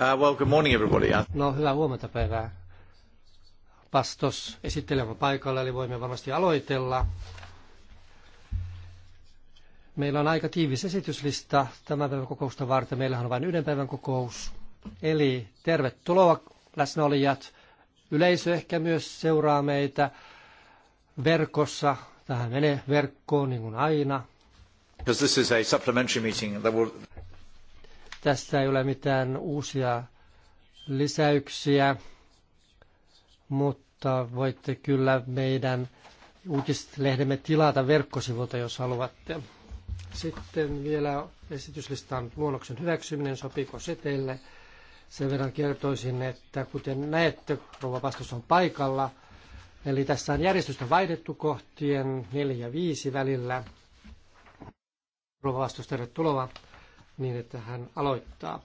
Uh, well, good morning everybody. Uh, no, hyvää huomenta päivää. Pastos esittelemä paikalla, eli voimme varmasti aloitella. Meillä on aika tiivis esityslista tämän päivän kokousta varten. Meillähän on vain yhden päivän kokous. Eli tervetuloa läsnäolijat. Yleisö ehkä myös seuraa meitä verkossa. Tähän menee verkkoon niin kuin aina. Because this is a supplementary meeting that will... Tässä ei ole mitään uusia lisäyksiä, mutta voitte kyllä meidän uutislehdemme tilata verkkosivulta, jos haluatte. Sitten vielä esityslistan luonnoksen hyväksyminen, sopiiko se teille? Sen verran kertoisin, että kuten näette, rouva vastus on paikalla. Eli tässä on järjestystä vaihdettu kohtien 4 ja 5 välillä. Rouva vastus, tervetuloa niin, että hän aloittaa.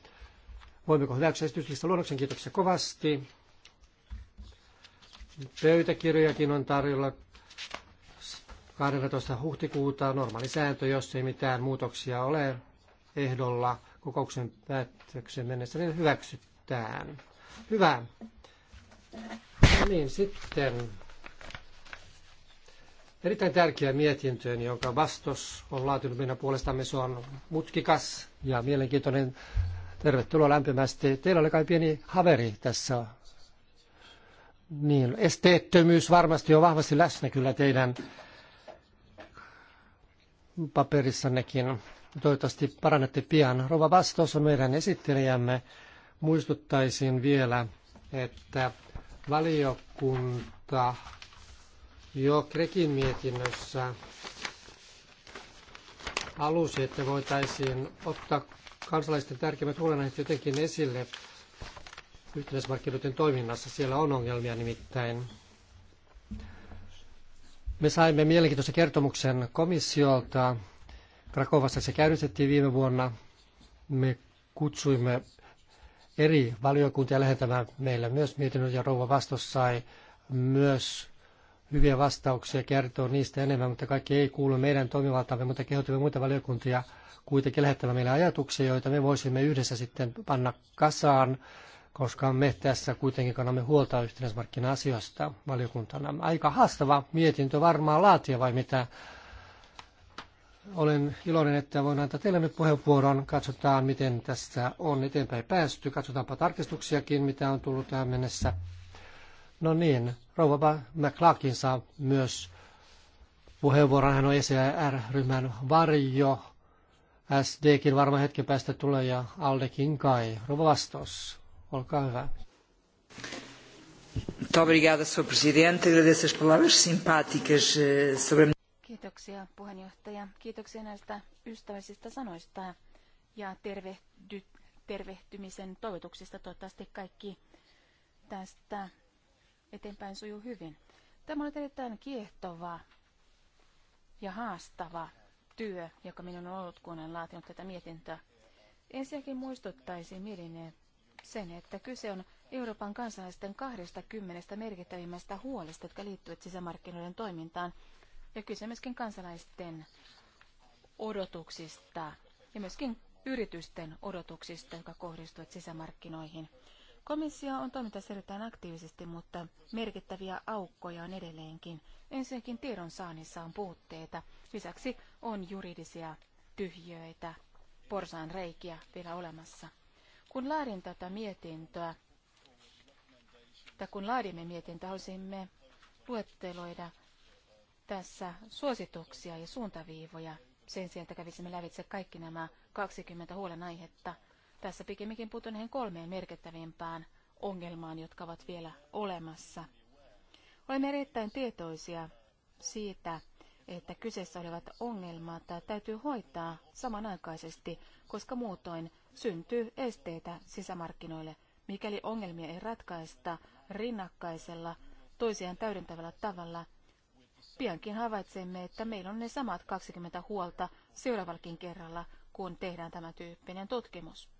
Voimmeko hyväksyä esityslista luonnoksen? Kiitoksia kovasti. Pöytäkirjojakin on tarjolla 12. huhtikuuta normaali sääntö, jos ei mitään muutoksia ole ehdolla kokouksen päätöksen mennessä, niin hyväksytään. Hyvä. No niin, sitten erittäin tärkeä mietintöön, jonka vastos on laatinut meidän puolestamme. Se on mutkikas ja mielenkiintoinen. Tervetuloa lämpimästi. Teillä oli kai pieni haveri tässä. Niin, esteettömyys varmasti on vahvasti läsnä kyllä teidän paperissannekin. Toivottavasti parannette pian. Rova Bastos on meidän esittelijämme. Muistuttaisin vielä, että valiokunta jo Krekin mietinnössä alusi, että voitaisiin ottaa kansalaisten tärkeimmät huolenaiheet jotenkin esille yhtenäismarkkinoiden toiminnassa. Siellä on ongelmia nimittäin. Me saimme mielenkiintoisen kertomuksen komissiolta. Krakovassa se käynnistettiin viime vuonna. Me kutsuimme eri valiokuntia lähettämään meille myös mietinnön ja rouva vastossa sai myös hyviä vastauksia, kertoo niistä enemmän, mutta kaikki ei kuulu meidän toimivaltaamme, mutta kehotimme muita valiokuntia kuitenkin lähettämään meille ajatuksia, joita me voisimme yhdessä sitten panna kasaan, koska me tässä kuitenkin kannamme huolta yhtenäismarkkina-asioista valiokuntana. Aika haastava mietintö varmaan laatia vai mitä? Olen iloinen, että voin antaa teille nyt puheenvuoron. Katsotaan, miten tässä on eteenpäin päästy. Katsotaanpa tarkistuksiakin, mitä on tullut tähän mennessä. No niin, Rouva McLaakin saa myös puheenvuoron. Hän on ECR-ryhmän varjo. SDkin varmaan hetken päästä tulee ja Aldekin kai. Rouva vastaus, olkaa hyvä. Eh, Kiitoksia puheenjohtaja. Kiitoksia näistä ystävällisistä sanoista ja tervehdy, tervehtymisen toivotuksista. Toivottavasti kaikki tästä eteenpäin sujuu hyvin. Tämä oli erittäin kiehtova ja haastava työ, joka minun on ollut, kun olen laatinut tätä mietintöä. Ensinnäkin muistuttaisin mielineen sen, että kyse on Euroopan kansalaisten 20 merkittävimmästä huolesta, jotka liittyvät sisämarkkinoiden toimintaan, ja kyse myöskin kansalaisten odotuksista ja myöskin yritysten odotuksista, jotka kohdistuvat sisämarkkinoihin. Komissio on toiminut erittäin aktiivisesti, mutta merkittäviä aukkoja on edelleenkin. Ensinnäkin tiedon saannissa on puutteita. Lisäksi on juridisia tyhjöitä, porsaan reikiä vielä olemassa. Kun laadin tätä mietintöä, tai kun laadimme mietintöä, halusimme luetteloida tässä suosituksia ja suuntaviivoja sen sijaan, kävisimme lävitse kaikki nämä 20 huolenaihetta – tässä pikemminkin puutun näihin kolmeen merkittävimpään ongelmaan, jotka ovat vielä olemassa. Olemme erittäin tietoisia siitä, että kyseessä olevat ongelmat täytyy hoitaa samanaikaisesti, koska muutoin syntyy esteitä sisämarkkinoille, mikäli ongelmia ei ratkaista rinnakkaisella toisiaan täydentävällä tavalla. Piankin havaitsemme, että meillä on ne samat 20 huolta seuraavallakin kerralla, kun tehdään tämä tyyppinen tutkimus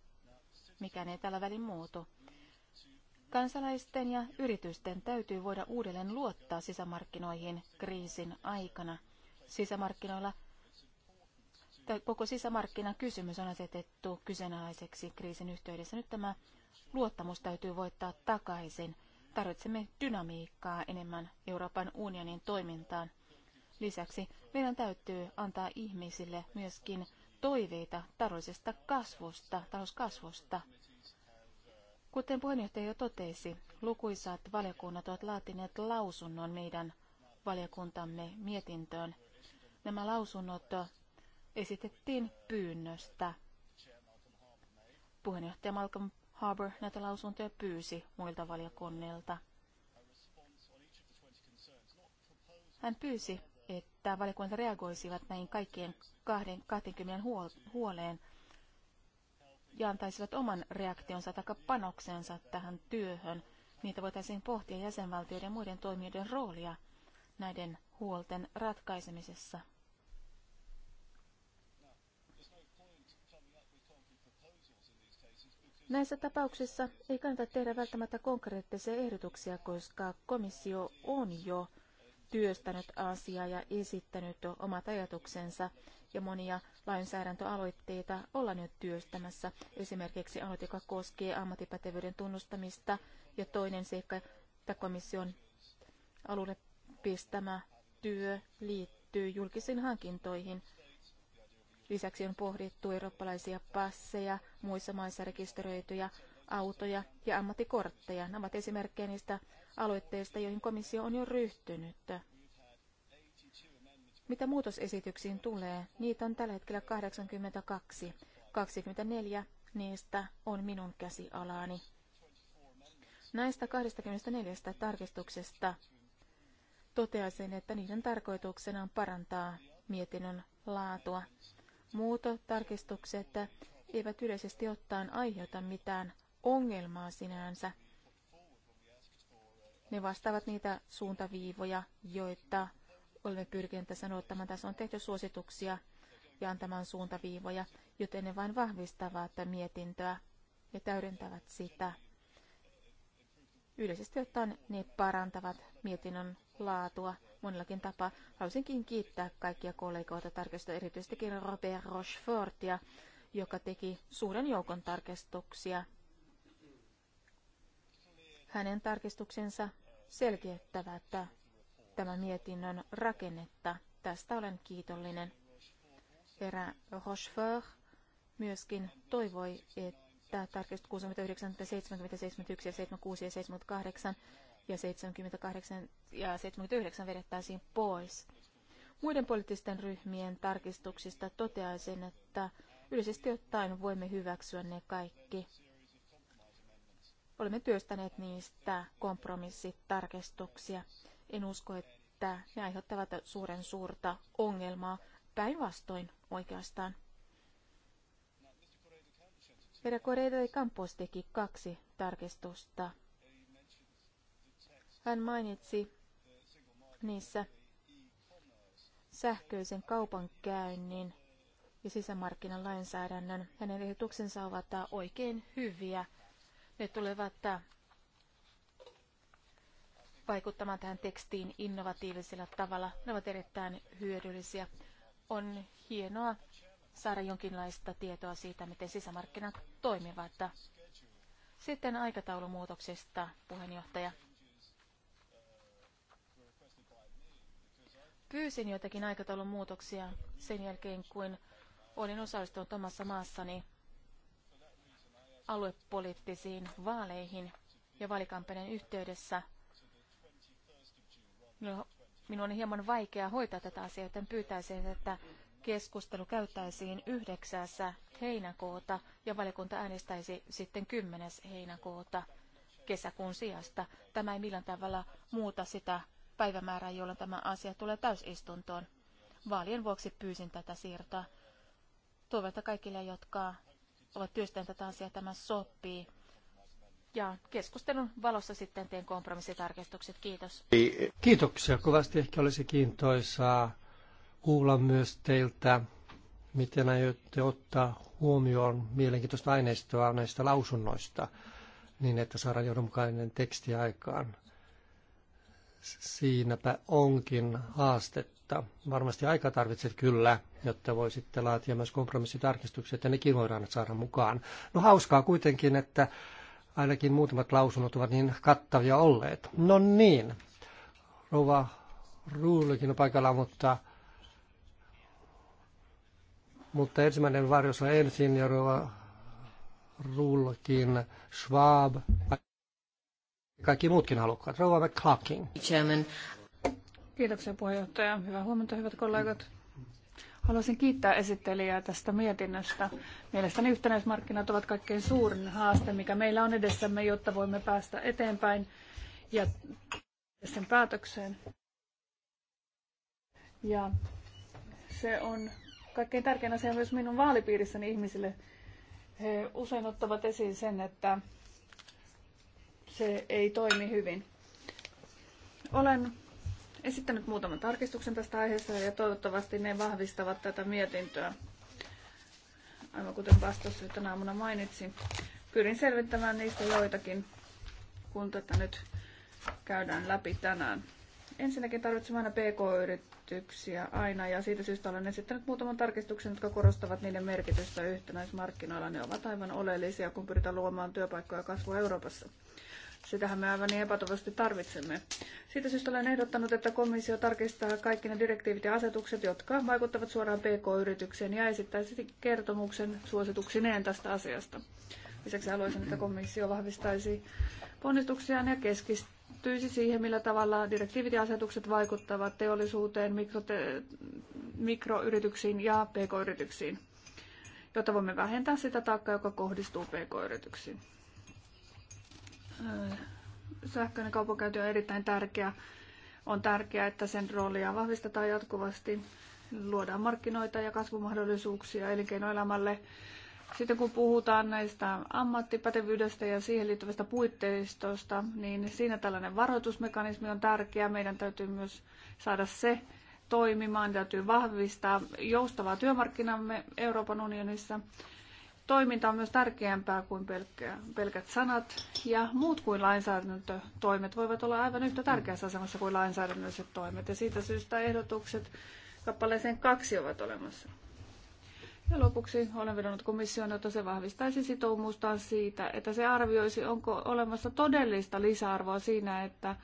mikään ei tällä välin muutu. Kansalaisten ja yritysten täytyy voida uudelleen luottaa sisämarkkinoihin kriisin aikana. Sisämarkkinoilla tai koko sisämarkkinakysymys on asetettu kyseenalaiseksi kriisin yhteydessä. Nyt tämä luottamus täytyy voittaa takaisin. Tarvitsemme dynamiikkaa enemmän Euroopan unionin toimintaan. Lisäksi meidän täytyy antaa ihmisille myöskin toiveita taloudellisesta kasvusta, talouskasvusta. Kuten puheenjohtaja jo totesi, lukuisat valiokunnat ovat laatineet lausunnon meidän valiokuntamme mietintöön. Nämä lausunnot esitettiin pyynnöstä. Puheenjohtaja Malcolm Harbour näitä lausuntoja pyysi muilta valiokunnilta. Hän pyysi että valiokunnat reagoisivat näihin kaikkien 20 huoleen ja antaisivat oman reaktionsa tai panoksensa tähän työhön. Niitä voitaisiin pohtia jäsenvaltioiden ja muiden toimijoiden roolia näiden huolten ratkaisemisessa. Näissä tapauksissa ei kannata tehdä välttämättä konkreettisia ehdotuksia, koska komissio on jo työstänyt asiaa ja esittänyt omat ajatuksensa ja monia lainsäädäntöaloitteita ollaan nyt työstämässä. Esimerkiksi aloite, joka koskee ammattipätevyyden tunnustamista ja toinen seikka, että komission alulle pistämä työ liittyy julkisiin hankintoihin. Lisäksi on pohdittu eurooppalaisia passeja, muissa maissa rekisteröityjä autoja ja ammattikortteja. Nämä ovat esimerkkejä niistä aloitteista, joihin komissio on jo ryhtynyt. Mitä muutosesityksiin tulee, niitä on tällä hetkellä 82. 24 niistä on minun käsialaani. Näistä 24 tarkistuksesta toteaisin, että niiden tarkoituksena on parantaa mietinnön laatua. Muuto tarkistukset eivät yleisesti ottaen aiheuta mitään ongelmaa sinänsä. Ne vastaavat niitä suuntaviivoja, joita olemme pyrkineet tässä Tässä on tehty suosituksia ja antamaan suuntaviivoja, joten ne vain vahvistavat mietintöä ja täydentävät sitä. Yleisesti ottaen ne parantavat mietinnön laatua monellakin tapaa. Haluaisinkin kiittää kaikkia kollegoita tarkistusta, erityisesti Robert Rochefortia, joka teki suuren joukon tarkistuksia. Hänen tarkistuksensa että tämän mietinnön rakennetta. Tästä olen kiitollinen. Herra Rochefort myöskin toivoi, että tarkistus 69, 71 ja 76 ja 78 ja 78 ja 79 vedettäisiin pois. Muiden poliittisten ryhmien tarkistuksista toteaisin, että yleisesti ottaen voimme hyväksyä ne kaikki. Olemme työstäneet niistä kompromissitarkistuksia. En usko, että ne aiheuttavat suuren suurta ongelmaa, päinvastoin oikeastaan. Herra Correira de Campos teki kaksi tarkistusta. Hän mainitsi niissä sähköisen kaupankäynnin ja sisämarkkinan lainsäädännön. Hänen ehdotuksensa ovat oikein hyviä ne tulevat äh, vaikuttamaan tähän tekstiin innovatiivisella tavalla. Ne ovat erittäin hyödyllisiä. On hienoa saada jonkinlaista tietoa siitä, miten sisämarkkinat toimivat. Sitten aikataulumuutoksesta, puheenjohtaja. Pyysin joitakin aikataulumuutoksia sen jälkeen, kun olin osallistunut omassa maassani aluepoliittisiin vaaleihin ja vaalikampanjan yhteydessä. Minun on hieman vaikea hoitaa tätä asiaa, joten pyytäisin, että keskustelu käyttäisiin 9. heinäkuuta ja valiokunta äänestäisi sitten 10. heinäkuuta kesäkuun sijasta. Tämä ei millään tavalla muuta sitä päivämäärää, jolloin tämä asia tulee täysistuntoon. Vaalien vuoksi pyysin tätä siirtoa. Toivotan kaikille, jotka ovat työstäneet tätä asiaa, tämä sopii. Ja keskustelun valossa sitten teen kompromissitarkistukset. Kiitos. Kiitoksia kovasti. Ehkä olisi kiintoisaa kuulla myös teiltä, miten aiotte ottaa huomioon mielenkiintoista aineistoa näistä lausunnoista, niin että saadaan johdonmukainen teksti aikaan. Siinäpä onkin haastetta mutta varmasti aika tarvitset kyllä, jotta voisitte laatia myös kompromissitarkistukset ja nekin voidaan saada mukaan. No hauskaa kuitenkin, että ainakin muutamat lausunnot ovat niin kattavia olleet. No niin, rouva Ruulikin on paikalla, mutta, mutta ensimmäinen varjossa ensin ja rouva Ruulikin Schwab kaikki muutkin halukkaat. Rouva McClarkin. Chairman, Kiitoksia puheenjohtaja. Hyvää huomenta, hyvät kollegat. Haluaisin kiittää esittelijää tästä mietinnöstä. Mielestäni yhtenäismarkkinat ovat kaikkein suurin haaste, mikä meillä on edessämme, jotta voimme päästä eteenpäin ja sen päätökseen. Ja se on kaikkein tärkein asia myös minun vaalipiirissäni ihmisille. He usein ottavat esiin sen, että se ei toimi hyvin. Olen esittänyt muutaman tarkistuksen tästä aiheesta ja toivottavasti ne vahvistavat tätä mietintöä. Aivan kuten vastaus tänä aamuna mainitsin, pyrin selvittämään niistä joitakin, kun tätä nyt käydään läpi tänään. Ensinnäkin tarvitsemme aina pk-yrityksiä aina ja siitä syystä olen esittänyt muutaman tarkistuksen, jotka korostavat niiden merkitystä yhtenäismarkkinoilla. Ne ovat aivan oleellisia, kun pyritään luomaan työpaikkoja ja kasvua Euroopassa. Sitähän me aivan niin epätoivoisesti tarvitsemme. Siitä syystä olen ehdottanut, että komissio tarkistaa kaikki ne direktiivit ja asetukset, jotka vaikuttavat suoraan PK-yritykseen ja esittäisi kertomuksen suosituksineen tästä asiasta. Lisäksi haluaisin, että komissio vahvistaisi ponnistuksiaan ja keskittyisi siihen, millä tavalla direktiivit ja asetukset vaikuttavat teollisuuteen, mikroyrityksiin ja pk-yrityksiin, jotta voimme vähentää sitä taakkaa, joka kohdistuu pk-yrityksiin. Sähköinen kaupankäynti on erittäin tärkeä. On tärkeää, että sen roolia vahvistetaan jatkuvasti, luodaan markkinoita ja kasvumahdollisuuksia elinkeinoelämälle. Sitten kun puhutaan näistä ammattipätevyydestä ja siihen liittyvästä puitteistosta, niin siinä tällainen varoitusmekanismi on tärkeä. Meidän täytyy myös saada se toimimaan, täytyy vahvistaa joustavaa työmarkkinamme Euroopan unionissa toiminta on myös tärkeämpää kuin pelkkä, pelkät sanat, ja muut kuin lainsäädäntötoimet voivat olla aivan yhtä tärkeässä asemassa kuin lainsäädännölliset toimet, ja siitä syystä ehdotukset kappaleeseen kaksi ovat olemassa. Ja lopuksi olen vedonnut komissioon, että se vahvistaisi sitoumustaan siitä, että se arvioisi, onko olemassa todellista lisäarvoa siinä, että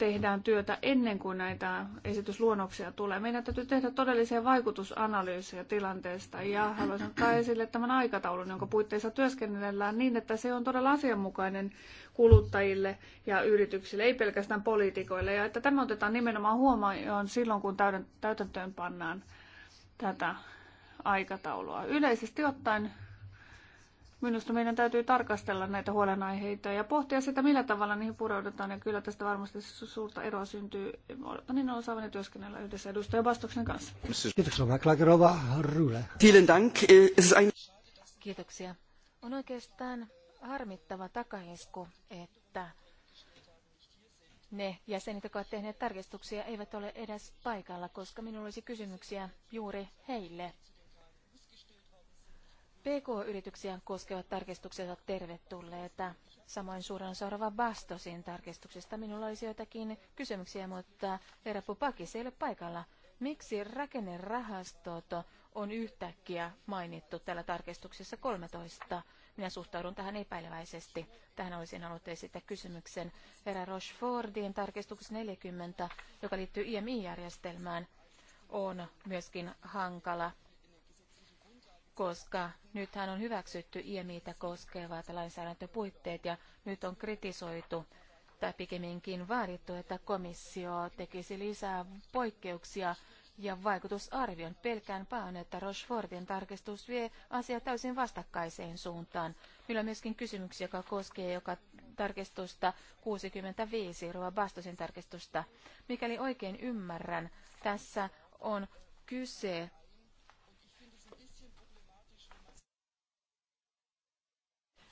tehdään työtä ennen kuin näitä esitysluonnoksia tulee. Meidän täytyy tehdä todellisia vaikutusanalyysejä tilanteesta ja haluaisin ottaa esille tämän aikataulun, jonka puitteissa työskennellään niin, että se on todella asianmukainen kuluttajille ja yrityksille, ei pelkästään poliitikoille, ja että tämä otetaan nimenomaan huomioon silloin, kun täytäntöön pannaan tätä aikataulua. Yleisesti ottaen Minusta meidän täytyy tarkastella näitä huolenaiheita ja pohtia sitä, millä tavalla niihin pureudutaan. Ja kyllä tästä varmasti suurta eroa syntyy. Odotan niin osaavani työskennellä yhdessä edustajan vastuksen kanssa. Äh, Kiitoksia. On oikeastaan harmittava takaisku, että ne jäsenet, jotka ovat tehneet tarkistuksia, eivät ole edes paikalla, koska minulla olisi kysymyksiä juuri heille. PK-yrityksiä koskevat tarkistukset ovat tervetulleita. Samoin suuren seuraava Bastosin tarkistuksesta minulla olisi joitakin kysymyksiä, mutta herra Pupakis ei ole paikalla. Miksi rakennerahastot on yhtäkkiä mainittu tällä tarkistuksessa 13? Minä suhtaudun tähän epäileväisesti. Tähän olisin halunnut esittää kysymyksen. Herra Rochefordin tarkistus 40, joka liittyy IMI-järjestelmään, on myöskin hankala koska nythän on hyväksytty IMIitä koskevat lainsäädäntöpuitteet ja nyt on kritisoitu tai pikemminkin vaadittu, että komissio tekisi lisää poikkeuksia ja vaikutusarvion. Pelkään vaan, että Rochefortin tarkistus vie asia täysin vastakkaiseen suuntaan. Meillä on myöskin kysymyksiä, joka koskee joka tarkistusta 65, Rova Bastosin tarkistusta. Mikäli oikein ymmärrän, tässä on kyse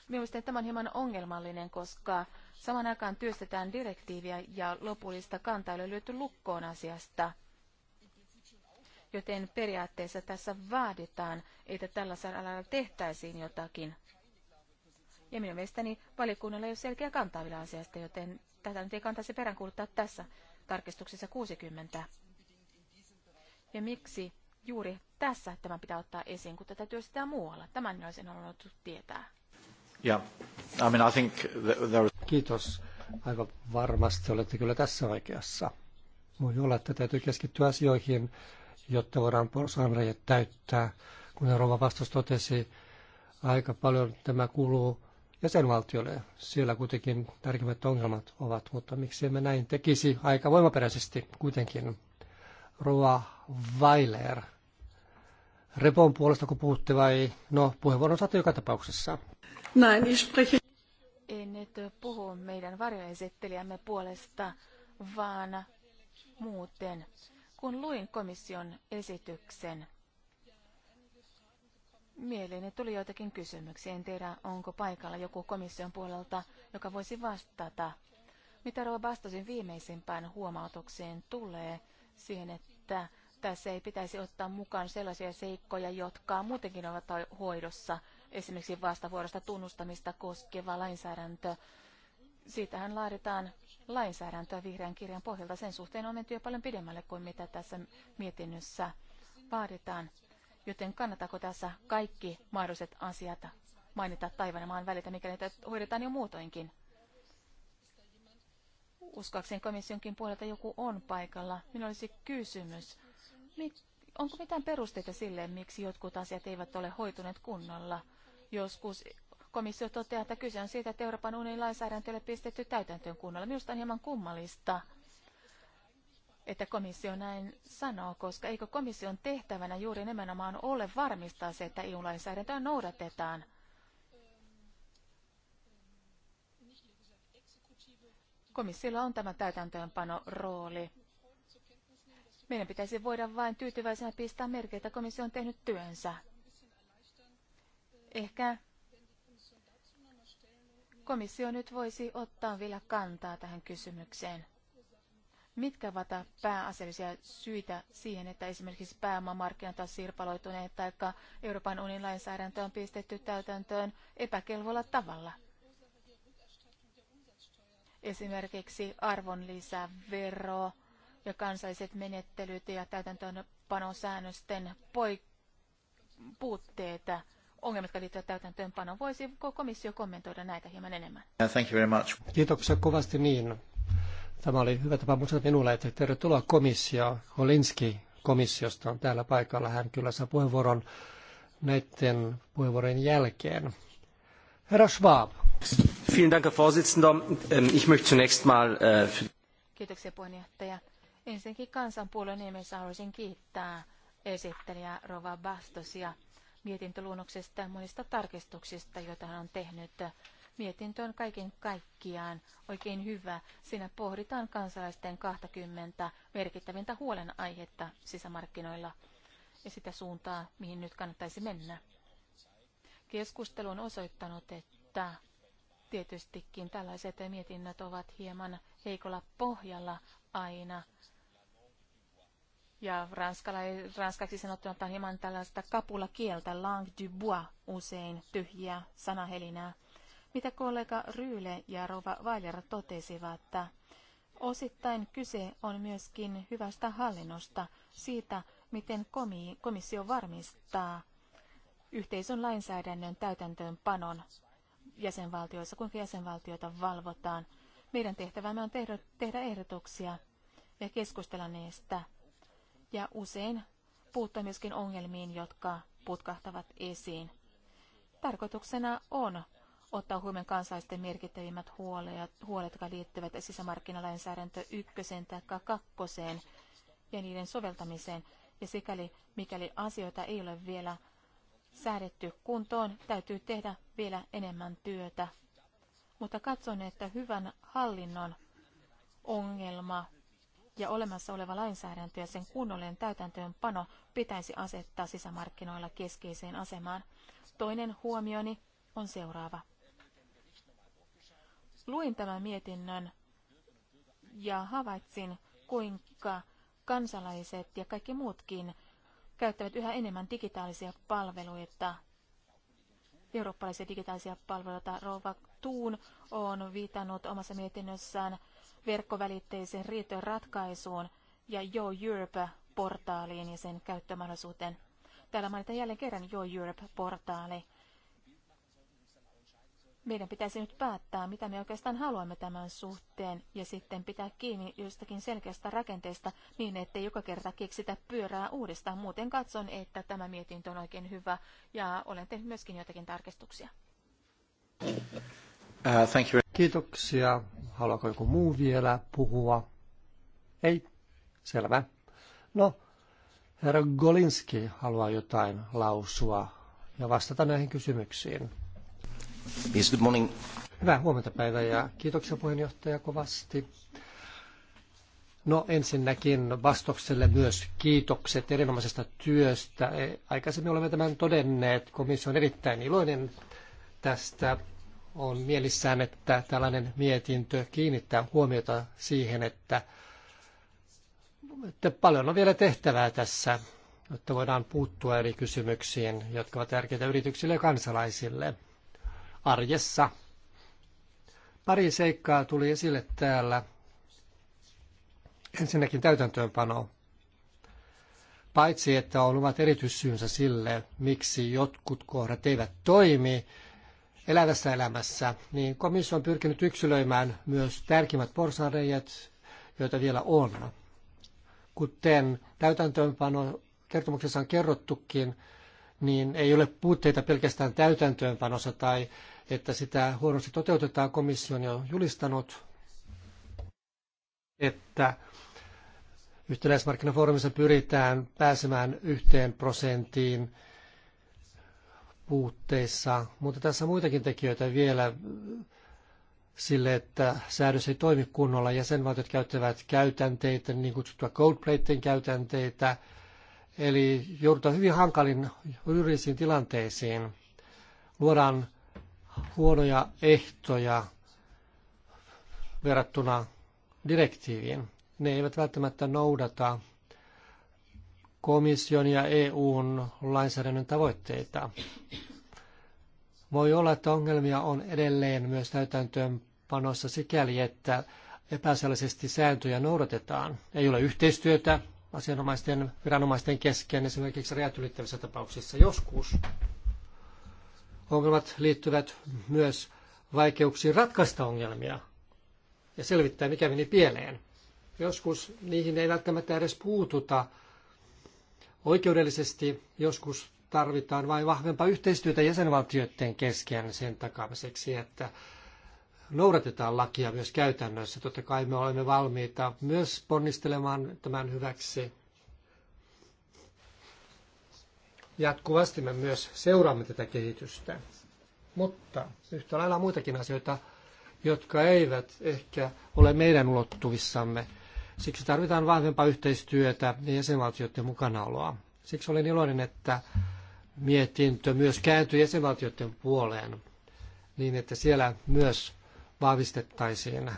Mielestäni tämä on hieman ongelmallinen, koska saman aikaan työstetään direktiiviä ja lopullista kantaa ei lyöty lukkoon asiasta. Joten periaatteessa tässä vaaditaan, että tällä saralla tehtäisiin jotakin. Ja minun mielestäni valiokunnalla ei ole selkeä kantaa vielä asiasta, joten tätä nyt ei kantaisi peräänkuuluttaa tässä tarkistuksessa 60. Ja miksi juuri tässä tämä pitää ottaa esiin, kun tätä työstetään muualla? Tämän olisin halunnut tietää. Yeah. I mean, I think there... Kiitos. Aivan varmasti olette kyllä tässä oikeassa. Voi olla, että täytyy keskittyä asioihin, jotta voidaan porsaanrajat täyttää. Kun Rova vastaus totesi, aika paljon tämä kuuluu jäsenvaltiolle. Siellä kuitenkin tärkeimmät ongelmat ovat, mutta miksi emme näin tekisi aika voimaperäisesti kuitenkin. Roa Weiler. Repon puolesta kun puhutte vai? No, puheenvuoron saatte joka tapauksessa. Näin, En nyt puhu meidän varjoesittelijämme puolesta, vaan muuten. Kun luin komission esityksen, mieleeni tuli joitakin kysymyksiä. En tiedä, onko paikalla joku komission puolelta, joka voisi vastata. Mitä rouva vastasin viimeisimpään huomautukseen tulee siihen, että tässä ei pitäisi ottaa mukaan sellaisia seikkoja, jotka muutenkin ovat hoidossa – esimerkiksi vastavuorosta tunnustamista koskeva lainsäädäntö. Siitähän laaditaan lainsäädäntöä vihreän kirjan pohjalta. Sen suhteen on menty jo paljon pidemmälle kuin mitä tässä mietinnössä vaaditaan. Joten kannattaako tässä kaikki mahdolliset asiat mainita taivaan maan välitä, mikä niitä hoidetaan jo muutoinkin? Uskoakseni komissionkin puolelta joku on paikalla. Minulla olisi kysymys. onko mitään perusteita sille, miksi jotkut asiat eivät ole hoituneet kunnolla? Joskus komissio toteaa, että kyse on siitä, että Euroopan unionin lainsäädäntö ei pistetty täytäntöön kunnolla. Minusta on hieman kummallista, että komissio näin sanoo, koska eikö komission tehtävänä juuri nimenomaan ole varmistaa se, että EU-lainsäädäntöä noudatetaan. Komissiolla on tämä täytäntöönpano rooli. Meidän pitäisi voida vain tyytyväisenä pistää merkille, että komissio on tehnyt työnsä. Ehkä komissio nyt voisi ottaa vielä kantaa tähän kysymykseen. Mitkä ovat pääasiallisia syitä siihen, että esimerkiksi pääomamarkkinat ovat sirpaloituneet tai Euroopan unionin lainsäädäntö on pistetty täytäntöön epäkelvolla tavalla? Esimerkiksi arvonlisävero ja kansalliset menettelyt ja täytäntöönpanosäännösten poik- puutteita ongelmat, jotka liittyvät täytäntöönpanoon. Voisiko komissio kommentoida näitä hieman enemmän? Thank you very much. Kiitoksia kovasti niin. Tämä oli hyvä tapa muistaa minulle, että tervetuloa komissio. Holinski komissiosta on täällä paikalla. Hän kyllä saa puheenvuoron näiden puheenvuorojen jälkeen. Herra Schwab. Vielen Dank, Vorsitzender. Ähm, ich möchte zunächst mal... Äh, Kiitoksia puheenjohtaja. Ensinnäkin kansanpuolueen nimessä haluaisin kiittää esittelijä Rova Bastosia mietintöluonnoksesta ja monista tarkistuksista, joita hän on tehnyt. Mietintö on kaiken kaikkiaan oikein hyvä. Siinä pohditaan kansalaisten 20 merkittävintä huolenaihetta sisämarkkinoilla ja sitä suuntaa, mihin nyt kannattaisi mennä. Keskustelu on osoittanut, että tietystikin tällaiset mietinnät ovat hieman heikolla pohjalla aina ja ranskala, ranskaksi sanottuna tämä hieman tällaista kapulakieltä, langue du bois, usein tyhjiä sanahelinää. Mitä kollega Ryyle ja Rova Weiler totesivat, että osittain kyse on myöskin hyvästä hallinnosta, siitä, miten komi- komissio varmistaa yhteisön lainsäädännön täytäntöönpanon jäsenvaltioissa, kuinka jäsenvaltioita valvotaan. Meidän tehtävämme on tehdä, tehdä ehdotuksia ja keskustella niistä ja usein puuttua myöskin ongelmiin, jotka putkahtavat esiin. Tarkoituksena on ottaa huomioon kansalaisten merkittävimmät huolet, huolet jotka liittyvät sisämarkkinalainsäädäntö ykköseen tai kakkoseen ja niiden soveltamiseen. Ja sikäli, mikäli asioita ei ole vielä säädetty kuntoon, täytyy tehdä vielä enemmän työtä. Mutta katson, että hyvän hallinnon ongelma ja olemassa oleva lainsäädäntö ja sen kunnollinen täytäntöönpano pitäisi asettaa sisämarkkinoilla keskeiseen asemaan. Toinen huomioni on seuraava. Luin tämän mietinnön ja havaitsin, kuinka kansalaiset ja kaikki muutkin käyttävät yhä enemmän digitaalisia palveluita, eurooppalaisia digitaalisia palveluita. Rova Tuun on viitannut omassa mietinnössään verkkovälitteisen riitojen ratkaisuun ja Yo Europe-portaaliin ja sen käyttömahdollisuuteen. Täällä mainitaan jälleen kerran Yo Europe-portaali. Meidän pitäisi nyt päättää, mitä me oikeastaan haluamme tämän suhteen, ja sitten pitää kiinni jostakin selkeästä rakenteesta niin, ettei joka kerta keksitä pyörää uudestaan. Muuten katson, että tämä mietintö on oikein hyvä, ja olen tehnyt myöskin jotakin tarkistuksia. Uh, thank you. Kiitoksia. Haluaako joku muu vielä puhua? Ei? Selvä. No, herra Golinski haluaa jotain lausua ja vastata näihin kysymyksiin. Yes, good morning. Hyvää huomenta päivää ja kiitoksia puheenjohtaja kovasti. No ensinnäkin vastokselle myös kiitokset erinomaisesta työstä. E, aikaisemmin olemme tämän todenneet. Komissio on erittäin iloinen tästä on mielissään, että tällainen mietintö kiinnittää huomiota siihen, että, että paljon on vielä tehtävää tässä, jotta voidaan puuttua eri kysymyksiin, jotka ovat tärkeitä yrityksille ja kansalaisille arjessa. Pari seikkaa tuli esille täällä. Ensinnäkin täytäntöönpano. Paitsi, että on luvat erityissyynsä sille, miksi jotkut kohdat eivät toimi, elävässä elämässä, niin komissio on pyrkinyt yksilöimään myös tärkeimmät porsareijat, joita vielä on. Kuten täytäntöönpano kertomuksessa on kerrottukin, niin ei ole puutteita pelkästään täytäntöönpanossa tai että sitä huonosti toteutetaan. Komissio on jo julistanut, että yhtenäismarkkinafoorumissa pyritään pääsemään yhteen prosenttiin puutteissa, mutta tässä on muitakin tekijöitä vielä sille, että säädös ei toimi kunnolla. Jäsenvaltiot käyttävät käytänteitä, niin kutsuttua coldplaten käytänteitä, eli joudutaan hyvin hankalin juridisiin tilanteisiin. Luodaan huonoja ehtoja verrattuna direktiiviin. Ne eivät välttämättä noudata komission ja EUn lainsäädännön tavoitteita. Voi olla, että ongelmia on edelleen myös täytäntöönpanossa sikäli, että epäsäällisesti sääntöjä noudatetaan. Ei ole yhteistyötä asianomaisten viranomaisten kesken esimerkiksi rajat ylittävissä tapauksissa joskus. Ongelmat liittyvät myös vaikeuksiin ratkaista ongelmia ja selvittää, mikä meni pieleen. Joskus niihin ei välttämättä edes puututa Oikeudellisesti joskus tarvitaan vain vahvempaa yhteistyötä jäsenvaltioiden kesken sen takaamiseksi, että noudatetaan lakia myös käytännössä. Totta kai me olemme valmiita myös ponnistelemaan tämän hyväksi. Jatkuvasti me myös seuraamme tätä kehitystä. Mutta yhtä lailla muitakin asioita, jotka eivät ehkä ole meidän ulottuvissamme – Siksi tarvitaan vahvempaa yhteistyötä ja jäsenvaltioiden mukanaoloa. Siksi olen iloinen, että mietintö myös kääntyi jäsenvaltioiden puoleen niin, että siellä myös vahvistettaisiin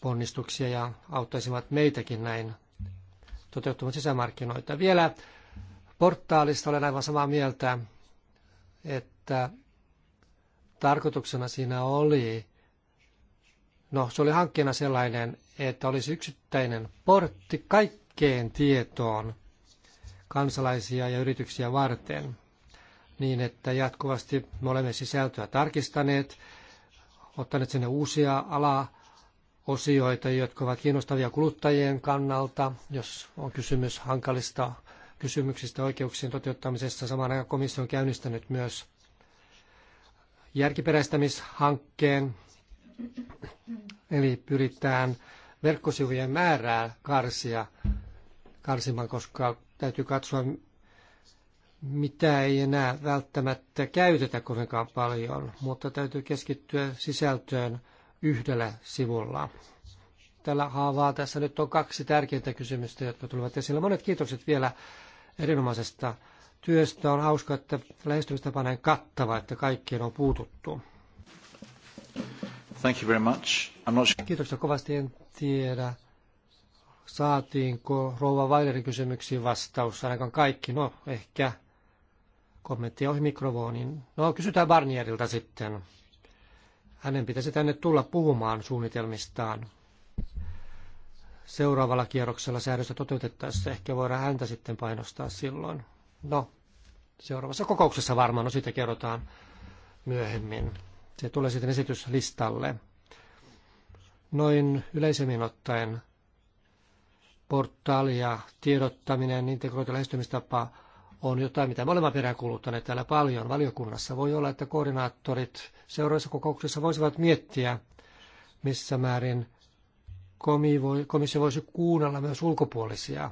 ponnistuksia ja auttaisivat meitäkin näin toteuttamaan sisämarkkinoita. Vielä portaalista olen aivan samaa mieltä, että tarkoituksena siinä oli No, se oli hankkeena sellainen, että olisi yksittäinen portti kaikkeen tietoon kansalaisia ja yrityksiä varten, niin että jatkuvasti me olemme sisältöä tarkistaneet, ottaneet sinne uusia alaosioita, jotka ovat kiinnostavia kuluttajien kannalta, jos on kysymys hankalista kysymyksistä oikeuksien toteuttamisessa. Samaan aikaan komissio on käynnistänyt myös järkiperäistämishankkeen, Eli pyritään verkkosivujen määrää karsia, karsimaan, koska täytyy katsoa, mitä ei enää välttämättä käytetä kovinkaan paljon, mutta täytyy keskittyä sisältöön yhdellä sivulla. Tällä haavaa tässä nyt on kaksi tärkeintä kysymystä, jotka tulevat esille. Monet kiitokset vielä erinomaisesta työstä. On hauska, että lähestymistapana on kattava, että kaikkien on puututtu. Thank you very much. I'm not sure. Kiitoksia kovasti. En tiedä, saatiinko Rouva Weilerin kysymyksiin vastaus. Ainakaan kaikki. No, ehkä kommenttia ohi mikrofoniin. No, kysytään Barnierilta sitten. Hänen pitäisi tänne tulla puhumaan suunnitelmistaan. Seuraavalla kierroksella säädöstä toteutettaessa ehkä voidaan häntä sitten painostaa silloin. No, seuraavassa kokouksessa varmaan, no siitä kerrotaan myöhemmin. Se tulee sitten esityslistalle. Noin yleisemmin ottaen portaali ja tiedottaminen, integroitu lähestymistapa on jotain, mitä me olemme peräänkuuluttaneet täällä paljon valiokunnassa. Voi olla, että koordinaattorit seuraavissa kokouksissa voisivat miettiä, missä määrin komissio voisi kuunnella myös ulkopuolisia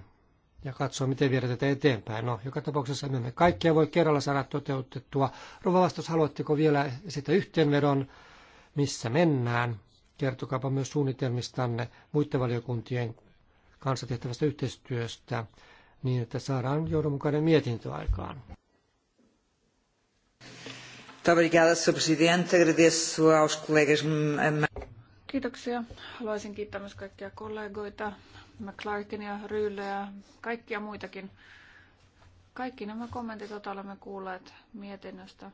ja katsoa, miten viedä tätä eteenpäin. No, joka tapauksessa me emme kaikkea voi kerralla saada toteutettua. Rova vastus, haluatteko vielä sitä yhteenvedon, missä mennään? Kertokaapa myös suunnitelmistanne muiden valiokuntien kanssa tehtävästä yhteistyöstä, niin että saadaan johdonmukainen mietintö aikaan. Kiitoksia. Haluaisin kiittää myös kaikkia kollegoita ja McClarkinia, ja kaikkia muitakin. Kaikki nämä kommentit, joita olemme kuulleet mietinnöstä,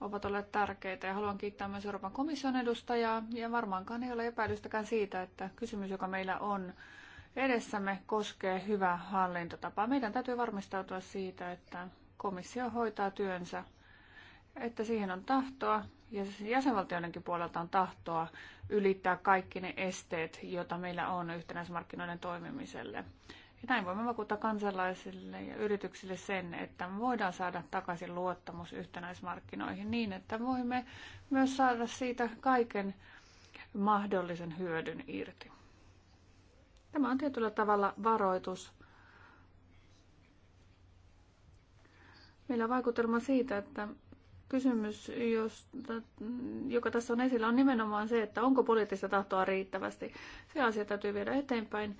ovat olleet tärkeitä ja haluan kiittää myös Euroopan komission edustajaa ja varmaankaan ei ole epäilystäkään siitä, että kysymys, joka meillä on edessämme, koskee hyvää hallintotapaa. Meidän täytyy varmistautua siitä, että komissio hoitaa työnsä että siihen on tahtoa ja jäsenvaltioidenkin puolelta on tahtoa ylittää kaikki ne esteet, joita meillä on yhtenäismarkkinoiden toimimiselle. Ja näin voimme vakuuttaa kansalaisille ja yrityksille sen, että me voidaan saada takaisin luottamus yhtenäismarkkinoihin niin, että voimme myös saada siitä kaiken mahdollisen hyödyn irti. Tämä on tietyllä tavalla varoitus. Meillä on vaikutelma siitä, että kysymys, josta, joka tässä on esillä, on nimenomaan se, että onko poliittista tahtoa riittävästi. Se asia täytyy viedä eteenpäin.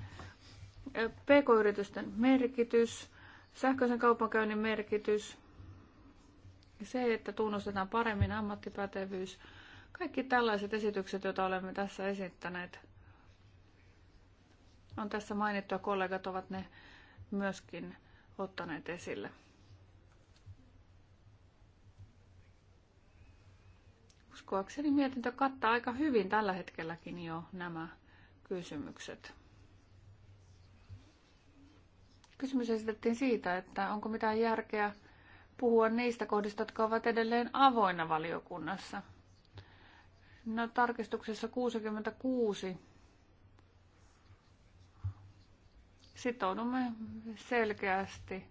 PK-yritysten merkitys, sähköisen kaupankäynnin merkitys, se, että tunnustetaan paremmin ammattipätevyys, kaikki tällaiset esitykset, joita olemme tässä esittäneet, on tässä mainittu ja kollegat ovat ne myöskin ottaneet esille. Uskoakseni mietintö kattaa aika hyvin tällä hetkelläkin jo nämä kysymykset. Kysymys esitettiin siitä, että onko mitään järkeä puhua niistä kohdista, jotka ovat edelleen avoinna valiokunnassa. No tarkistuksessa 66 sitoudumme selkeästi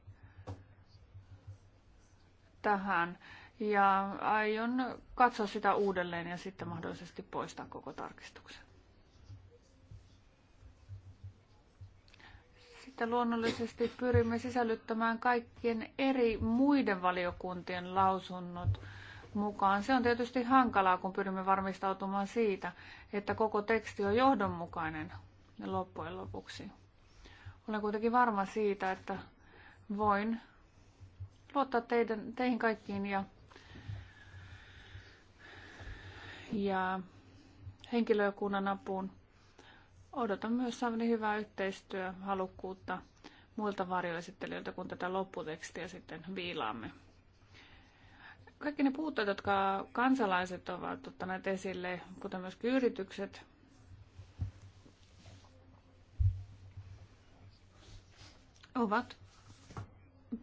tähän ja aion katsoa sitä uudelleen ja sitten mahdollisesti poistaa koko tarkistuksen. Sitten luonnollisesti pyrimme sisällyttämään kaikkien eri muiden valiokuntien lausunnot mukaan. Se on tietysti hankalaa, kun pyrimme varmistautumaan siitä, että koko teksti on johdonmukainen loppujen lopuksi. Olen kuitenkin varma siitä, että voin luottaa teidän, teihin kaikkiin ja ja henkilökunnan apuun. Odotan myös saavani hyvää yhteistyöhalukkuutta muilta varjoesittelijöiltä, kun tätä lopputekstiä sitten viilaamme. Kaikki ne puutteet, jotka kansalaiset ovat ottaneet esille, kuten myös yritykset, ovat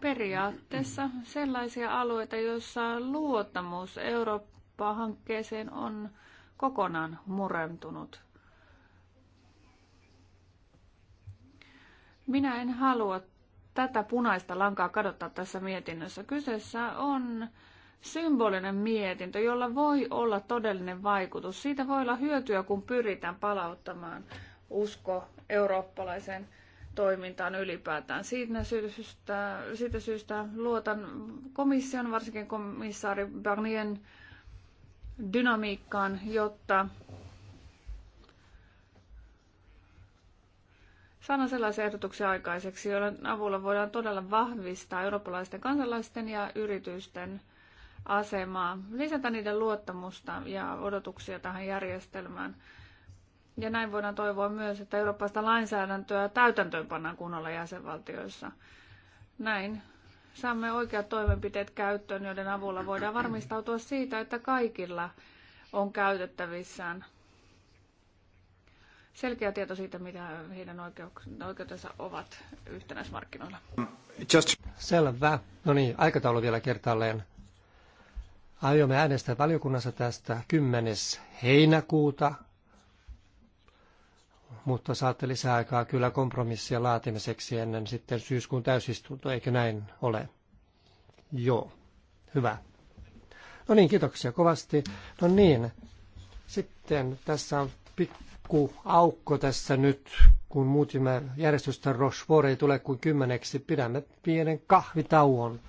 periaatteessa sellaisia alueita, joissa luottamus Euroopan kauppaa hankkeeseen on kokonaan murentunut. Minä en halua tätä punaista lankaa kadottaa tässä mietinnössä. Kyseessä on symbolinen mietintö, jolla voi olla todellinen vaikutus. Siitä voi olla hyötyä, kun pyritään palauttamaan usko eurooppalaiseen toimintaan ylipäätään. Siitä syystä, siitä syystä luotan komission, varsinkin komissaari Barnien dynamiikkaan, jotta saadaan sellaisia ehdotuksia aikaiseksi, joiden avulla voidaan todella vahvistaa eurooppalaisten kansalaisten ja yritysten asemaa, lisätä niiden luottamusta ja odotuksia tähän järjestelmään. Ja näin voidaan toivoa myös, että eurooppalaista lainsäädäntöä täytäntöön pannaan kunnolla jäsenvaltioissa. Näin saamme oikeat toimenpiteet käyttöön, joiden avulla voidaan varmistautua siitä, että kaikilla on käytettävissään selkeä tieto siitä, mitä heidän oikeutensa ovat yhtenäismarkkinoilla. Just... Selvä. No niin, aikataulu vielä kertaalleen. Aiomme äänestää valiokunnassa tästä 10. heinäkuuta mutta saatte lisää aikaa kyllä kompromissia laatimiseksi ennen sitten syyskuun täysistuntoa, eikö näin ole? Joo, hyvä. No niin, kiitoksia kovasti. No niin, sitten tässä on pikku aukko tässä nyt, kun muutimme järjestystä Rochefort ei tule kuin kymmeneksi. Pidämme pienen kahvitauon.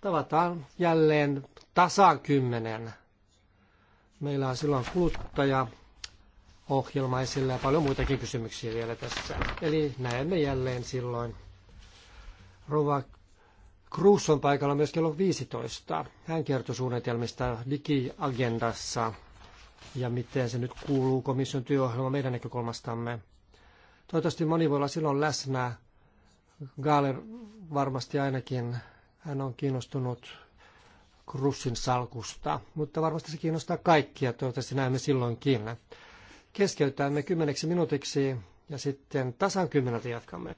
Tavataan jälleen tasa kymmenen. Meillä on silloin kuluttaja ohjelmaisille ja paljon muitakin kysymyksiä vielä tässä. Eli näemme jälleen silloin. Rova Cruz on paikalla myös kello 15. Hän kertoi suunnitelmista digiagendassa ja miten se nyt kuuluu komission työohjelma meidän näkökulmastamme. Toivottavasti moni voi olla silloin läsnä. Gaaler varmasti ainakin, hän on kiinnostunut Krussin salkusta, mutta varmasti se kiinnostaa kaikkia, toivottavasti näemme silloinkin keskeytämme kymmeneksi minuutiksi ja sitten tasan kymmeneltä jatkamme.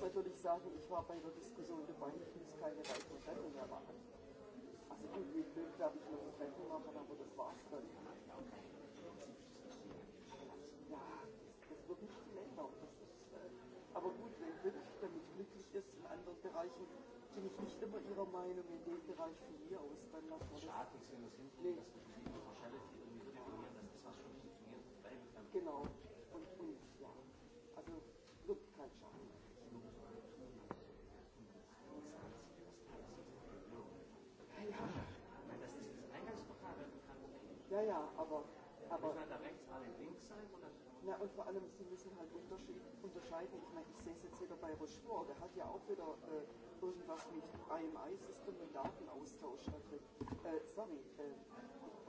muss natürlich sagen, ich war bei der Diskussion dabei, ich muss keine weiteren Treffen mehr machen. Also gut, wie Glück darf ich noch ein Treffen machen, aber das war's dann. Ja, das wird nicht viel ändern. Das ist, äh, aber gut, wenn Glück damit glücklich ist in anderen Bereichen, bin ich nicht immer ihrer Meinung in dem Bereich von mir aus, dann macht man das. Schade, wenn das hinkriegen, nee. dass wir die Wahrscheinlichkeit irgendwie definieren, dass das was schon funktioniert, bleibt dann. Genau. Na, und vor allem, Sie müssen halt unterschied, unterscheiden. Ich meine, ich sehe es jetzt wieder bei Rochefort, der hat ja auch wieder äh, irgendwas mit IMI-System und Datenaustausch da drin. Äh, sorry, äh,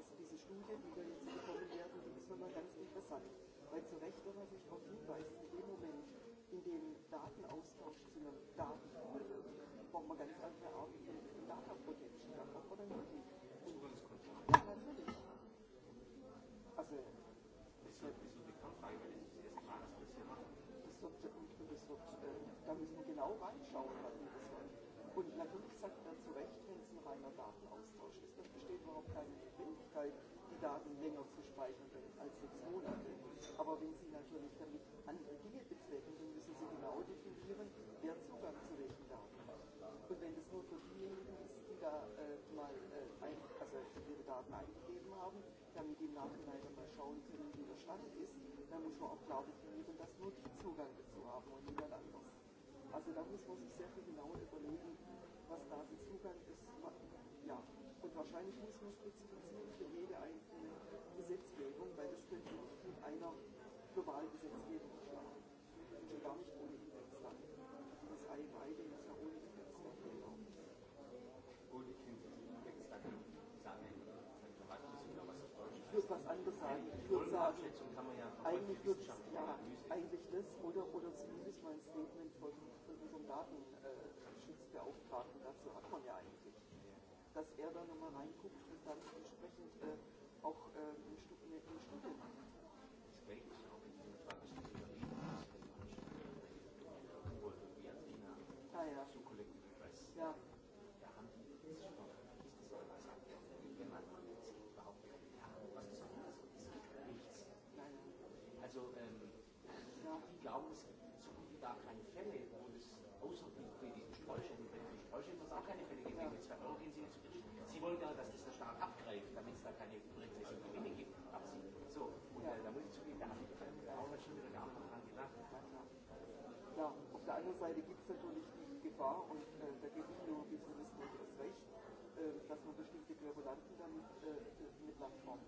also diese Studie, die wir jetzt bekommen werden, die ist nochmal ganz interessant. Weil zu Recht wenn man sich darauf hinweist, in dem Moment, in dem Datenaustausch zu einem Datenpool wird, braucht man ganz andere Arten von Data Protection. Da braucht man dann wirklich da müssen genau reinschauen, was das soll. Und natürlich sagt er zu Recht, wenn es ein reiner Datenaustausch ist, dann besteht überhaupt keine Notwendigkeit, die Daten länger zu speichern als sechs Monate. Aber wenn Sie natürlich damit andere Dinge bezwecken, dann müssen Sie genau definieren, wer Zugang zu welchen Daten hat. Und wenn das nur für diejenigen ist, die da äh, mal äh, ein, also ihre Daten eingegeben haben, damit die im Nachhinein mal schauen können, wie der Stand ist, dann muss man auch klar definieren, dass nur die Zugang dazu haben und niemand anderes. Also da muss man sich sehr viel genau überlegen, was Zugang ist. Ja, und wahrscheinlich muss man spezifizieren für jede einzelne Gesetzgebung, weil das könnte nicht mit einer globalen Gesetzgebung schlagen. Und schon gar nicht ohne Index dann. Das AI ist ja ohne Index dann genau. ich würde was anderes sagen. Ich würde sagen, eigentlich, ja, eigentlich das oder, oder zumindest mein Statement von Datenschutzbeauftragten, äh, dazu hat man ja eigentlich, dass er da nochmal reinguckt und dann entsprechend äh, auch äh, eine Studie macht. Ah, ja. Ja. Also ähm, ja. die glauben, es gibt war und äh, da geht nicht nur um diskriminiertes Recht, äh, dass man bestimmte Querulanten damit äh, mit Land formt.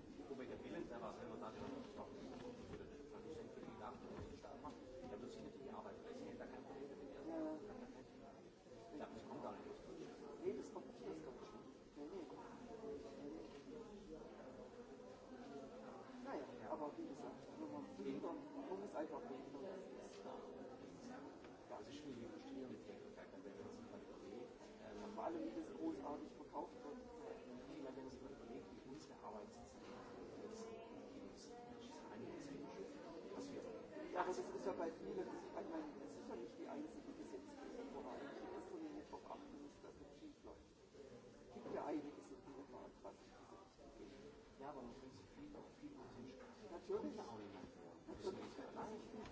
würde ja auch niemand mehr.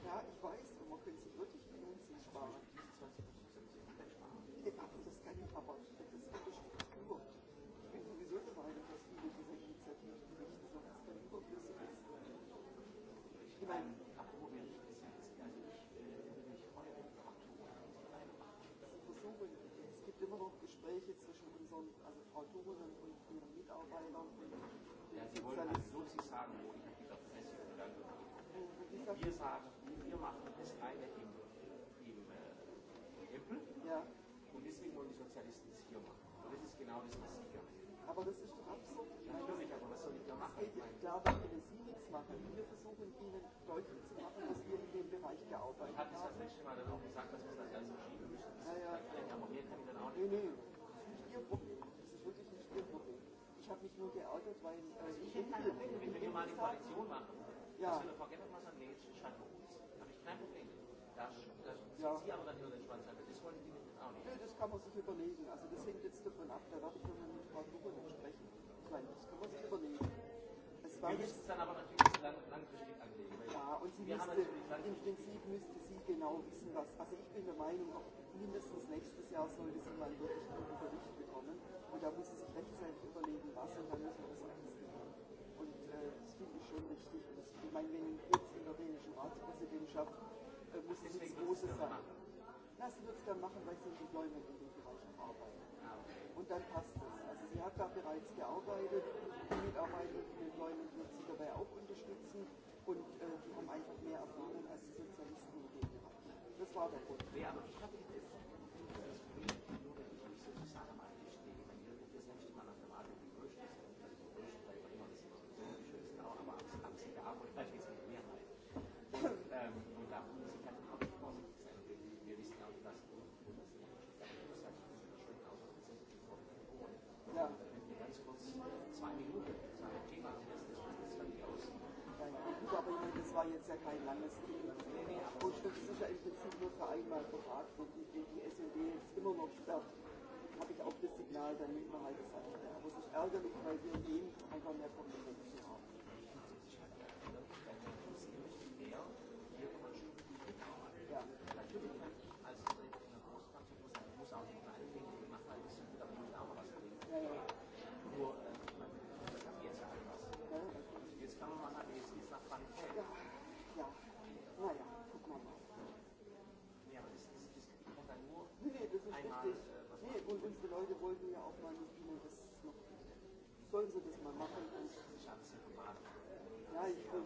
Ja, ich weiß, und man könnte sich wirklich Millionen Ziel sparen. Aber das kann ich Das ist wirklich nur. Ich bin sowieso der Meinung, dass viele dieser Initiativen nicht so ganz überflüssig ist. Ich meine, es gibt immer noch Gespräche zwischen unseren, also Frau Turunen und ihren Mitarbeitern. Ja, Sie wollen, so Sie sagen, wir sagen, wir machen das eine im, im, äh, Apple ja. und deswegen wollen die Sozialisten es hier machen. Und das ist genau das, was sie hier machen. Aber das ist doch absolut Natürlich, aber was soll ich da machen? Ich glaube, wenn Sie nichts machen, wir versuchen Ihnen deutlich zu machen, dass wir in dem Bereich gearbeitet haben. Ich hatte das letzte Mal dann auch gesagt, dass wir das ganz verschieben müssen. ja, ja. Kann ich, kann ich dann auch nicht. Nee, nee. Das ist nicht Ihr Problem. Das ist wirklich nicht Ihr Problem. Ich habe mich nur geärgert, weil... Äh, also ich hätte kein Problem, wenn wir mal eine Koalition machen. Ja. das wir eine Frau Das, das ja. Sie aber dann entspannt sein. Das wollen die nicht auch nicht. Nö, das kann man sich überlegen. Also das hängt jetzt davon ab, da werde ich nochmal mit Frau Buchholz sprechen. Ich meine, das kann man sich überlegen. Es war Wir müssen es dann aber natürlich lang, langfristig anlegen. Ja, und sie müsste, im Prinzip müsste sie genau wissen, was. Also ich bin der Meinung, auch mindestens nächstes Jahr sollte sie mal einen wirklich guten Bericht bekommen. Und da muss sie sich rechtzeitig überlegen, was und dann müssen wir das alles machen. Und äh, das finde ich schon richtig. Und das, ich meine, wenn jetzt in der dänischen Ratspräsidentschaft dafür muss es nichts Großes sein. Na, sie wird es dann machen, weil sie in Deployment in dem Bereich noch arbeitet. Ah, und dann passt es. Also sie hat da bereits gearbeitet, die Mitarbeiter im Deployment wird sie dabei auch unterstützen und äh, die haben einfach mehr Erfahrung als die Sozialisten in dem Bereich. Das war der Grund. Ja, aber ich habe jetzt vereinbart beraten und die, die SED ist immer noch sperrt, habe ich auch das Signal, dann nehmen wir halt das an. Aber es ist ärgerlich, weil wir nehmen einfach mehr Kompetenz. sollen sie das mal machen? Und ich habe sie gemacht. Ja, ich bin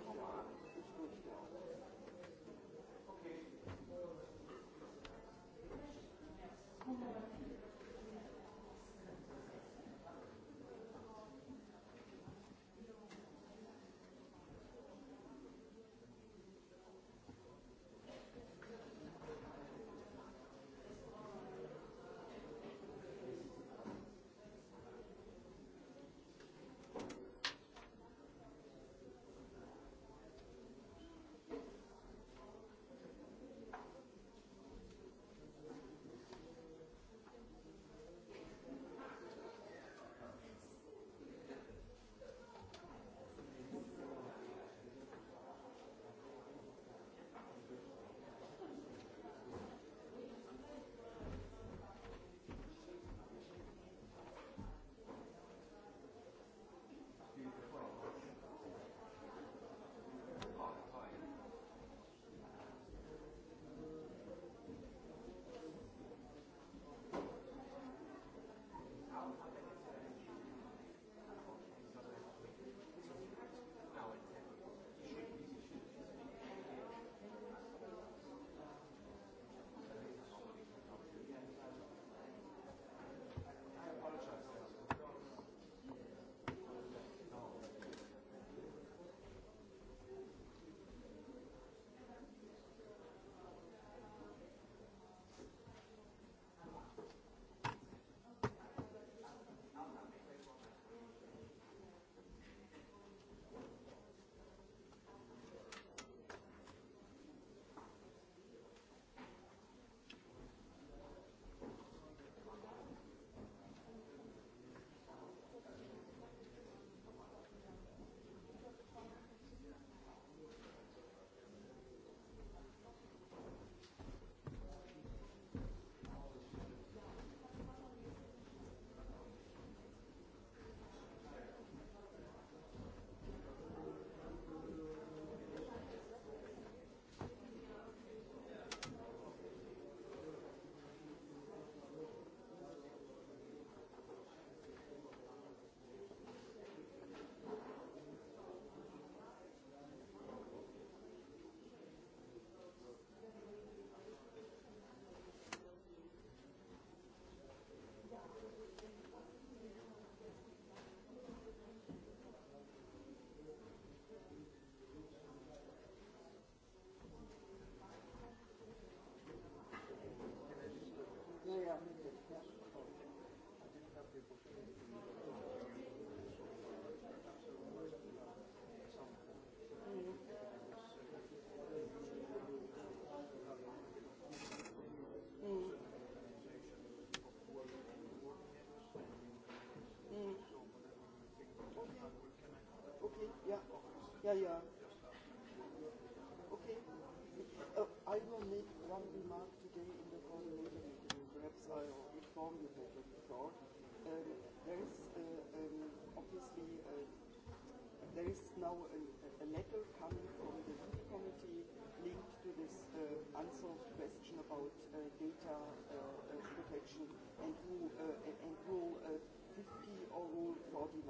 Yeah, yeah. Okay. Uh, I will make one remark today in the coordinator meeting, and perhaps I'll inform you better before. Um, there is uh, um, obviously uh, there is now a, a letter coming from the committee linked to this uh, unsolved question about uh, data uh, uh, protection and rule, uh, and rule uh, 50 or rule 49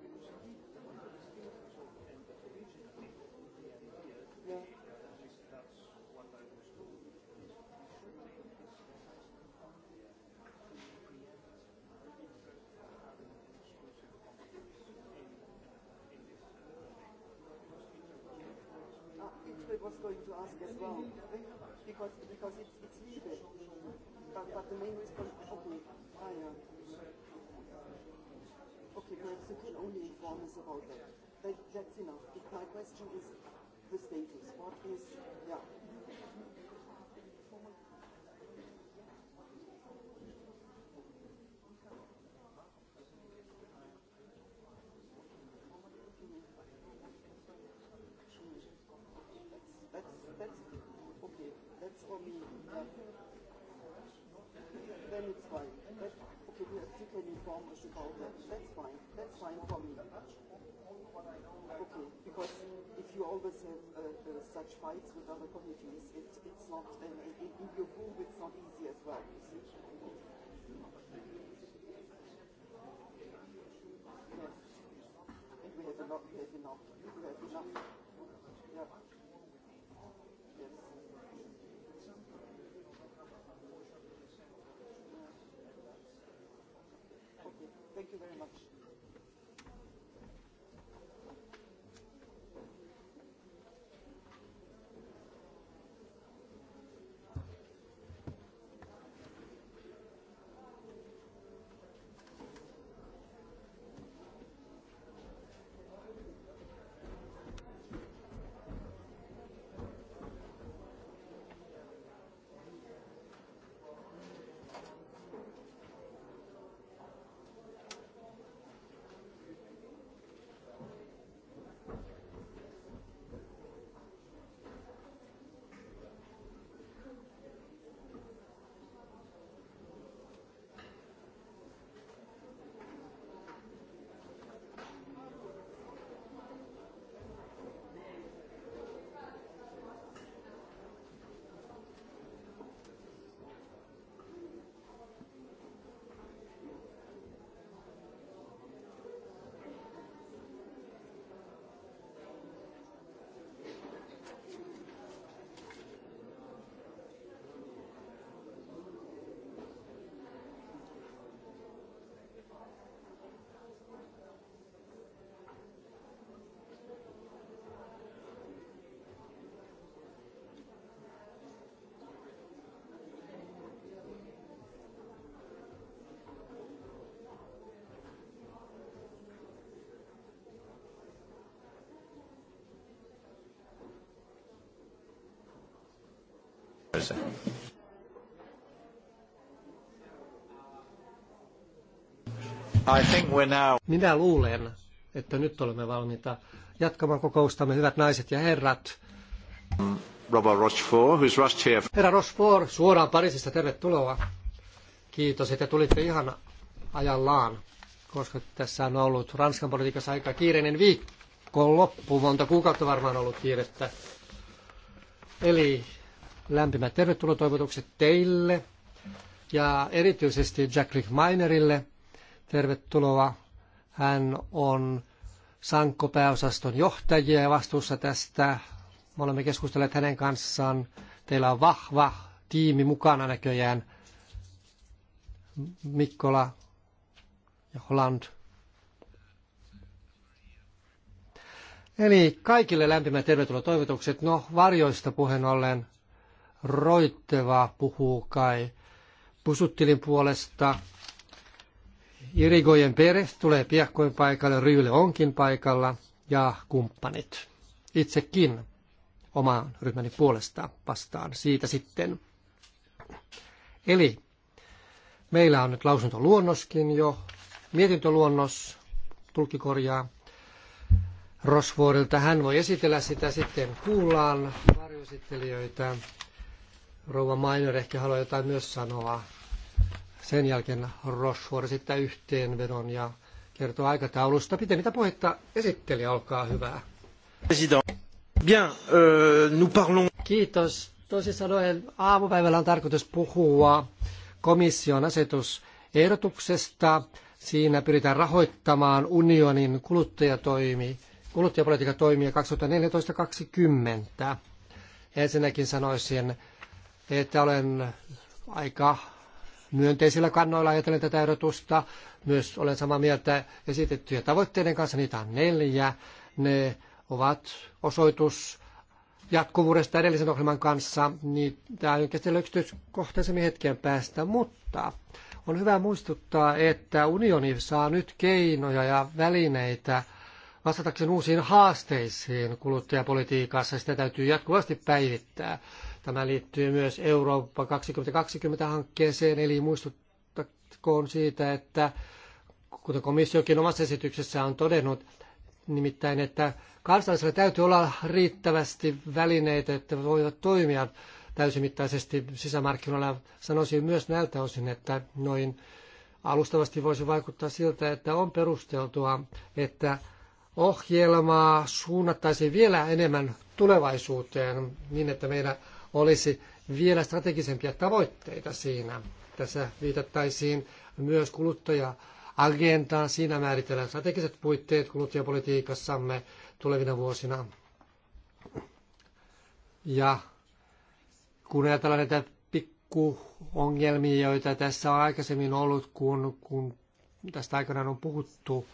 well, because because it's it's needed. But but the main response, okay, ah yeah. Okay, perhaps you can only inform us about that. that that's enough. my question is the status. What is yeah. always have uh, uh, such fights with other committees. It, it's not, and in, in your group, it's not easy as well, you see. Yes. And we have enough, we have enough, we have enough. yleensä. Minä luulen, että nyt olemme valmiita jatkamaan kokoustamme, hyvät naiset ja herrat. Robert Rochefort, who's Rochefort. Herra Rochefort, suoraan Pariisista tervetuloa. Kiitos, että tulitte ihan ajallaan, koska tässä on ollut Ranskan politiikassa aika kiireinen viikko loppu. Monta kuukautta varmaan ollut kiirettä. Eli Lämpimät tervetulotoivotukset teille ja erityisesti Jack Minerille. Tervetuloa. Hän on sankko pääosaston johtajia ja vastuussa tästä. Me olemme keskustelleet hänen kanssaan. Teillä on vahva tiimi mukana näköjään. Mikkola ja Holland. Eli kaikille lämpimät tervetuloa toivotukset. No, varjoista puheen ollen Roitteva puhuu kai Pusuttilin puolesta. Irigojen pere tulee piakkoin paikalle, Ryyle onkin paikalla ja kumppanit. Itsekin oman ryhmäni puolesta vastaan siitä sitten. Eli meillä on nyt lausuntoluonnoskin jo, mietintöluonnos, tulkikorjaa Rosvuorilta. Hän voi esitellä sitä sitten, kuullaan varjoesittelijöitä Rouva Mainer ehkä haluaa jotain myös sanoa. Sen jälkeen Rochefort sitten yhteenvedon ja kertoo aikataulusta. mitä puhetta esitteli, olkaa hyvää. President. Bien, euh, nous parlons... Kiitos. Toisin sanoen aamupäivällä on tarkoitus puhua komission asetusehdotuksesta. Siinä pyritään rahoittamaan unionin kuluttajatoimi, kuluttajapolitiikan toimia 2014-2020. Ensinnäkin sanoisin, että olen aika myönteisillä kannoilla ajatellen tätä ehdotusta. Myös olen samaa mieltä esitettyjä tavoitteiden kanssa, niitä on neljä. Ne ovat osoitus jatkuvuudesta edellisen ohjelman kanssa. Niitä on käsitellä yksityiskohtaisemmin hetken päästä, mutta on hyvä muistuttaa, että unioni saa nyt keinoja ja välineitä vastatakseen uusiin haasteisiin kuluttajapolitiikassa. Sitä täytyy jatkuvasti päivittää. Tämä liittyy myös Eurooppa 2020-hankkeeseen, eli muistuttakoon siitä, että kuten komissiokin omassa esityksessään on todennut, nimittäin, että kansalaisilla täytyy olla riittävästi välineitä, että voivat toimia täysimittaisesti sisämarkkinoilla. Sanoisin myös näiltä osin, että noin alustavasti voisi vaikuttaa siltä, että on perusteltua, että ohjelmaa suunnattaisiin vielä enemmän tulevaisuuteen niin, että meillä olisi vielä strategisempia tavoitteita siinä. Tässä viitattaisiin myös kuluttaja-agendaan. Siinä määritellään strategiset puitteet kuluttajapolitiikassamme tulevina vuosina. Ja kun ajatellaan näitä pikkuongelmia, joita tässä on aikaisemmin ollut, kun, kun tästä aikanaan on puhuttu,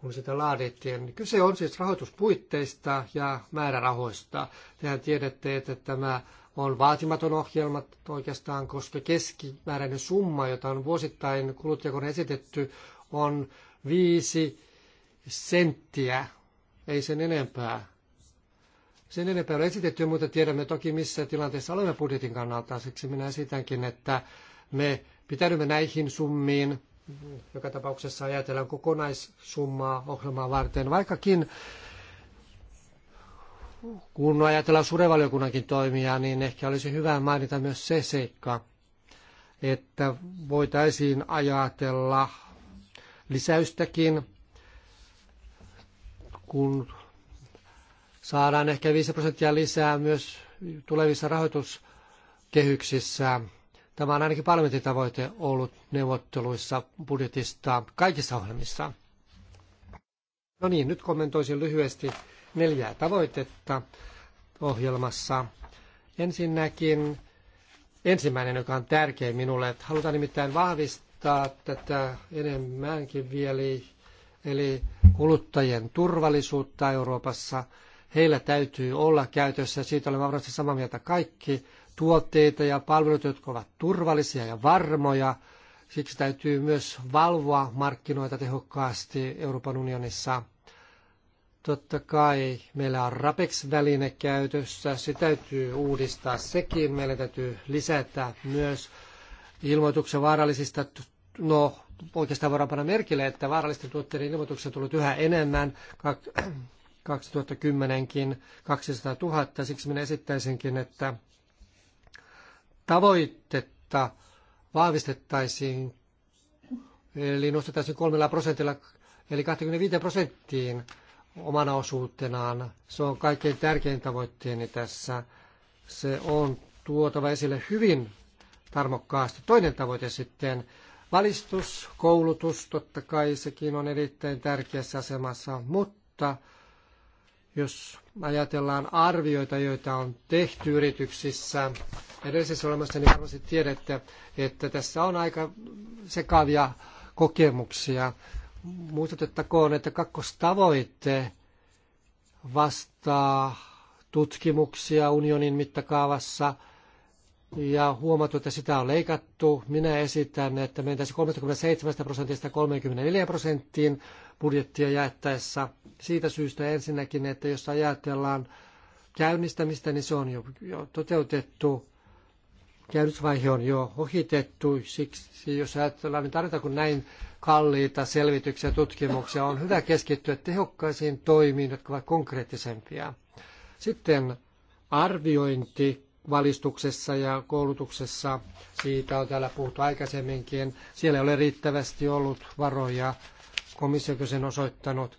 kun sitä laadittiin. Niin kyse on siis rahoituspuitteista ja määrärahoista. Tehän tiedätte, että tämä on vaatimaton ohjelma oikeastaan, koska keskimääräinen summa, jota on vuosittain kuluttajakone esitetty, on viisi senttiä, ei sen enempää. Sen enempää on esitetty, mutta tiedämme toki missä tilanteessa olemme budjetin kannalta. Siksi minä esitänkin, että me pitäydymme näihin summiin joka tapauksessa ajatellaan kokonaissummaa ohjelmaa varten, vaikkakin kun ajatellaan surevaliokunnankin toimia, niin ehkä olisi hyvä mainita myös se seikka, että voitaisiin ajatella lisäystäkin, kun saadaan ehkä 5 prosenttia lisää myös tulevissa rahoituskehyksissä Tämä on ainakin parlamentin tavoite ollut neuvotteluissa budjetista kaikissa ohjelmissa. No niin, nyt kommentoisin lyhyesti neljää tavoitetta ohjelmassa. Ensinnäkin ensimmäinen, joka on tärkeä minulle, että halutaan nimittäin vahvistaa tätä enemmänkin vielä, eli kuluttajien turvallisuutta Euroopassa. Heillä täytyy olla käytössä, siitä olemme varmasti samaa mieltä kaikki, tuotteita ja palveluita, jotka ovat turvallisia ja varmoja. Siksi täytyy myös valvoa markkinoita tehokkaasti Euroopan unionissa. Totta kai meillä on RAPEX-väline käytössä, se täytyy uudistaa sekin. Meillä täytyy lisätä myös ilmoituksen vaarallisista, no oikeastaan voidaan panna merkille, että vaarallisten tuotteiden ilmoituksia on tullut yhä enemmän, 2010kin 200 000. Siksi minä esittäisinkin, että tavoitetta vahvistettaisiin, eli nostettaisiin kolmella prosentilla, eli 25 prosenttiin omana osuutenaan. Se on kaikkein tärkein tavoitteeni tässä. Se on tuotava esille hyvin tarmokkaasti. Toinen tavoite sitten, valistus, koulutus, totta kai sekin on erittäin tärkeässä asemassa, mutta jos ajatellaan arvioita, joita on tehty yrityksissä edellisessä olemassa, niin varmasti tiedätte, että tässä on aika sekavia kokemuksia. Muistutettakoon, että kakkostavoitte vastaa tutkimuksia unionin mittakaavassa – ja huomattu, että sitä on leikattu. Minä esitän, että mentäisiin 37 prosentista 34 prosenttiin budjettia jaettaessa. Siitä syystä ensinnäkin, että jos ajatellaan käynnistämistä, niin se on jo, jo toteutettu. Käynnistysvaihe on jo ohitettu. Siksi jos ajatellaan, niin tarvitaanko näin kalliita selvityksiä ja tutkimuksia, on hyvä keskittyä tehokkaisiin toimiin, jotka ovat konkreettisempia. Sitten arviointi valistuksessa ja koulutuksessa, siitä on täällä puhuttu aikaisemminkin, siellä ei ole riittävästi ollut varoja, komissiokö sen osoittanut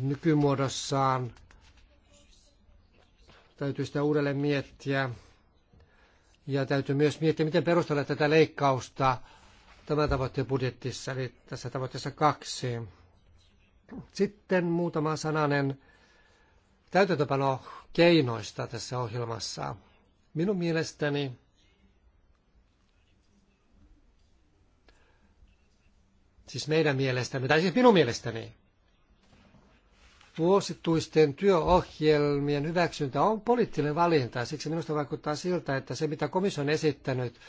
nykymuodossaan. Täytyy sitä uudelleen miettiä. Ja täytyy myös miettiä, miten perustella tätä leikkausta tämän tavoitteen budjettissa, eli tässä tavoitteessa kaksi. Sitten muutama sananen täytäntöpano keinoista tässä ohjelmassa. Minun mielestäni siis meidän mielestämme, tai siis minun mielestäni, vuosituisten työohjelmien hyväksyntä on poliittinen valinta. Siksi minusta vaikuttaa siltä, että se mitä komissio on esittänyt,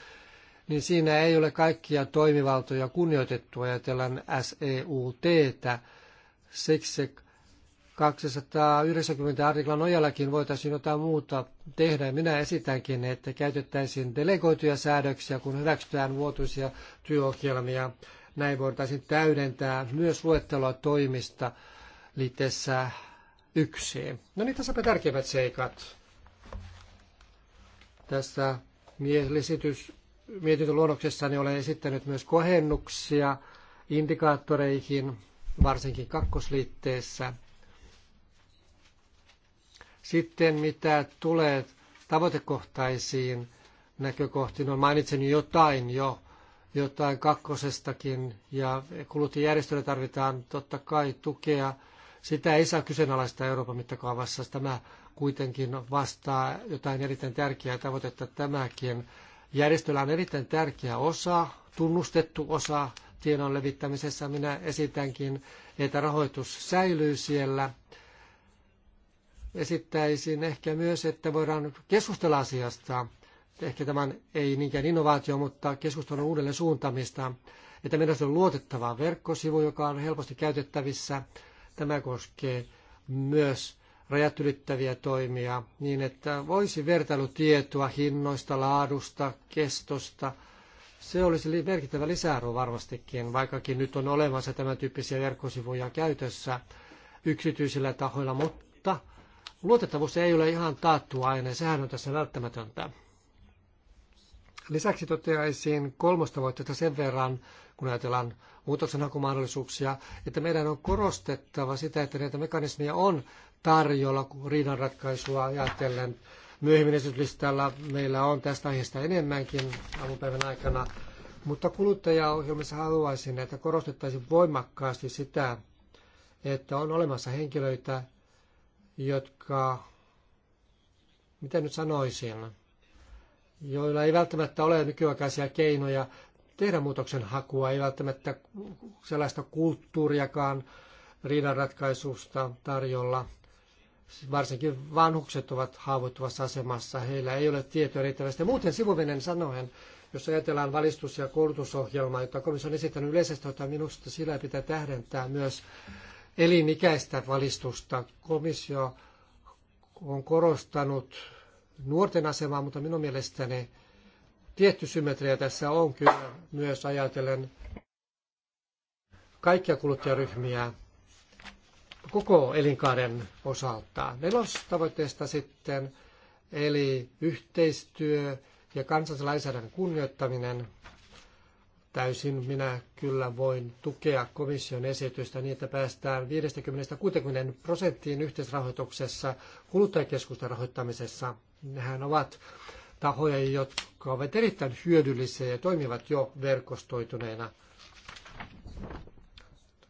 niin siinä ei ole kaikkia toimivaltoja kunnioitettu ajatellaan SEUT. Siksi 290 artiklan nojallakin voitaisiin jotain muuta tehdä. Minä esitänkin, että käytettäisiin delegoituja säädöksiä, kun hyväksytään vuotuisia työohjelmia. Näin voitaisiin täydentää myös luetteloa toimista liitteessä yksi. No niin, tässäpä tärkeimmät seikat. Tässä esitys, mietintöluonnoksessani olen esittänyt myös kohennuksia indikaattoreihin, varsinkin kakkosliitteessä – sitten mitä tulee tavoitekohtaisiin näkökohtiin, on no mainitsen jotain jo, jotain kakkosestakin, ja kuluttajajärjestöille tarvitaan totta kai tukea. Sitä ei saa kyseenalaista Euroopan mittakaavassa. Tämä kuitenkin vastaa jotain erittäin tärkeää tavoitetta tämäkin. Järjestöllä on erittäin tärkeä osa, tunnustettu osa tiedon levittämisessä. Minä esitänkin, että rahoitus säilyy siellä esittäisin ehkä myös, että voidaan keskustella asiasta. Ehkä tämän ei niinkään innovaatio, mutta keskustelun uudelleen suuntamista, että meillä on luotettava verkkosivu, joka on helposti käytettävissä. Tämä koskee myös rajat ylittäviä toimia niin, että voisi vertailutietoa hinnoista, laadusta, kestosta. Se olisi merkittävä lisäarvo varmastikin, vaikkakin nyt on olemassa tämän tyyppisiä verkkosivuja käytössä yksityisillä tahoilla, mutta luotettavuus ei ole ihan taattu aina, ja sehän on tässä välttämätöntä. Lisäksi toteaisin kolmosta kolmostavoitteesta sen verran, kun ajatellaan muutoksenhakumahdollisuuksia, että meidän on korostettava sitä, että näitä mekanismeja on tarjolla riidanratkaisua ajatellen. Myöhemmin esityslistalla meillä on tästä aiheesta enemmänkin aamupäivän aikana, mutta kuluttajaohjelmissa haluaisin, että korostettaisiin voimakkaasti sitä, että on olemassa henkilöitä, jotka, mitä nyt sanoisin, joilla ei välttämättä ole nykyaikaisia keinoja tehdä muutoksen hakua, ei välttämättä sellaista kulttuuriakaan riidanratkaisusta tarjolla. Varsinkin vanhukset ovat haavoittuvassa asemassa, heillä ei ole tietoa riittävästi. Muuten sivuvenen sanoen, jos ajatellaan valistus- ja koulutusohjelmaa, jota komissio on esittänyt yleisesti, minusta sillä pitää tähdentää myös elinikäistä valistusta. Komissio on korostanut nuorten asemaa, mutta minun mielestäni tietty symmetria tässä on kyllä myös ajatellen kaikkia kuluttajaryhmiä koko elinkaaren osalta. Nelostavoitteesta sitten, eli yhteistyö ja lainsäädännön kunnioittaminen – täysin minä kyllä voin tukea komission esitystä niin, että päästään 50-60 prosenttiin yhteisrahoituksessa kuluttajakeskusten rahoittamisessa. Nehän ovat tahoja, jotka ovat erittäin hyödyllisiä ja toimivat jo verkostoituneena.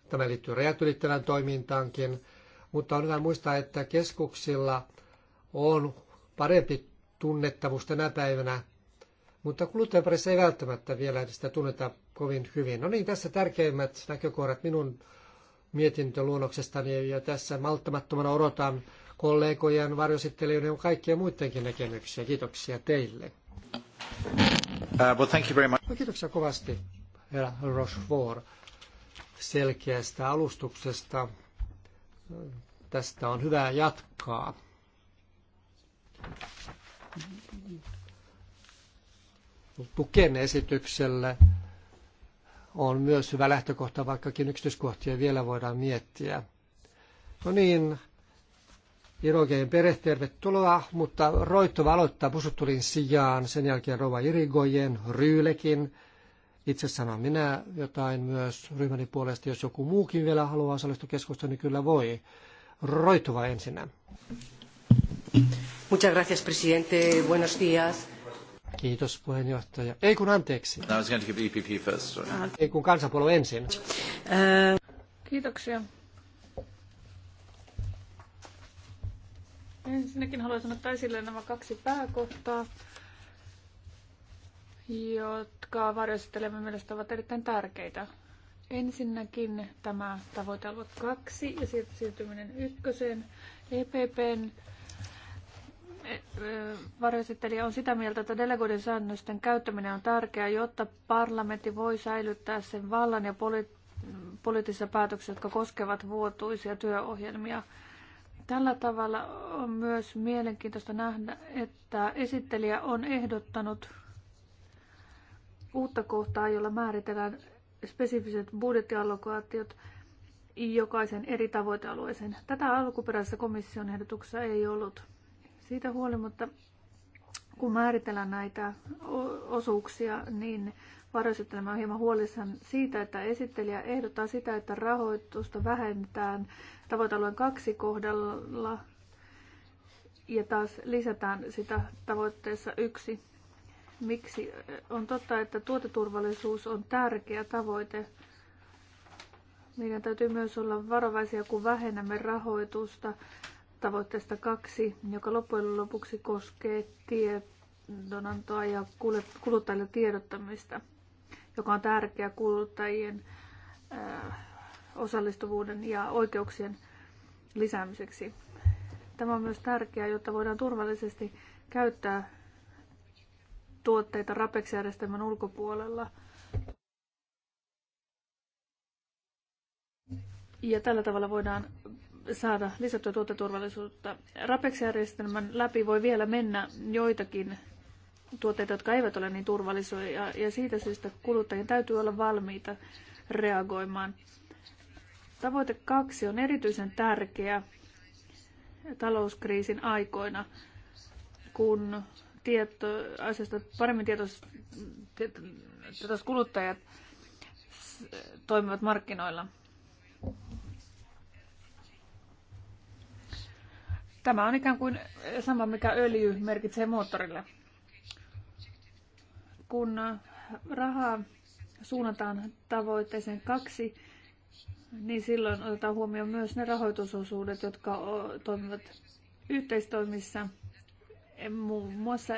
Tämä liittyy rajat ylittävän toimintaankin, mutta on hyvä muistaa, että keskuksilla on parempi tunnettavuus tänä päivänä mutta kuluttajaparissa ei välttämättä vielä sitä tunneta kovin hyvin. No niin, tässä tärkeimmät näkökohdat minun mietintöluonnoksestani ja tässä malttamattomana odotan kollegojen, varjosittelijoiden ja kaikkien muidenkin näkemyksiä. Kiitoksia teille. Uh, well, thank you very much. No, kiitoksia kovasti, herra Rochefort, selkeästä alustuksesta. Tästä on hyvä jatkaa tukenne esitykselle on myös hyvä lähtökohta, vaikkakin yksityiskohtia vielä voidaan miettiä. No niin, Irogeen pere, tervetuloa, mutta Roitto aloittaa Pusutulin sijaan, sen jälkeen Rova Irigojen, Ryylekin. Itse sanon minä jotain myös ryhmäni puolesta, jos joku muukin vielä haluaa osallistua keskusteluun, niin kyllä voi. Roitova ensinnä. Muchas gracias, presidente. Buenos días. Kiitos puheenjohtaja. Ei kun anteeksi. I was going to give EPP first. Sorry. Ah. Ei kun kansanpuolue ensin. Äh. Kiitoksia. Ensinnäkin haluaisin ottaa esille nämä kaksi pääkohtaa, jotka varjoesittelemme mielestä ovat erittäin tärkeitä. Ensinnäkin tämä tavoitealue kaksi ja siirtyminen ykköseen EPPn varjoesittelijä on sitä mieltä, että delegoiden säännösten käyttäminen on tärkeää, jotta parlamentti voi säilyttää sen vallan ja poli- poliittisissa päätöksissä, jotka koskevat vuotuisia työohjelmia. Tällä tavalla on myös mielenkiintoista nähdä, että esittelijä on ehdottanut uutta kohtaa, jolla määritellään spesifiset budjettiallokaatiot jokaisen eri tavoitealueeseen. Tätä alkuperäisessä komission ehdotuksessa ei ollut. Siitä huolimatta, kun määritellään näitä osuuksia, niin varoisittelemme on hieman huolissaan siitä, että esittelijä ehdottaa sitä, että rahoitusta vähennetään tavoitealueen kaksi kohdalla ja taas lisätään sitä tavoitteessa yksi. Miksi? On totta, että tuoteturvallisuus on tärkeä tavoite. Meidän täytyy myös olla varovaisia, kun vähennämme rahoitusta tavoitteesta kaksi, joka loppujen lopuksi koskee tiedonantoa ja kuluttajille tiedottamista, joka on tärkeä kuluttajien äh, osallistuvuuden ja oikeuksien lisäämiseksi. Tämä on myös tärkeää, jotta voidaan turvallisesti käyttää tuotteita RAPEX-järjestelmän ulkopuolella. Ja tällä tavalla voidaan saada lisättyä tuoteturvallisuutta. RAPEX-järjestelmän läpi voi vielä mennä joitakin tuotteita, jotka eivät ole niin turvallisia, ja siitä syystä kuluttajien täytyy olla valmiita reagoimaan. Tavoite kaksi on erityisen tärkeä talouskriisin aikoina, kun tieto, asiasta paremmin tietoiset kuluttajat toimivat markkinoilla. Tämä on ikään kuin sama, mikä öljy merkitsee moottorille. Kun rahaa suunnataan tavoitteeseen kaksi, niin silloin otetaan huomioon myös ne rahoitusosuudet, jotka toimivat yhteistoimissa, muun muassa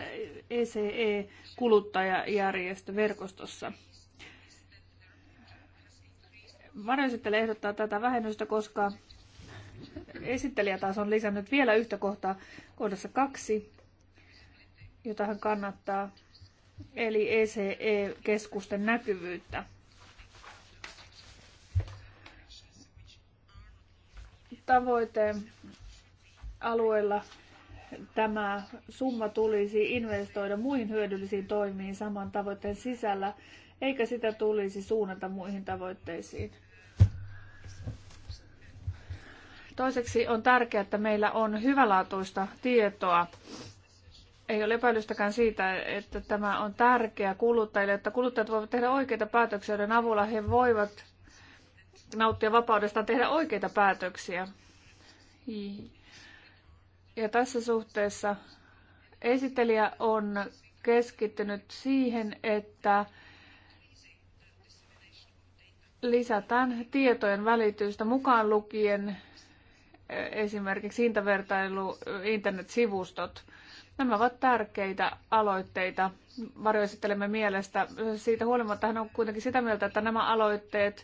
ECE-kuluttajajärjestöverkostossa. Varjoisittele ehdottaa tätä vähennystä, koska esittelijä taas on lisännyt vielä yhtä kohtaa kohdassa kaksi, jota hän kannattaa, eli ECE-keskusten näkyvyyttä. Tavoite alueella tämä summa tulisi investoida muihin hyödyllisiin toimiin saman tavoitteen sisällä, eikä sitä tulisi suunnata muihin tavoitteisiin. Toiseksi on tärkeää, että meillä on hyvälaatuista tietoa. Ei ole epäilystäkään siitä, että tämä on tärkeä kuluttajille, että kuluttajat voivat tehdä oikeita päätöksiä, joiden avulla he voivat nauttia vapaudestaan tehdä oikeita päätöksiä. Ja tässä suhteessa esittelijä on keskittynyt siihen, että lisätään tietojen välitystä mukaan lukien esimerkiksi hintavertailu, internetsivustot. Nämä ovat tärkeitä aloitteita. Varjoesittelemme mielestä. Siitä huolimatta hän on kuitenkin sitä mieltä, että nämä aloitteet,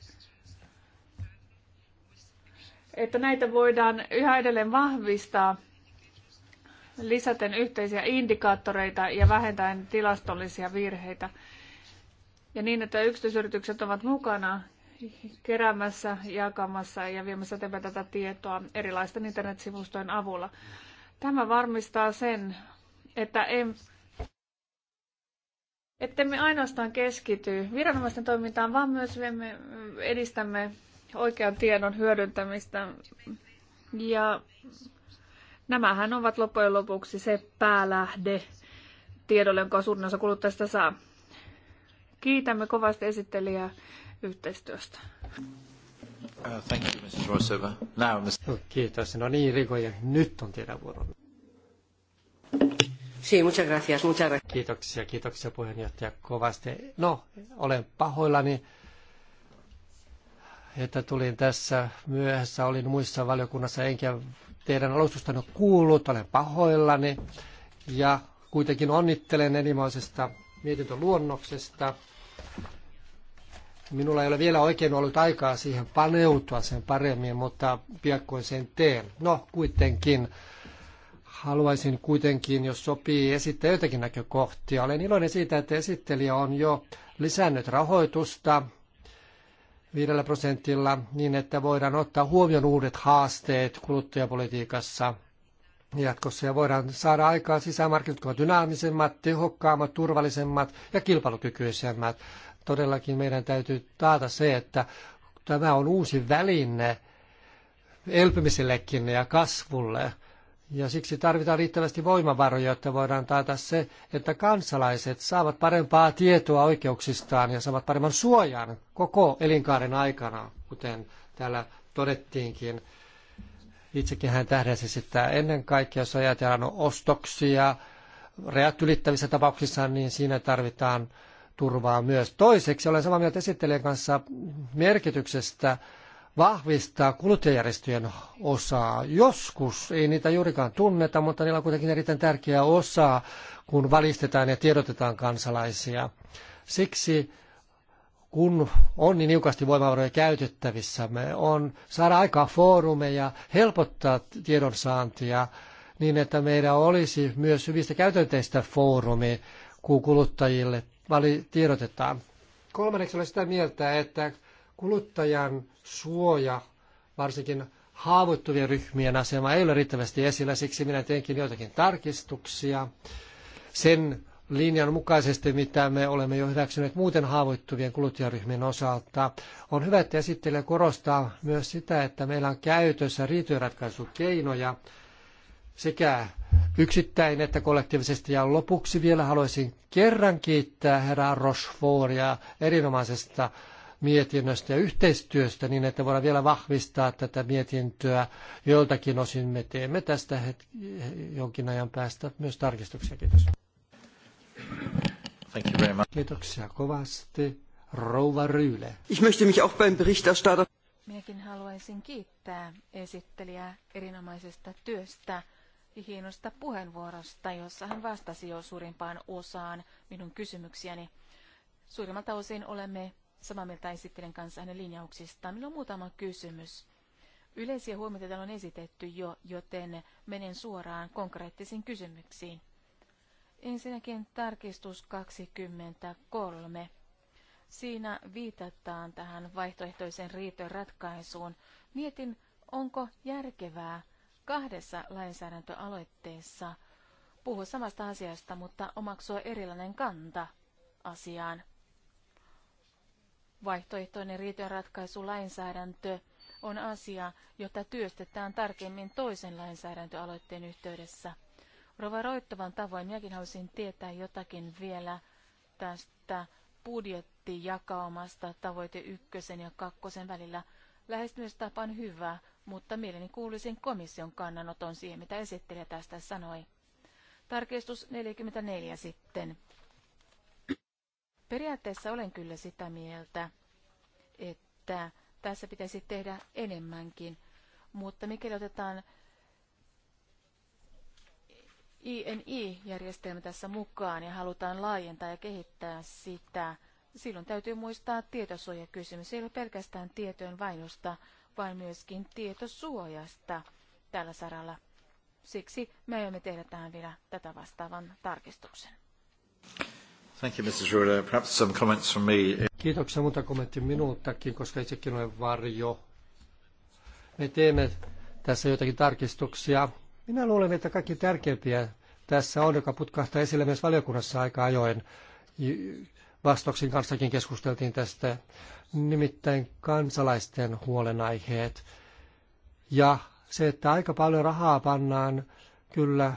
että näitä voidaan yhä edelleen vahvistaa lisäten yhteisiä indikaattoreita ja vähentäen tilastollisia virheitä. Ja niin, että yksityisyritykset ovat mukana keräämässä, jakamassa ja viemässä eteenpäin tätä tietoa erilaisten internetsivustojen avulla. Tämä varmistaa sen, että em, me ainoastaan keskity viranomaisten toimintaan, vaan myös me edistämme oikean tiedon hyödyntämistä. Ja nämähän ovat loppujen lopuksi se päälähde tiedolle, jonka suurin osa kuluttajista saa. Kiitämme kovasti esittelijää yhteistyöstä. Uh, thank you, Now, Mr. No, kiitos. No niin, Riko, ja nyt on teidän vuoro. Sí, muchas gracias, muchas gracias. Kiitoksia, kiitoksia puheenjohtaja kovasti. No, olen pahoillani, että tulin tässä myöhässä. Olin muissa valiokunnassa enkä teidän alustustanne kuullut. Olen pahoillani ja kuitenkin onnittelen enimmäisestä mietintöluonnoksesta. Minulla ei ole vielä oikein ollut aikaa siihen paneutua sen paremmin, mutta piakkoin sen teen. No, kuitenkin. Haluaisin kuitenkin, jos sopii, esittää jotakin näkökohtia. Olen iloinen siitä, että esittelijä on jo lisännyt rahoitusta viidellä prosentilla niin, että voidaan ottaa huomioon uudet haasteet kuluttajapolitiikassa jatkossa ja voidaan saada aikaan sisämarkkinat, jotka ovat dynaamisemmat, tehokkaammat, turvallisemmat ja kilpailukykyisemmät todellakin meidän täytyy taata se, että tämä on uusi väline elpymisellekin ja kasvulle. Ja siksi tarvitaan riittävästi voimavaroja, jotta voidaan taata se, että kansalaiset saavat parempaa tietoa oikeuksistaan ja saavat paremman suojan koko elinkaaren aikana, kuten täällä todettiinkin. Itsekin hän tähdäsi sitä ennen kaikkea, jos ajatellaan ostoksia, rajat ylittävissä tapauksissa, niin siinä tarvitaan turvaa myös. Toiseksi olen samaa mieltä esittelijän kanssa merkityksestä vahvistaa kuluttajajärjestöjen osaa. Joskus ei niitä juurikaan tunneta, mutta niillä on kuitenkin erittäin tärkeä osa, kun valistetaan ja tiedotetaan kansalaisia. Siksi kun on niin niukasti voimavaroja käytettävissä, me on saada aikaa foorumeja, helpottaa tiedonsaantia niin, että meillä olisi myös hyvistä käytänteistä foorumi, kuluttajille vali tiedotetaan. Kolmanneksi olen sitä mieltä, että kuluttajan suoja, varsinkin haavoittuvien ryhmien asema ei ole riittävästi esillä, siksi minä teinkin joitakin tarkistuksia sen linjan mukaisesti, mitä me olemme jo hyväksyneet muuten haavoittuvien kuluttajaryhmien osalta. On hyvä, että esittelijä korostaa myös sitä, että meillä on käytössä riitojenratkaisukeinoja, sekä yksittäin että kollektiivisesti. Ja lopuksi vielä haluaisin kerran kiittää herra Rochefortia erinomaisesta mietinnöstä ja yhteistyöstä niin, että voidaan vielä vahvistaa tätä mietintöä. Joiltakin osin me teemme tästä het- jonkin ajan päästä myös tarkistuksia. Kiitos. Thank you very much. Kiitoksia kovasti. Rouva Ryyle. Ich möchte mich auch beim Berichterstatter Minäkin haluaisin kiittää esittelijää erinomaisesta työstä hienosta puheenvuorosta, jossa hän vastasi jo suurimpaan osaan minun kysymyksiäni. Suurimmalta osin olemme samaa mieltä esittelen kanssa hänen linjauksistaan. Minulla on muutama kysymys. Yleisiä huomioita täällä on esitetty jo, joten menen suoraan konkreettisiin kysymyksiin. Ensinnäkin tarkistus 23. Siinä viitataan tähän vaihtoehtoisen riitojen ratkaisuun. Mietin, onko järkevää kahdessa lainsäädäntöaloitteessa puhua samasta asiasta, mutta omaksua erilainen kanta asiaan. Vaihtoehtoinen riitojenratkaisulainsäädäntö on asia, jota työstetään tarkemmin toisen lainsäädäntöaloitteen yhteydessä. Rova Roittovan tavoin minäkin haluaisin tietää jotakin vielä tästä budjettijakaumasta tavoite ykkösen ja kakkosen välillä. Lähestymistapa on hyvä, mutta mieleni kuulisin komission kannanoton siihen, mitä esittelijä tästä sanoi. Tarkistus 44 sitten. Periaatteessa olen kyllä sitä mieltä, että tässä pitäisi tehdä enemmänkin, mutta mikäli otetaan INI-järjestelmä tässä mukaan ja halutaan laajentaa ja kehittää sitä, silloin täytyy muistaa tietosuojakysymys. Ei ole pelkästään tietojen vainosta vaan myöskin tietosuojasta tällä saralla. Siksi me aiomme tehdä tähän vielä tätä vastaavan tarkistuksen. Thank you, Mr. Schroeder. Perhaps some comments from me. Kiitoksia muuta kommentti minultakin, koska itsekin olen varjo. Me teemme tässä jotakin tarkistuksia. Minä luulen, että kaikki tärkeimpiä tässä on, joka putkahtaa esille myös valiokunnassa aika ajoin Vastoksin kanssakin keskusteltiin tästä, nimittäin kansalaisten huolenaiheet. Ja se, että aika paljon rahaa pannaan kyllä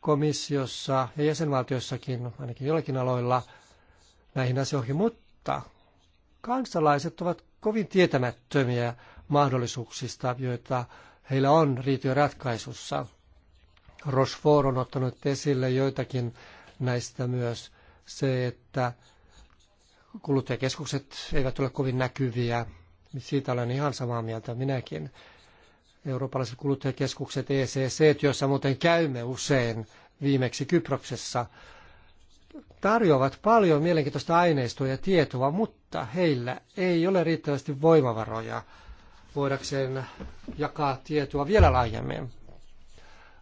komissiossa ja jäsenvaltiossakin, ainakin jollakin aloilla, näihin asioihin, mutta kansalaiset ovat kovin tietämättömiä mahdollisuuksista, joita heillä on riitojen ratkaisussa. Rochefort on ottanut esille joitakin näistä myös. Se, että kuluttajakeskukset eivät ole kovin näkyviä. Siitä olen ihan samaa mieltä minäkin. Eurooppalaiset kuluttajakeskukset ECC, joissa muuten käymme usein viimeksi Kyproksessa, tarjoavat paljon mielenkiintoista aineistoa ja tietoa, mutta heillä ei ole riittävästi voimavaroja voidakseen jakaa tietoa vielä laajemmin.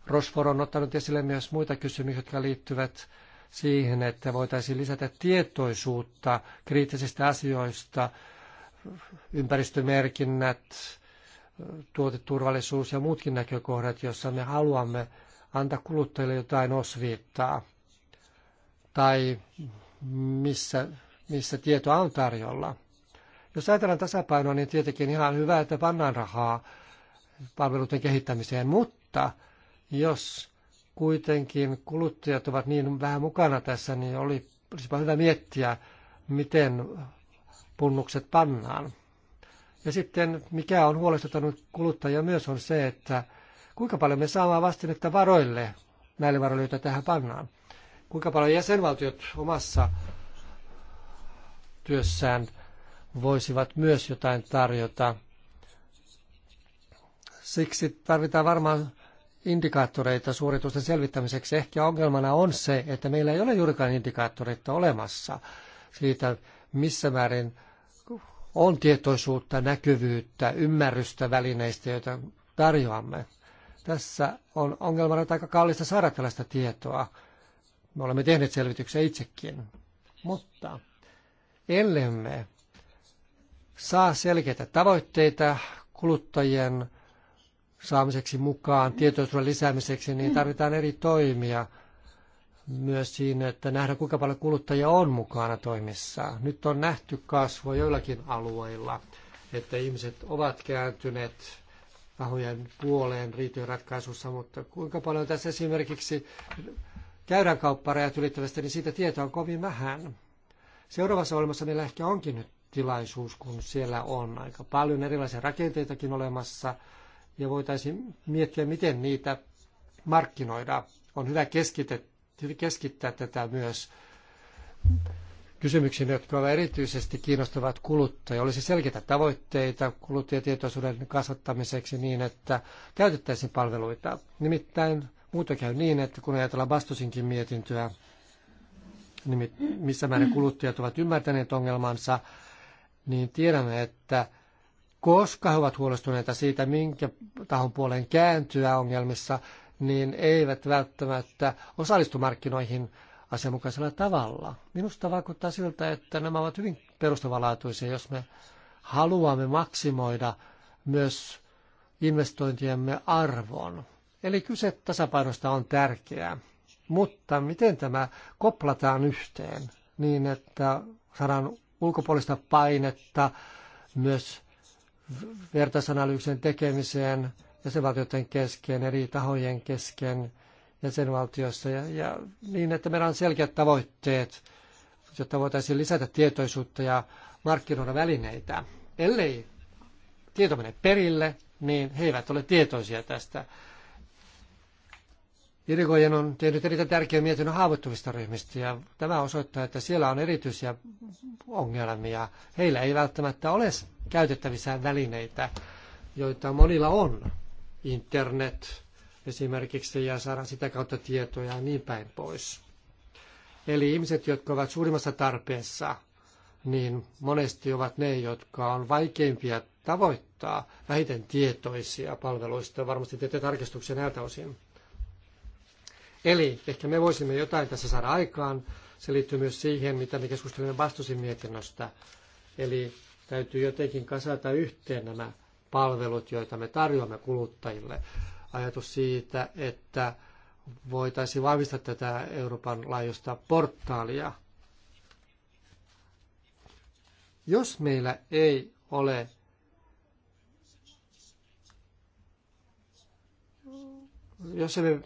Rosfor on ottanut esille myös muita kysymyksiä, jotka liittyvät siihen, että voitaisiin lisätä tietoisuutta kriittisistä asioista, ympäristömerkinnät, tuoteturvallisuus ja muutkin näkökohdat, joissa me haluamme antaa kuluttajille jotain osviittaa tai missä, missä tietoa on tarjolla. Jos ajatellaan tasapainoa, niin tietenkin ihan hyvä, että pannaan rahaa palveluiden kehittämiseen, mutta jos kuitenkin kuluttajat ovat niin vähän mukana tässä, niin oli, olisi hyvä miettiä, miten punnukset pannaan. Ja sitten mikä on huolestuttanut kuluttajia myös on se, että kuinka paljon me saamme vastinetta varoille, näille varoille, joita tähän pannaan. Kuinka paljon jäsenvaltiot omassa työssään voisivat myös jotain tarjota. Siksi tarvitaan varmaan indikaattoreita suoritusten selvittämiseksi. Ehkä ongelmana on se, että meillä ei ole juurikaan indikaattoreita olemassa siitä, missä määrin on tietoisuutta, näkyvyyttä, ymmärrystä välineistä, joita tarjoamme. Tässä on ongelmana, että aika kallista saada tällaista tietoa. Me olemme tehneet selvityksiä itsekin. Mutta ellemme saa selkeitä tavoitteita kuluttajien saamiseksi mukaan, tietoisuuden lisäämiseksi, niin tarvitaan eri toimia myös siinä, että nähdään kuinka paljon kuluttajia on mukana toimissa. Nyt on nähty kasvua joillakin alueilla, että ihmiset ovat kääntyneet rahojen puoleen riitojen ratkaisussa, mutta kuinka paljon tässä esimerkiksi käydään kaupparajat ylittävästi, niin siitä tietoa on kovin vähän. Seuraavassa olemassa meillä ehkä onkin nyt tilaisuus, kun siellä on aika paljon erilaisia rakenteitakin olemassa – ja voitaisiin miettiä, miten niitä markkinoida. On hyvä keskittää tätä myös kysymyksiin, jotka ovat erityisesti kiinnostavat kuluttajia. Olisi selkeitä tavoitteita kuluttajatietoisuuden kasvattamiseksi niin, että käytettäisiin palveluita. Nimittäin muuta käy niin, että kun ajatellaan Bastusinkin mietintöä, niin missä määrin kuluttajat ovat ymmärtäneet ongelmansa, niin tiedämme, että koska he ovat huolestuneita siitä, minkä tahon puoleen kääntyä ongelmissa, niin eivät välttämättä osallistu markkinoihin asianmukaisella tavalla. Minusta vaikuttaa siltä, että nämä ovat hyvin perustavanlaatuisia, jos me haluamme maksimoida myös investointiemme arvon. Eli kyse tasapainosta on tärkeää. Mutta miten tämä koplataan yhteen niin, että saadaan ulkopuolista painetta myös vertaisanalyysin tekemiseen jäsenvaltioiden kesken, eri tahojen kesken jäsenvaltiossa ja, ja niin, että meillä on selkeät tavoitteet, jotta voitaisiin lisätä tietoisuutta ja markkinoida välineitä. Ellei tieto mene perille, niin he eivät ole tietoisia tästä Irigoyen on tehnyt erittäin tärkeän mietinnön haavoittuvista ryhmistä ja tämä osoittaa, että siellä on erityisiä ongelmia. Heillä ei välttämättä ole käytettävissä välineitä, joita monilla on. Internet esimerkiksi ja saada sitä kautta tietoja ja niin päin pois. Eli ihmiset, jotka ovat suurimmassa tarpeessa, niin monesti ovat ne, jotka on vaikeimpia tavoittaa, vähiten tietoisia palveluista. Varmasti teette tarkistuksia näiltä osin. Eli ehkä me voisimme jotain tässä saada aikaan. Se liittyy myös siihen, mitä me keskustelimme Bastusin mietinnöstä. Eli täytyy jotenkin kasata yhteen nämä palvelut, joita me tarjoamme kuluttajille. Ajatus siitä, että voitaisiin vahvistaa tätä Euroopan laajuista portaalia. Jos meillä ei ole jos, emme,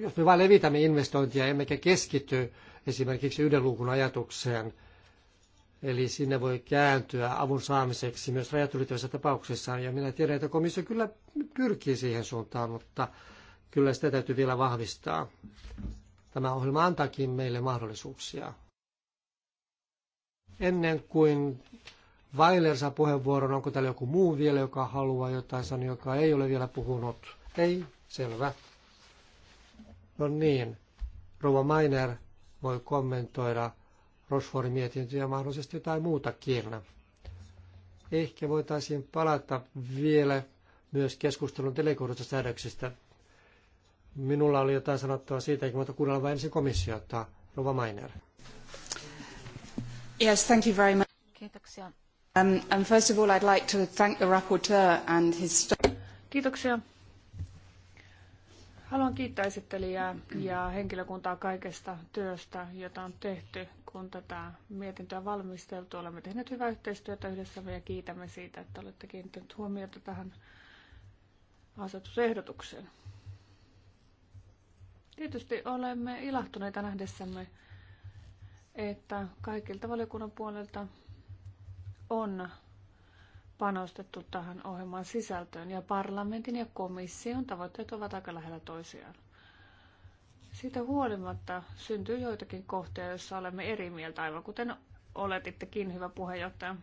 jos me vain levitämme investointia emmekä keskity esimerkiksi yhden luukun ajatukseen, eli sinne voi kääntyä avun saamiseksi myös rajat ylittävissä tapauksissa. Ja minä tiedän, että komissio kyllä pyrkii siihen suuntaan, mutta kyllä sitä täytyy vielä vahvistaa. Tämä ohjelma antaakin meille mahdollisuuksia. Ennen kuin Weiler saa puheenvuoron, onko täällä joku muu vielä, joka haluaa jotain sanoa, joka ei ole vielä puhunut? Ei, selvä. No niin, Rova Mainer voi kommentoida Rosforin mietintöjä ja mahdollisesti jotain muutakin. Ehkä voitaisiin palata vielä myös keskustelun telekohdusta säädöksistä. Minulla oli jotain sanottavaa siitä, mutta kuunnella vain ensin komissiota. Rova Mainer. Yes, thank you very much. Kiitoksia. Um, and first of all, I'd like to thank the rapporteur and his... Kiitoksia Haluan kiittää esittelijää ja henkilökuntaa kaikesta työstä, jota on tehty, kun tätä mietintöä valmisteltu. Olemme tehneet hyvää yhteistyötä yhdessä ja kiitämme siitä, että olette kiinnittäneet huomiota tähän asetusehdotukseen. Tietysti olemme ilahtuneita nähdessämme, että kaikilta valiokunnan puolelta on panostettu tähän ohjelman sisältöön ja parlamentin ja komission tavoitteet ovat aika lähellä toisiaan. Siitä huolimatta syntyy joitakin kohtia, joissa olemme eri mieltä, aivan kuten oletittekin, hyvä puheenjohtaja.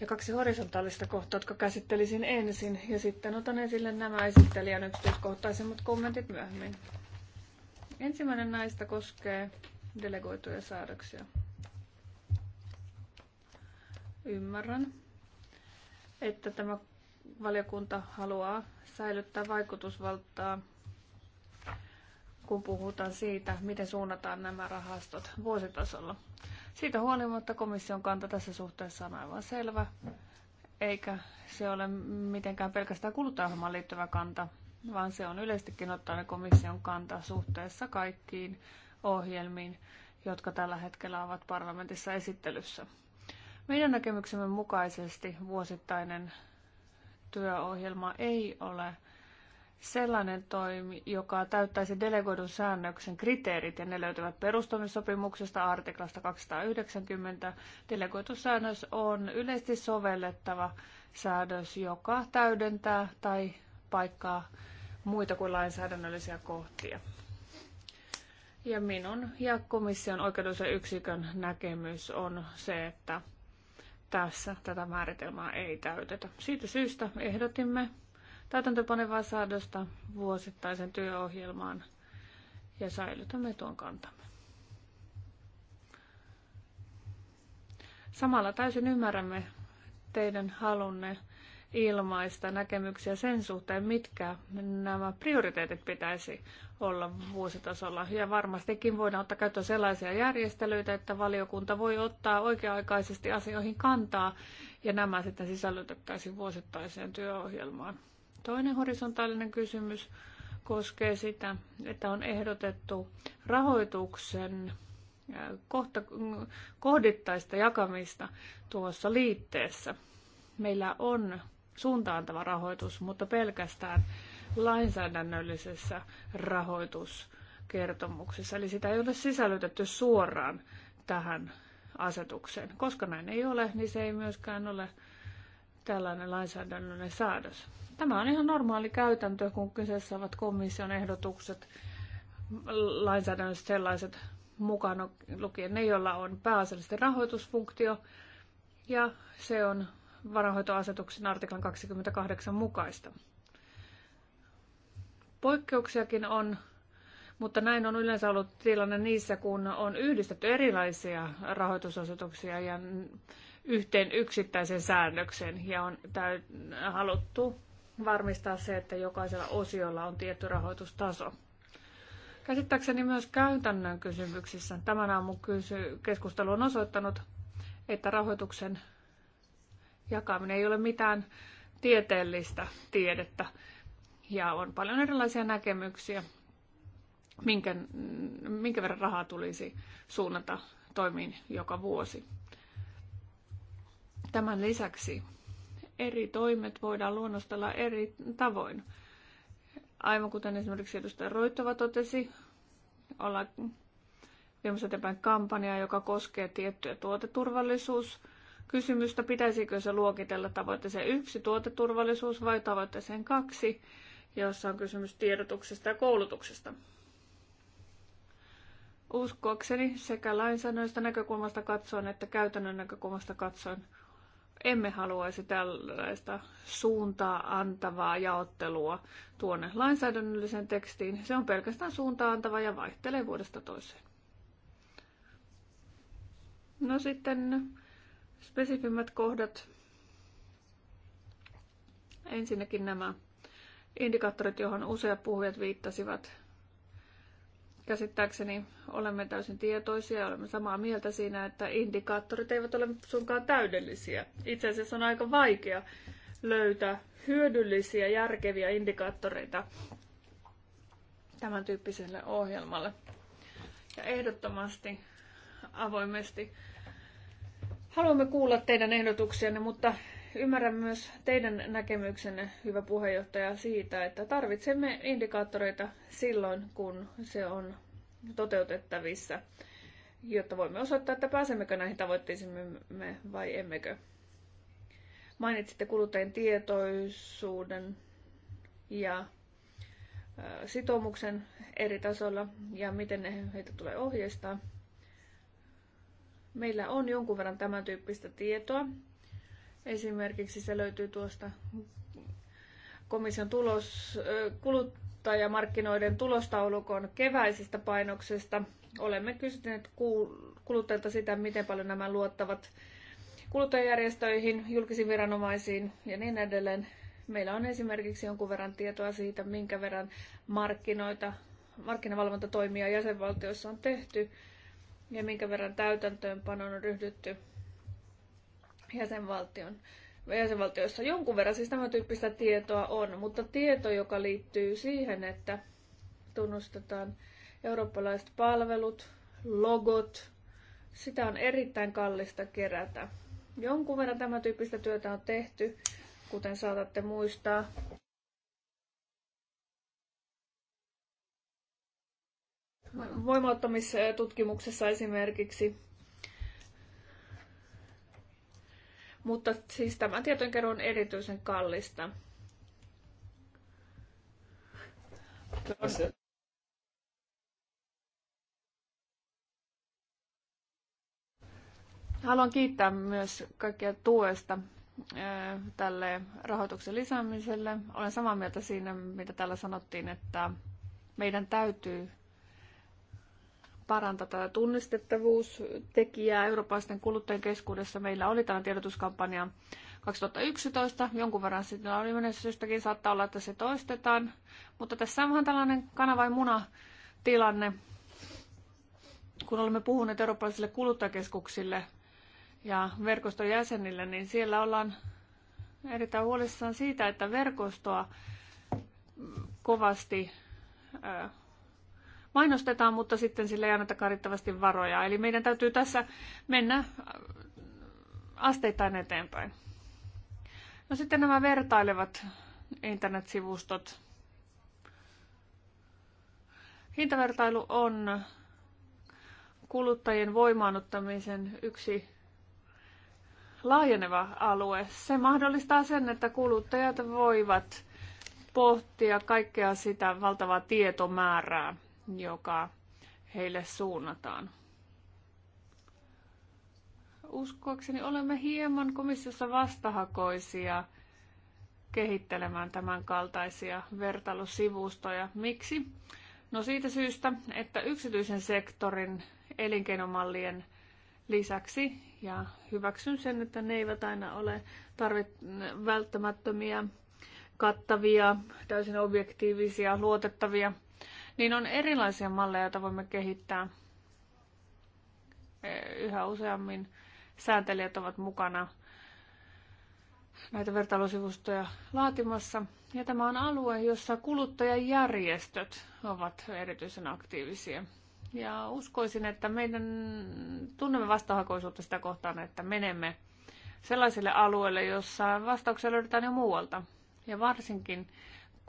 Ja kaksi horisontaalista kohtaa, jotka käsittelisin ensin, ja sitten otan esille nämä esittelijän yksityiskohtaisemmat kommentit myöhemmin. Ensimmäinen näistä koskee delegoituja säädöksiä. Ymmärrän, että tämä valiokunta haluaa säilyttää vaikutusvaltaa, kun puhutaan siitä, miten suunnataan nämä rahastot vuositasolla. Siitä huolimatta komission kanta tässä suhteessa on aivan selvä, eikä se ole mitenkään pelkästään kuluttajahomaan liittyvä kanta, vaan se on yleistikin ottaen komission kanta suhteessa kaikkiin ohjelmiin, jotka tällä hetkellä ovat parlamentissa esittelyssä. Meidän näkemyksemme mukaisesti vuosittainen työohjelma ei ole sellainen toimi, joka täyttäisi delegoidun säännöksen kriteerit, ja ne löytyvät perustamissopimuksesta artiklasta 290. Delegoitu säännös on yleisesti sovellettava säädös, joka täydentää tai paikkaa muita kuin lainsäädännöllisiä kohtia. Ja minun ja komission oikeudellisen yksikön näkemys on se, että tässä tätä määritelmää ei täytetä. Siitä syystä ehdotimme täytäntöpanevaa säädöstä vuosittaisen työohjelmaan ja säilytämme tuon kantamme. Samalla täysin ymmärrämme teidän halunne ilmaista näkemyksiä sen suhteen, mitkä nämä prioriteetit pitäisi olla vuositasolla. Ja varmastikin voidaan ottaa käyttöön sellaisia järjestelyitä, että valiokunta voi ottaa oikea-aikaisesti asioihin kantaa ja nämä sitten sisällytettäisiin vuosittaiseen työohjelmaan. Toinen horisontaalinen kysymys koskee sitä, että on ehdotettu rahoituksen kohta, kohdittaista jakamista tuossa liitteessä. Meillä on suuntaantava rahoitus, mutta pelkästään lainsäädännöllisessä rahoituskertomuksessa. Eli sitä ei ole sisällytetty suoraan tähän asetukseen. Koska näin ei ole, niin se ei myöskään ole tällainen lainsäädännöllinen säädös. Tämä on ihan normaali käytäntö, kun kyseessä ovat komission ehdotukset, lainsäädännössä sellaiset mukaan lukien ne, joilla on pääasiallisesti rahoitusfunktio, ja se on varahoitoasetuksen artiklan 28 mukaista. Poikkeuksiakin on, mutta näin on yleensä ollut tilanne niissä, kun on yhdistetty erilaisia rahoitusasetuksia ja yhteen yksittäisen säännöksen ja on täy- haluttu varmistaa se, että jokaisella osiolla on tietty rahoitustaso. Käsittääkseni myös käytännön kysymyksissä tämän aamun kysy- keskustelu on osoittanut, että rahoituksen jakaminen ei ole mitään tieteellistä tiedettä ja on paljon erilaisia näkemyksiä, minkä, minkä verran rahaa tulisi suunnata toimiin joka vuosi. Tämän lisäksi eri toimet voidaan luonnostella eri tavoin. Aivan kuten esimerkiksi edustaja Roittova totesi, ollaan viemässä eteenpäin kampanjaa, joka koskee tiettyä tuoteturvallisuus- kysymystä, pitäisikö se luokitella tavoitteeseen yksi tuoteturvallisuus vai tavoitteeseen kaksi, jossa on kysymys tiedotuksesta ja koulutuksesta. Uskoakseni sekä lainsäädännöstä näkökulmasta katsoen että käytännön näkökulmasta katsoen emme haluaisi tällaista suuntaa antavaa jaottelua tuonne lainsäädännölliseen tekstiin. Se on pelkästään suuntaa antava ja vaihtelee vuodesta toiseen. No sitten spesifimmät kohdat. Ensinnäkin nämä indikaattorit, johon useat puhujat viittasivat. Käsittääkseni olemme täysin tietoisia ja olemme samaa mieltä siinä, että indikaattorit eivät ole sunkaan täydellisiä. Itse asiassa on aika vaikea löytää hyödyllisiä, järkeviä indikaattoreita tämän tyyppiselle ohjelmalle. Ja ehdottomasti avoimesti Haluamme kuulla teidän ehdotuksianne, mutta ymmärrän myös teidän näkemyksenne, hyvä puheenjohtaja, siitä, että tarvitsemme indikaattoreita silloin, kun se on toteutettavissa, jotta voimme osoittaa, että pääsemmekö näihin tavoitteisiimme vai emmekö. Mainitsitte kuluttajien tietoisuuden ja sitoumuksen eri tasolla ja miten heitä tulee ohjeistaa. Meillä on jonkun verran tämän tyyppistä tietoa. Esimerkiksi se löytyy tuosta komission tulos, kuluttajamarkkinoiden tulostaulukon keväisestä painoksesta. Olemme kysyneet kuluttajilta sitä, miten paljon nämä luottavat kuluttajajärjestöihin, julkisiin viranomaisiin ja niin edelleen. Meillä on esimerkiksi jonkun verran tietoa siitä, minkä verran markkinoita, markkinavalvontatoimia jäsenvaltioissa on tehty ja minkä verran täytäntöönpano on ryhdytty jäsenvaltion, jäsenvaltioissa. Jonkun verran siis tämän tyyppistä tietoa on, mutta tieto, joka liittyy siihen, että tunnustetaan eurooppalaiset palvelut, logot, sitä on erittäin kallista kerätä. Jonkun verran tämä tyyppistä työtä on tehty, kuten saatatte muistaa. voimauttamistutkimuksessa esimerkiksi. Mutta siis tämä tietojenkeru on erityisen kallista. Haluan kiittää myös kaikkia tuesta tälle rahoituksen lisäämiselle. Olen samaa mieltä siinä, mitä täällä sanottiin, että meidän täytyy parantaa tätä tunnistettavuustekijää eurooppalaisten kuluttajien keskuudessa. Meillä oli tämä tiedotuskampanja 2011, jonkun verran sitten oli syystäkin saattaa olla, että se toistetaan. Mutta tässä on vähän tällainen kanava muna tilanne, kun olemme puhuneet eurooppalaisille kuluttajakeskuksille ja verkoston jäsenille, niin siellä ollaan erittäin huolissaan siitä, että verkostoa kovasti mainostetaan, mutta sitten sille ei anneta riittävästi varoja. Eli meidän täytyy tässä mennä äh, asteittain eteenpäin. No sitten nämä vertailevat internetsivustot. Hintavertailu on kuluttajien voimaanottamisen yksi laajeneva alue. Se mahdollistaa sen, että kuluttajat voivat pohtia kaikkea sitä valtavaa tietomäärää, joka heille suunnataan. Uskoakseni olemme hieman komissiossa vastahakoisia kehittelemään tämän kaltaisia vertailusivustoja. Miksi? No siitä syystä, että yksityisen sektorin elinkeinomallien lisäksi, ja hyväksyn sen, että ne eivät aina ole tarvit- välttämättömiä, kattavia, täysin objektiivisia, luotettavia, niin on erilaisia malleja, joita voimme kehittää. Yhä useammin Sääntelijät ovat mukana näitä vertailusivustoja laatimassa. Ja tämä on alue, jossa kuluttajajärjestöt ovat erityisen aktiivisia. Ja uskoisin, että meidän tunnemme vastahakoisuutta sitä kohtaan, että menemme sellaisille alueille, jossa vastauksia löydetään jo muualta. Ja varsinkin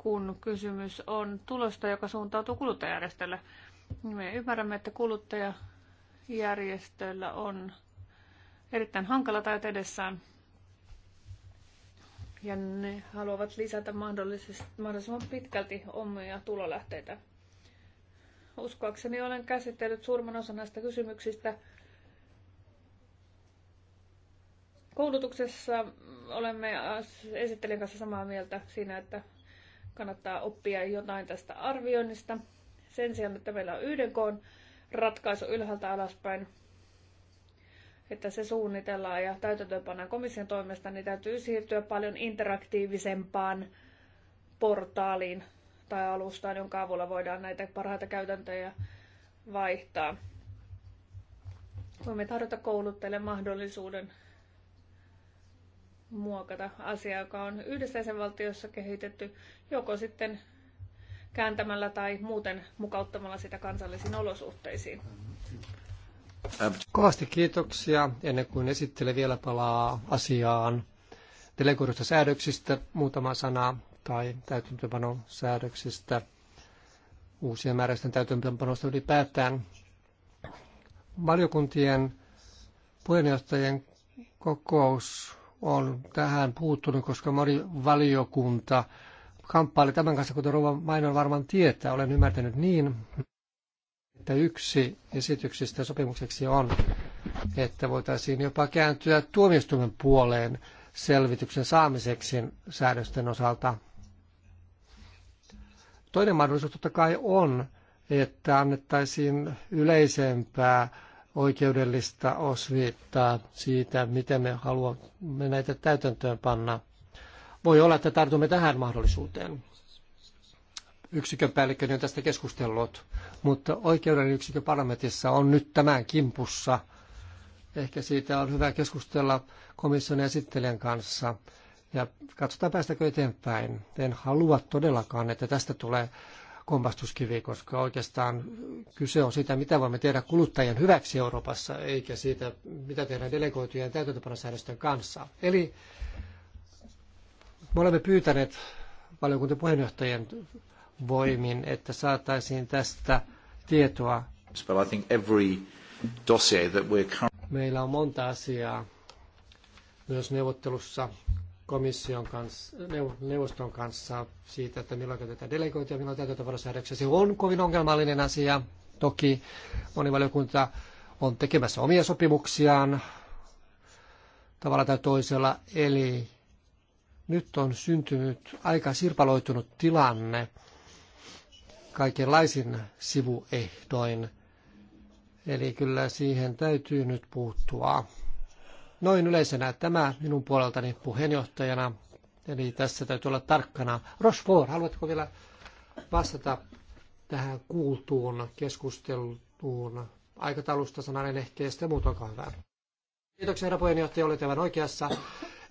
kun kysymys on tulosta, joka suuntautuu kuluttajajärjestölle. Me ymmärrämme, että kuluttajajärjestöllä on erittäin hankala tajut edessään. Ja ne haluavat lisätä mahdollisimman pitkälti omia tulolähteitä. Uskoakseni olen käsitellyt suurman osan näistä kysymyksistä. Koulutuksessa olemme esittelijän kanssa samaa mieltä siinä, että kannattaa oppia jotain tästä arvioinnista. Sen sijaan, että meillä on yhden koon ratkaisu ylhäältä alaspäin, että se suunnitellaan ja täytäntöönpannaan komission toimesta, niin täytyy siirtyä paljon interaktiivisempaan portaaliin tai alustaan, jonka avulla voidaan näitä parhaita käytäntöjä vaihtaa. Voimme tarjota kouluttajille mahdollisuuden muokata asiaa, joka on yhdessä jäsenvaltiossa kehitetty joko sitten kääntämällä tai muuten mukauttamalla sitä kansallisiin olosuhteisiin. Kovasti kiitoksia. Ennen kuin esittele vielä palaa asiaan delegoidusta säädöksistä muutama sana tai säädöksistä, uusien määräisten täytäntöönpanosta ylipäätään. Valiokuntien puheenjohtajien kokous on tähän puuttunut, koska moni valiokunta kamppaili tämän kanssa, kuten Rova Mainon varmaan tietää, olen ymmärtänyt niin, että yksi esityksistä sopimukseksi on, että voitaisiin jopa kääntyä tuomioistuimen puoleen selvityksen saamiseksi säädösten osalta. Toinen mahdollisuus totta kai on, että annettaisiin yleisempää oikeudellista osviittaa siitä, miten me haluamme näitä täytäntöön panna. Voi olla, että tartumme tähän mahdollisuuteen. Yksikön päällikköni on tästä keskustellut, mutta oikeuden yksikön parlamentissa on nyt tämän kimpussa. Ehkä siitä on hyvä keskustella komission esittelijän kanssa ja katsotaan päästäkö eteenpäin. En halua todellakaan, että tästä tulee kompastuskivi, koska oikeastaan kyse on siitä, mitä voimme tehdä kuluttajien hyväksi Euroopassa, eikä siitä, mitä tehdään delegoitujen täytäntöpanosäädöstön kanssa. Eli me olemme pyytäneet valiokunnan puheenjohtajien voimin, että saataisiin tästä tietoa. Meillä on monta asiaa myös neuvottelussa komission kanssa, neuvoston kanssa siitä, että milloin käytetään delegointia, milloin täytäntövanosäädöksiä. Se on kovin ongelmallinen asia. Toki moni valiokunta on tekemässä omia sopimuksiaan tavalla tai toisella. Eli nyt on syntynyt aika sirpaloitunut tilanne kaikenlaisin sivuehdoin. Eli kyllä siihen täytyy nyt puuttua. Noin yleisenä tämä minun puoleltani puheenjohtajana. Eli tässä täytyy olla tarkkana. Rochefort, haluatko vielä vastata tähän kuultuun keskusteluun aikataulusta sananen ehkä ja sitten muut, olkaa hyvä. Kiitoksia herra puheenjohtaja, olet aivan oikeassa.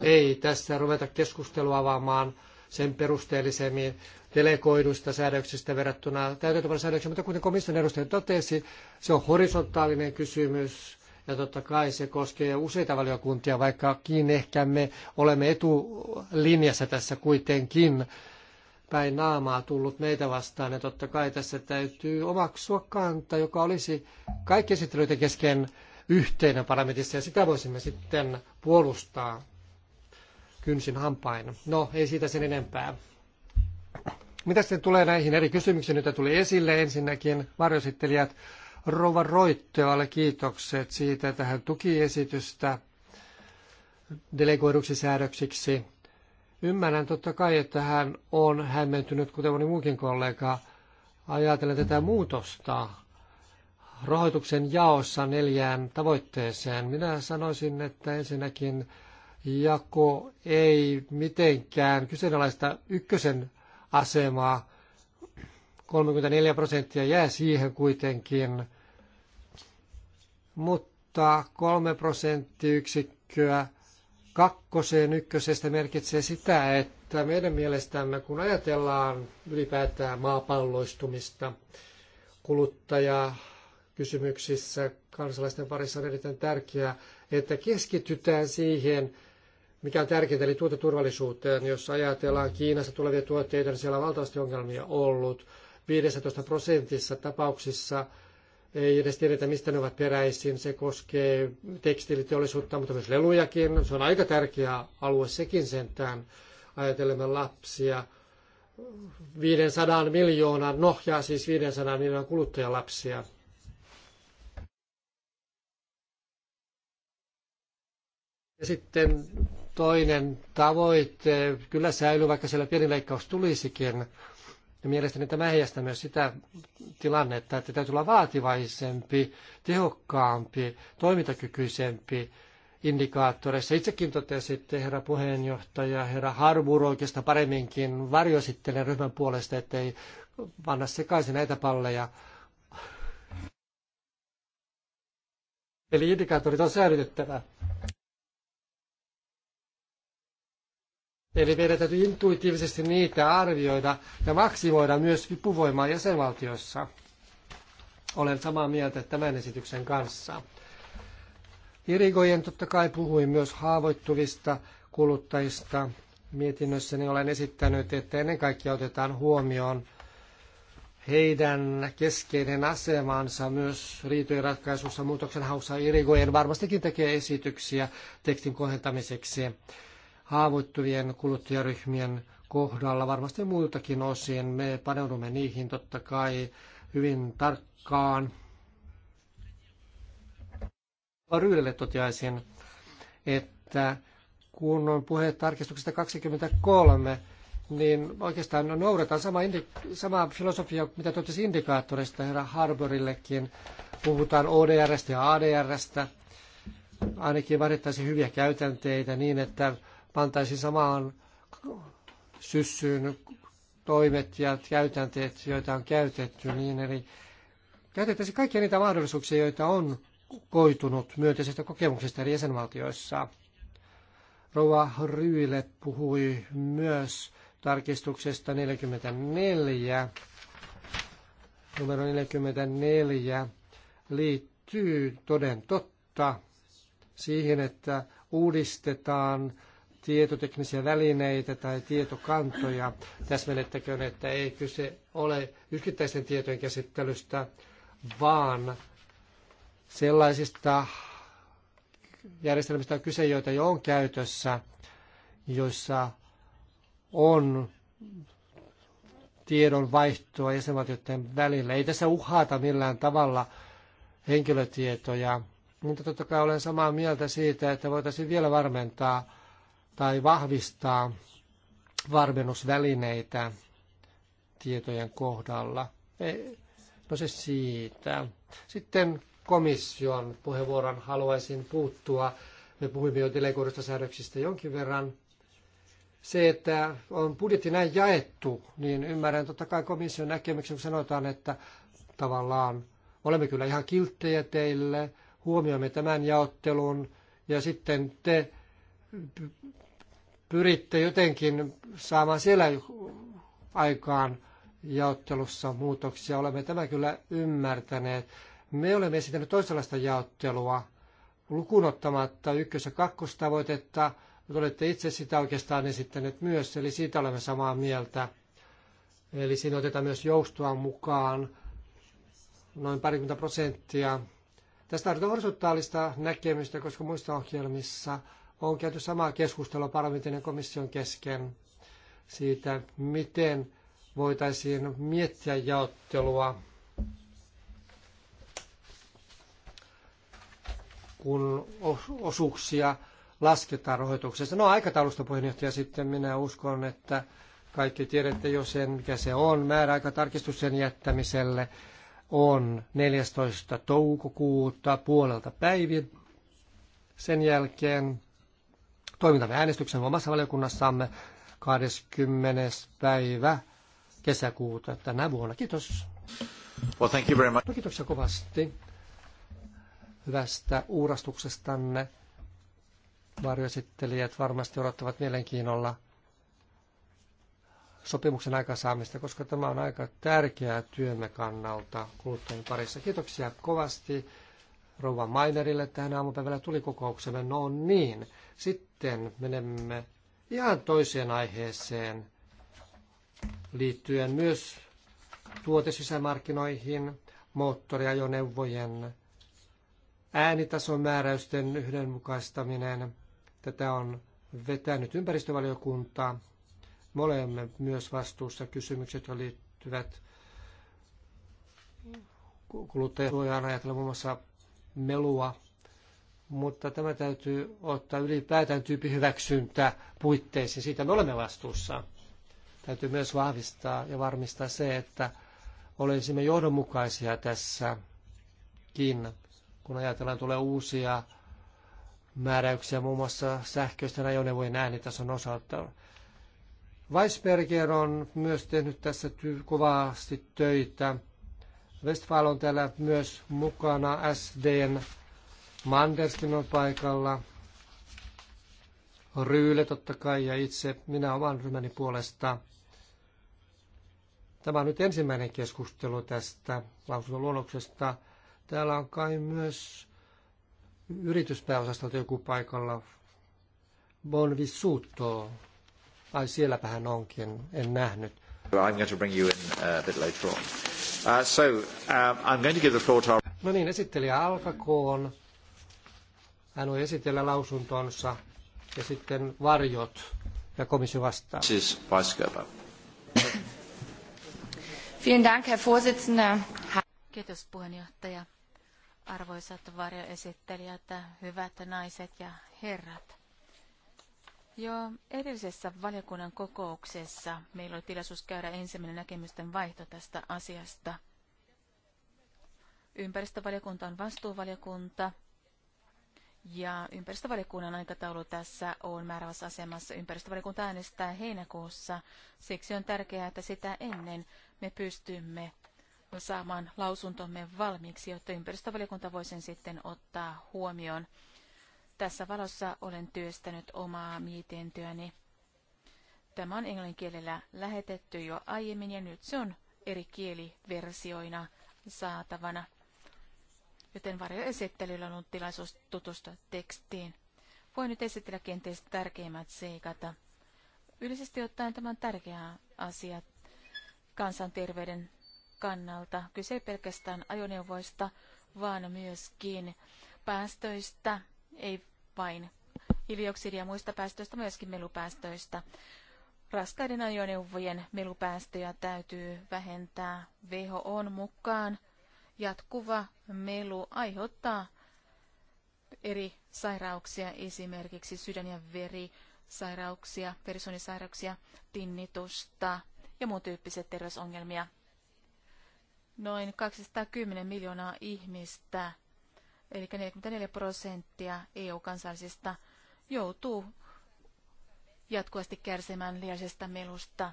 Ei tässä ruveta keskustelua avaamaan sen perusteellisemmin delegoiduista säädöksistä verrattuna täytäntöpanon säädöksiin, mutta kuten komission edustaja totesi, se on horisontaalinen kysymys, ja totta kai se koskee useita valiokuntia, vaikkakin ehkä me olemme etulinjassa tässä kuitenkin päin naamaa tullut meitä vastaan. Ja totta kai tässä täytyy omaksua kanta, joka olisi kaikkien esittelyiden kesken yhteinen parlamentissa, ja sitä voisimme sitten puolustaa kynsin hampain. No, ei siitä sen enempää. Mitä sitten tulee näihin eri kysymyksiin, joita tuli esille ensinnäkin varjosittelijat Rova Roittealle kiitokset siitä, että hän tuki esitystä delegoiduksi säädöksiksi. Ymmärrän totta kai, että hän on hämmentynyt, kuten moni muukin kollega, ajatellen tätä muutosta rahoituksen jaossa neljään tavoitteeseen. Minä sanoisin, että ensinnäkin jako ei mitenkään kyseenalaista ykkösen asemaa, 34 prosenttia jää siihen kuitenkin, mutta 3 prosenttiyksikköä kakkoseen ykkösestä merkitsee sitä, että meidän mielestämme, kun ajatellaan ylipäätään maapalloistumista kuluttajakysymyksissä kansalaisten parissa on erittäin tärkeää, että keskitytään siihen, mikä on tärkeintä, eli tuoteturvallisuuteen. Jos ajatellaan Kiinasta tulevia tuotteita, niin siellä on valtavasti ongelmia ollut. 15 prosentissa tapauksissa ei edes tiedetä, mistä ne ovat peräisin. Se koskee tekstiiliteollisuutta, mutta myös lelujakin. Se on aika tärkeä alue sekin sentään. Ajatelemme lapsia. 500 miljoonaa, no ja siis 500 miljoonaa kuluttajalapsia. Ja sitten toinen tavoite, kyllä säilyy, vaikka siellä pieni leikkaus tulisikin, ja mielestäni tämä heijastaa myös sitä tilannetta, että täytyy olla vaativaisempi, tehokkaampi, toimintakykyisempi indikaattoreissa. Itsekin totesitte, herra puheenjohtaja, herra Harbour oikeastaan paremminkin varjoesittelen ryhmän puolesta, ettei panna sekaisin näitä palleja. Eli indikaattorit on säilytettävä. Eli meidän täytyy intuitiivisesti niitä arvioida ja maksimoida myös vipuvoimaa jäsenvaltiossa. Olen samaa mieltä tämän esityksen kanssa. Irigojen totta kai puhuin myös haavoittuvista kuluttajista. Mietinnössäni olen esittänyt, että ennen kaikkea otetaan huomioon heidän keskeinen asemansa myös riitojen ratkaisussa muutoksen haussa. Irigojen varmastikin tekee esityksiä tekstin kohentamiseksi haavoittuvien kuluttajaryhmien kohdalla, varmasti muiltakin osin. Me paneudumme niihin totta kai hyvin tarkkaan. Ryydelle toteaisin, että kun on puhe tarkistuksesta 23, niin oikeastaan noudataan sama indi- sama filosofia, mitä totesi indikaattorista herra Harborillekin. Puhutaan ODRstä ja ADRstä. Ainakin varittaisiin hyviä käytänteitä niin, että pantaisiin samaan syssyyn toimet ja käytänteet, joita on käytetty, niin eli käytettäisiin kaikkia niitä mahdollisuuksia, joita on koitunut myönteisestä kokemuksesta eri jäsenvaltioissa. Rova Ryyle puhui myös tarkistuksesta 44. Numero 44 liittyy toden totta siihen, että uudistetaan tietoteknisiä välineitä tai tietokantoja. Täsmennettäköön, että ei kyse ole yksittäisten tietojen käsittelystä, vaan sellaisista järjestelmistä on kyse, joita jo on käytössä, joissa on tiedon vaihtoa jäsenvaltioiden välillä. Ei tässä uhata millään tavalla henkilötietoja, mutta totta kai olen samaa mieltä siitä, että voitaisiin vielä varmentaa tai vahvistaa varmennusvälineitä tietojen kohdalla. Ei, no se siitä. Sitten komission puheenvuoron haluaisin puuttua. Me puhuimme jo delegoidusta säädöksistä jonkin verran. Se, että on budjetti näin jaettu, niin ymmärrän totta kai komission näkemyksen, kun sanotaan, että tavallaan olemme kyllä ihan kilttejä teille, huomioimme tämän jaottelun ja sitten te pyritte jotenkin saamaan siellä aikaan jaottelussa muutoksia. Olemme tämä kyllä ymmärtäneet. Me olemme esittäneet toisenlaista jaottelua lukunottamatta ykkös- ja kakkostavoitetta, mutta olette itse sitä oikeastaan esittäneet myös, eli siitä olemme samaa mieltä. Eli siinä otetaan myös joustoa mukaan noin parikymmentä prosenttia. Tästä tarvitaan horisontaalista näkemystä, koska muissa ohjelmissa – on käyty samaa keskustelua parlamentin ja komission kesken siitä, miten voitaisiin miettiä jaottelua, kun osuuksia lasketaan rahoituksessa. No aikataulusta puheenjohtaja sitten minä uskon, että kaikki tiedätte jo sen, mikä se on. Määräaikatarkistus sen jättämiselle on 14. toukokuuta puolelta päivin. Sen jälkeen toimintamme äänestyksen omassa valiokunnassamme 20. päivä kesäkuuta tänä vuonna. Kiitos. Well, thank you very much. No, kiitoksia kovasti hyvästä uurastuksestanne. Varjoesittelijät varmasti odottavat mielenkiinnolla sopimuksen aikaansaamista, koska tämä on aika tärkeää työmme kannalta kuluttajien parissa. Kiitoksia kovasti. Rouva Mainerille tähän aamupäivällä tuli kokouksemme. No niin, sitten menemme ihan toiseen aiheeseen liittyen myös tuotesisämarkkinoihin, moottoriajoneuvojen äänitason määräysten yhdenmukaistaminen. Tätä on vetänyt ympäristövaliokunta. Me olemme myös vastuussa kysymykset, jotka liittyvät kuluttajasuojaan ajatella muun muassa melua, mutta tämä täytyy ottaa ylipäätään tyyppihyväksyntä puitteisiin. Siitä me olemme vastuussa. Täytyy myös vahvistaa ja varmistaa se, että olisimme johdonmukaisia tässäkin, kun ajatellaan tulee uusia määräyksiä muun muassa sähköisten ajoneuvojen äänitason osalta. Weisberger on myös tehnyt tässä kovasti töitä Westfall on täällä myös mukana, SDn Manderskin on paikalla, Ryyle totta kai ja itse minä oman ryhmäni puolesta. Tämä on nyt ensimmäinen keskustelu tästä lausunnonluonnoksesta. Täällä on kai myös yrityspääosastolta joku paikalla. Bon vissuto. Ai sielläpä hän onkin, en nähnyt. I'm going to bring you in uh, a bit later on. Uh, so, uh, I'm going to give the floor to our... No niin, esittelijä alkakoon. Hän voi esitellä lausuntonsa ja sitten varjot ja komissio vastaa. Siis Weisgerber. Vielen Dank, Herr Vorsitzender. Kiitos puheenjohtaja. Arvoisat varjoesittelijät, hyvät naiset ja herrat. Jo edellisessä valiokunnan kokouksessa meillä oli tilaisuus käydä ensimmäinen näkemysten vaihto tästä asiasta. Ympäristövaliokunta on vastuuvaliokunta ja ympäristövaliokunnan aikataulu tässä on määrävässä asemassa. Ympäristövaliokunta äänestää heinäkuussa. Siksi on tärkeää, että sitä ennen me pystymme saamaan lausuntomme valmiiksi, jotta ympäristövaliokunta voi sen sitten ottaa huomioon tässä valossa olen työstänyt omaa mietintöäni. Tämä on englanninkielellä lähetetty jo aiemmin ja nyt se on eri kieliversioina saatavana. Joten varjoesittelyllä on ollut tilaisuus tutustua tekstiin. Voin nyt esitellä kenties tärkeimmät seikat. Yleisesti ottaen tämä on tärkeä asia kansanterveyden kannalta. Kyse ei pelkästään ajoneuvoista, vaan myöskin päästöistä, ei vain hiilidioksidia ja muista päästöistä, myöskin melupäästöistä. Raskaiden ajoneuvojen melupäästöjä täytyy vähentää on mukaan. Jatkuva melu aiheuttaa eri sairauksia, esimerkiksi sydän- ja verisairauksia, verisuonisairauksia, tinnitusta ja muun tyyppisiä terveysongelmia. Noin 210 miljoonaa ihmistä eli 44 prosenttia EU-kansalaisista joutuu jatkuvasti kärsimään liiallisesta melusta.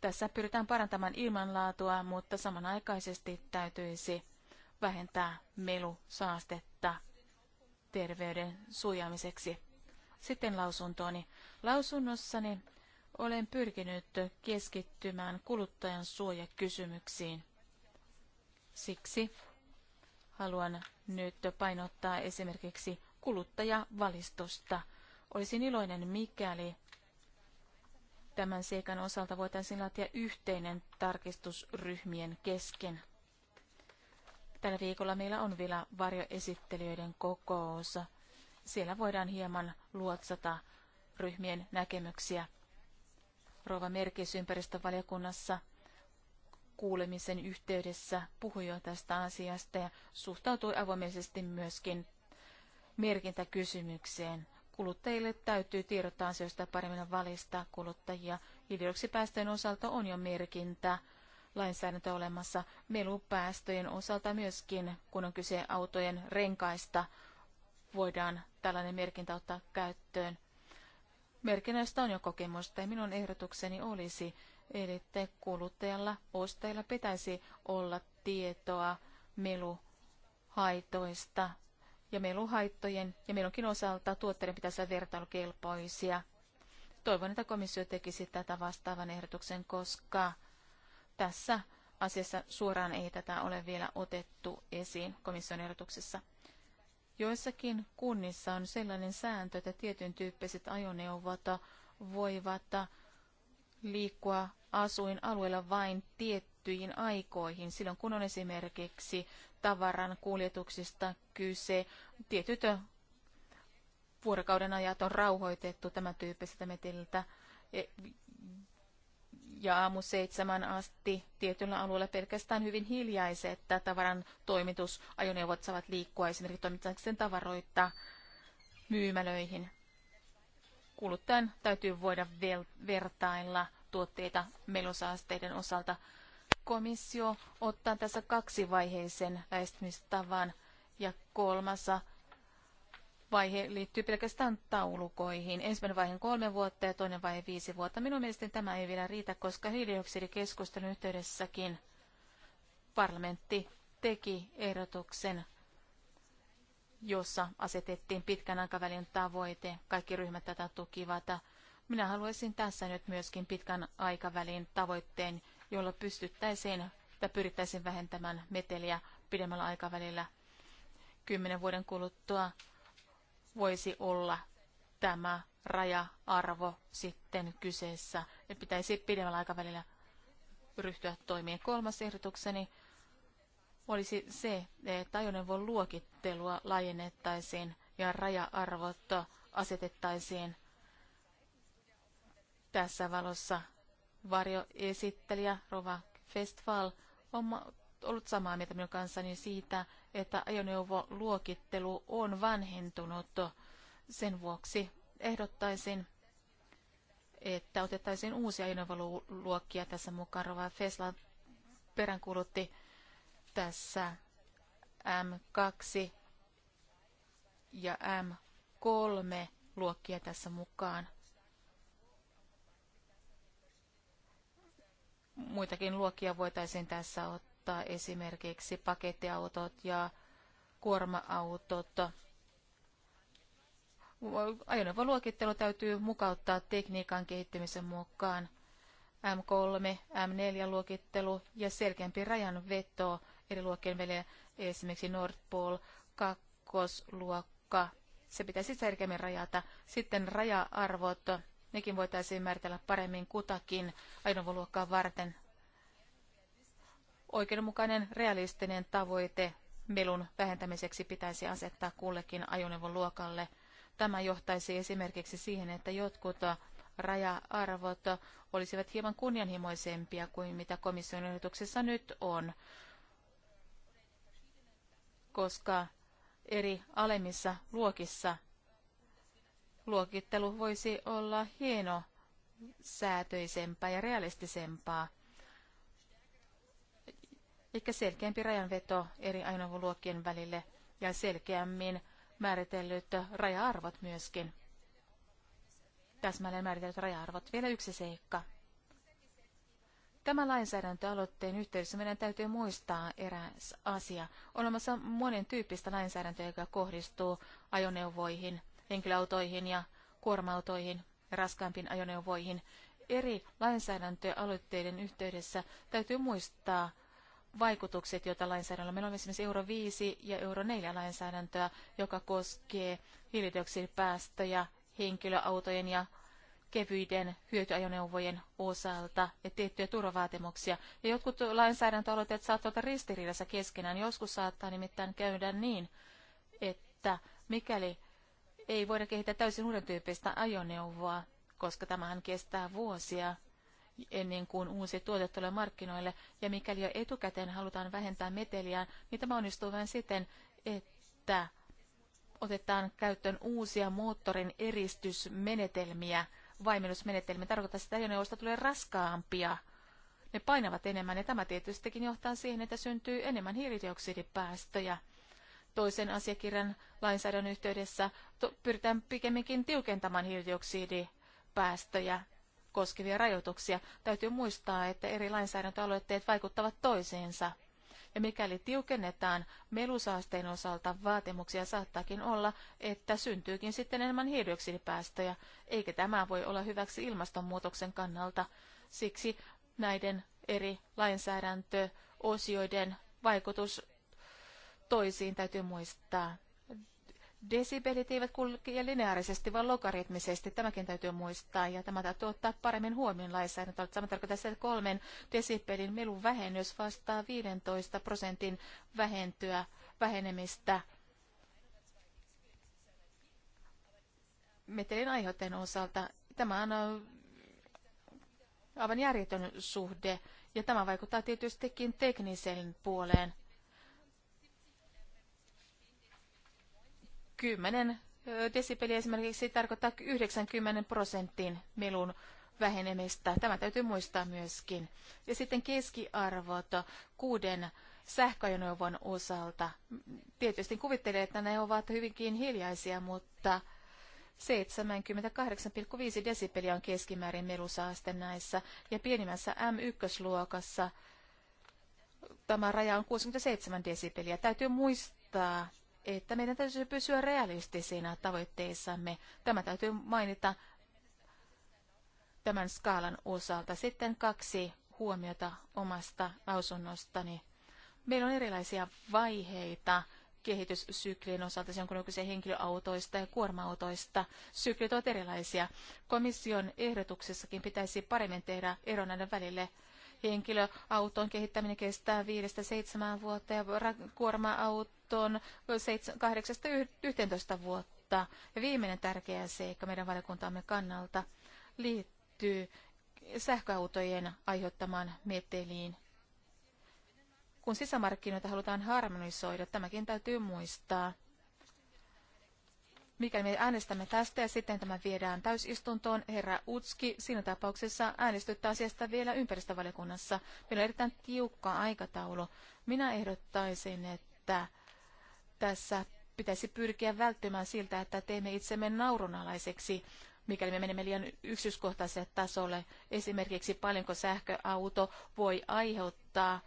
Tässä pyritään parantamaan ilmanlaatua, mutta samanaikaisesti täytyisi vähentää melusaastetta terveyden suojaamiseksi. Sitten lausuntooni. Lausunnossani olen pyrkinyt keskittymään kuluttajan suojakysymyksiin. Siksi haluan nyt painottaa esimerkiksi kuluttajavalistusta. Olisin iloinen, mikäli tämän seikan osalta voitaisiin laatia yhteinen tarkistusryhmien kesken. Tällä viikolla meillä on vielä varjoesittelijöiden kokous. Siellä voidaan hieman luotsata ryhmien näkemyksiä. Rova Merkis ympäristövaliokunnassa kuulemisen yhteydessä puhui jo tästä asiasta ja suhtautui avoimisesti myöskin merkintäkysymykseen. Kuluttajille täytyy tiedottaa asioista paremmin valistaa kuluttajia. Hiilidioksipäästöjen osalta on jo merkintä lainsäädäntö olemassa melupäästöjen osalta myöskin, kun on kyse autojen renkaista, voidaan tällainen merkintä ottaa käyttöön. Merkinnöistä on jo kokemusta ja minun ehdotukseni olisi, Eli te kuluttajalla, ostajalla pitäisi olla tietoa meluhaitoista. Ja meluhaittojen ja melunkin osalta tuotteiden pitäisi olla vertailukelpoisia. Toivon, että komissio tekisi tätä vastaavan ehdotuksen, koska tässä asiassa suoraan ei tätä ole vielä otettu esiin komission ehdotuksessa. Joissakin kunnissa on sellainen sääntö, että tietyn tyyppiset ajoneuvot voivat liikkua asuinalueella vain tiettyihin aikoihin, silloin kun on esimerkiksi tavaran kuljetuksista kyse. Tietyt vuorokauden ajat on rauhoitettu tämän tyyppiseltä metiltä e, ja aamu seitsemän asti tietyllä alueella pelkästään hyvin hiljaiset, että tavaran toimitusajoneuvot saavat liikkua esimerkiksi toimittaakseen tavaroita myymälöihin. Kuluttajan täytyy voida vertailla tuotteita melusaasteiden osalta. Komissio ottaa tässä kaksivaiheisen lähestymistavan ja kolmassa vaihe liittyy pelkästään taulukoihin. Ensimmäinen vaihe on kolme vuotta ja toinen vaihe viisi vuotta. Minun mielestäni tämä ei vielä riitä, koska hiilidioksidikeskustelun yhteydessäkin parlamentti teki ehdotuksen, jossa asetettiin pitkän aikavälin tavoite. Kaikki ryhmät tätä tukivat minä haluaisin tässä nyt myöskin pitkän aikavälin tavoitteen, jolla pystyttäisiin tai pyrittäisiin vähentämään meteliä pidemmällä aikavälillä. Kymmenen vuoden kuluttua voisi olla tämä raja-arvo sitten kyseessä. Ja pitäisi pidemmällä aikavälillä ryhtyä toimiin. Kolmas ehdotukseni olisi se, että ajoneuvon luokittelua laajennettaisiin ja raja-arvot asetettaisiin tässä valossa varjoesittelijä Rova Festival on ollut samaa mieltä minun kanssani siitä, että ajoneuvoluokittelu on vanhentunut. Sen vuoksi ehdottaisin, että otettaisiin uusia ajoneuvoluokkia tässä mukaan. Rova Fesla peräänkuulutti tässä M2 ja M3 luokkia tässä mukaan. muitakin luokkia voitaisiin tässä ottaa, esimerkiksi pakettiautot ja kuorma-autot. Ajoneuvoluokittelu täytyy mukauttaa tekniikan kehittymisen mukaan. M3, M4-luokittelu ja selkeämpi rajanveto eri luokkien välillä, esimerkiksi Nord Pole 2-luokka. Se pitäisi selkeämmin rajata. Sitten raja-arvot Nekin voitaisiin määritellä paremmin kutakin ajoneuvoluokkaa varten. Oikeudenmukainen realistinen tavoite melun vähentämiseksi pitäisi asettaa kullekin ajoneuvoluokalle. Tämä johtaisi esimerkiksi siihen, että jotkut raja-arvot olisivat hieman kunnianhimoisempia kuin mitä komission ehdotuksessa nyt on, koska eri alemmissa luokissa luokittelu voisi olla hieno säätöisempää ja realistisempaa. Eikä selkeämpi rajanveto eri ajoneuvoluokkien välille ja selkeämmin määritellyt raja-arvot myöskin. Täsmälleen määritellyt raja-arvot. Vielä yksi seikka. Tämän lainsäädäntöaloitteen yhteydessä meidän täytyy muistaa eräs asia. On olemassa monen tyyppistä lainsäädäntöä, joka kohdistuu ajoneuvoihin – henkilöautoihin ja kuorma-autoihin ja raskaampiin ajoneuvoihin. Eri lainsäädäntöaloitteiden yhteydessä täytyy muistaa vaikutukset, joita lainsäädännöllä. Meillä on esimerkiksi euro 5 ja euro 4 lainsäädäntöä, joka koskee hiilidioksidipäästöjä henkilöautojen ja kevyiden hyötyajoneuvojen osalta ja tiettyjä turvavaatimuksia. Ja jotkut lainsäädäntöaloitteet saattavat olla ristiriidassa keskenään. Joskus saattaa nimittäin käydä niin, että mikäli ei voida kehittää täysin uuden tyyppistä ajoneuvoa, koska tämähän kestää vuosia ennen kuin uusi tuote tulee markkinoille, ja mikäli jo etukäteen halutaan vähentää meteliä, niin tämä onnistuu vain siten, että otetaan käyttöön uusia moottorin eristysmenetelmiä, vaimennusmenetelmiä. Tarkoittaa sitä, että ajoneuvosta tulee raskaampia. Ne painavat enemmän, ja tämä tietystikin johtaa siihen, että syntyy enemmän hiilidioksidipäästöjä toisen asiakirjan lainsäädännön yhteydessä pyritään pikemminkin tiukentamaan hiilidioksidipäästöjä koskevia rajoituksia. Täytyy muistaa, että eri lainsäädäntöaloitteet vaikuttavat toisiinsa. Ja mikäli tiukennetaan melusaasteen osalta, vaatimuksia saattaakin olla, että syntyykin sitten enemmän hiilidioksidipäästöjä, eikä tämä voi olla hyväksi ilmastonmuutoksen kannalta. Siksi näiden eri lainsäädäntöosioiden vaikutus toisiin, täytyy muistaa. Desibelit eivät kulke lineaarisesti, vaan logaritmisesti. Tämäkin täytyy muistaa, ja tämä täytyy ottaa paremmin huomioon lainsäädäntöön. Tämä tarkoittaa sitä, että kolmen desibelin melun vähennys vastaa 15 prosentin vähentyä, vähenemistä metelin aiheuttajan osalta. Tämä on äh, aivan järjetön suhde, ja tämä vaikuttaa tietystikin tekniseen puoleen 10 desibeliä esimerkiksi tarkoittaa 90 prosentin melun vähenemistä. Tämä täytyy muistaa myöskin. Ja sitten keskiarvot kuuden sähköajoneuvon osalta. Tietysti kuvittelee, että ne ovat hyvinkin hiljaisia, mutta 78,5 desibeliä on keskimäärin melusaaste näissä, ja pienimmässä M1-luokassa tämä raja on 67 desibeliä. Täytyy muistaa, että meidän täytyy pysyä realistisina tavoitteissamme. Tämä täytyy mainita tämän skaalan osalta. Sitten kaksi huomiota omasta lausunnostani. Meillä on erilaisia vaiheita kehityssyklin osalta, se on kyse henkilöautoista ja kuorma-autoista. Syklit ovat erilaisia. Komission ehdotuksessakin pitäisi paremmin tehdä ero näiden välille henkilöauton kehittäminen kestää 5-7 vuotta ja kuorma-auton 8-11 vuotta. Ja viimeinen tärkeä seikka meidän valiokuntamme kannalta liittyy sähköautojen aiheuttamaan meteliin. Kun sisämarkkinoita halutaan harmonisoida, tämäkin täytyy muistaa. Mikäli me äänestämme tästä ja sitten tämä viedään täysistuntoon, herra Utski siinä tapauksessa äänestyttää asiasta vielä ympäristövaliokunnassa. Meillä on erittäin tiukka aikataulu. Minä ehdottaisin, että tässä pitäisi pyrkiä välttymään siltä, että teemme itsemme naurunalaiseksi, mikäli me menemme liian yksityiskohtaiselle tasolle. Esimerkiksi paljonko sähköauto voi aiheuttaa,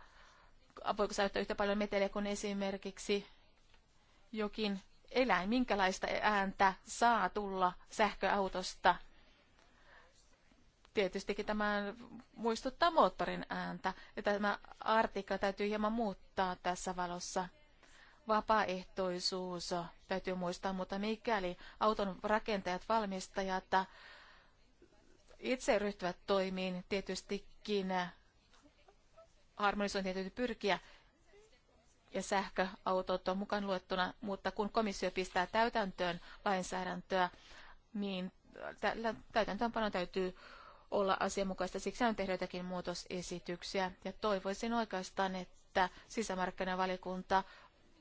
voiko se aiheuttaa yhtä paljon meteliä kuin esimerkiksi jokin eläin, minkälaista ääntä saa tulla sähköautosta. Tietystikin tämä muistuttaa moottorin ääntä, ja tämä artikka täytyy hieman muuttaa tässä valossa. Vapaaehtoisuus täytyy muistaa, mutta mikäli auton rakentajat, valmistajat itse ryhtyvät toimiin, tietystikin harmonisointi täytyy pyrkiä ja sähköautot on mukaan luettuna, mutta kun komissio pistää täytäntöön lainsäädäntöä, niin täytäntöönpano täytyy olla asianmukaista. Siksi on tehdä jotakin muutosesityksiä ja toivoisin oikeastaan, että sisämarkkinavalikunta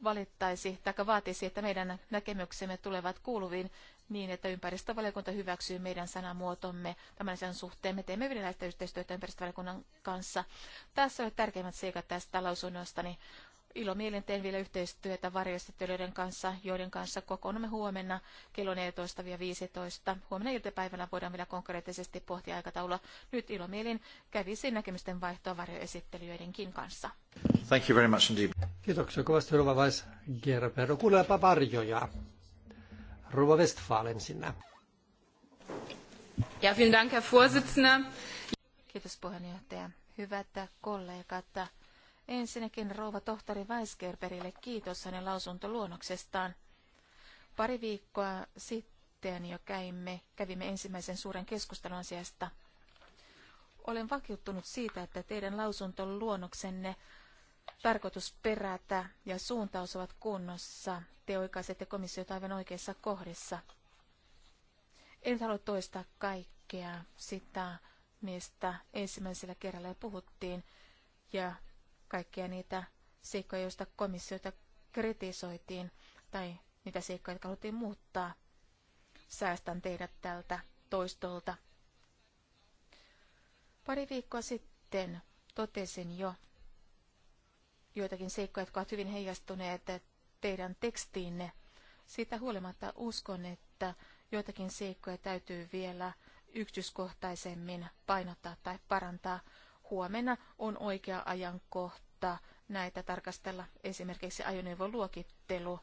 valittaisi tai vaatisi, että meidän näkemyksemme tulevat kuuluviin niin, että ympäristövaliokunta hyväksyy meidän sanamuotomme tämän sen suhteen. Me teemme vielä yhteistyötä ympäristövaliokunnan kanssa. Tässä on tärkeimmät seikat tästä lausunnostani. Niin Ilomielin teen vielä yhteistyötä varjostelijoiden kanssa, joiden kanssa kokoonnumme huomenna kello 14-15. Huomenna iltapäivänä voidaan vielä konkreettisesti pohtia aikataulua. Nyt ilomielin kävisi näkemysten vaihtoa varjoesittelijöidenkin kanssa. Thank you very much indeed. Kiitoksia kovasti Rova Vais Gerpero. Kuulepa varjoja. Rova Westfalen ensinnä. Ja, vielen Dank, Herr Vorsitzender. Kiitos puheenjohtaja. Hyvät kollegat. Ensinnäkin rouva tohtori Weisgerberille kiitos hänen lausuntoluonnoksestaan. Pari viikkoa sitten jo käimme, kävimme ensimmäisen suuren keskustelun asiasta. Olen vakiuttunut siitä, että teidän lausuntoluonnoksenne tarkoitus perätä ja suuntaus ovat kunnossa. Te oikaisette komissiota aivan oikeissa kohdissa. En halua toistaa kaikkea sitä, mistä ensimmäisellä kerralla puhuttiin, ja kaikkia niitä seikkoja, joista komissiota kritisoitiin, tai niitä seikkoja, jotka haluttiin muuttaa. Säästän teidät tältä toistolta. Pari viikkoa sitten totesin jo joitakin seikkoja, jotka ovat hyvin heijastuneet teidän tekstiinne. Siitä huolimatta uskon, että joitakin seikkoja täytyy vielä yksityiskohtaisemmin painottaa tai parantaa huomenna on oikea ajankohta näitä tarkastella esimerkiksi ajoneuvoluokittelu.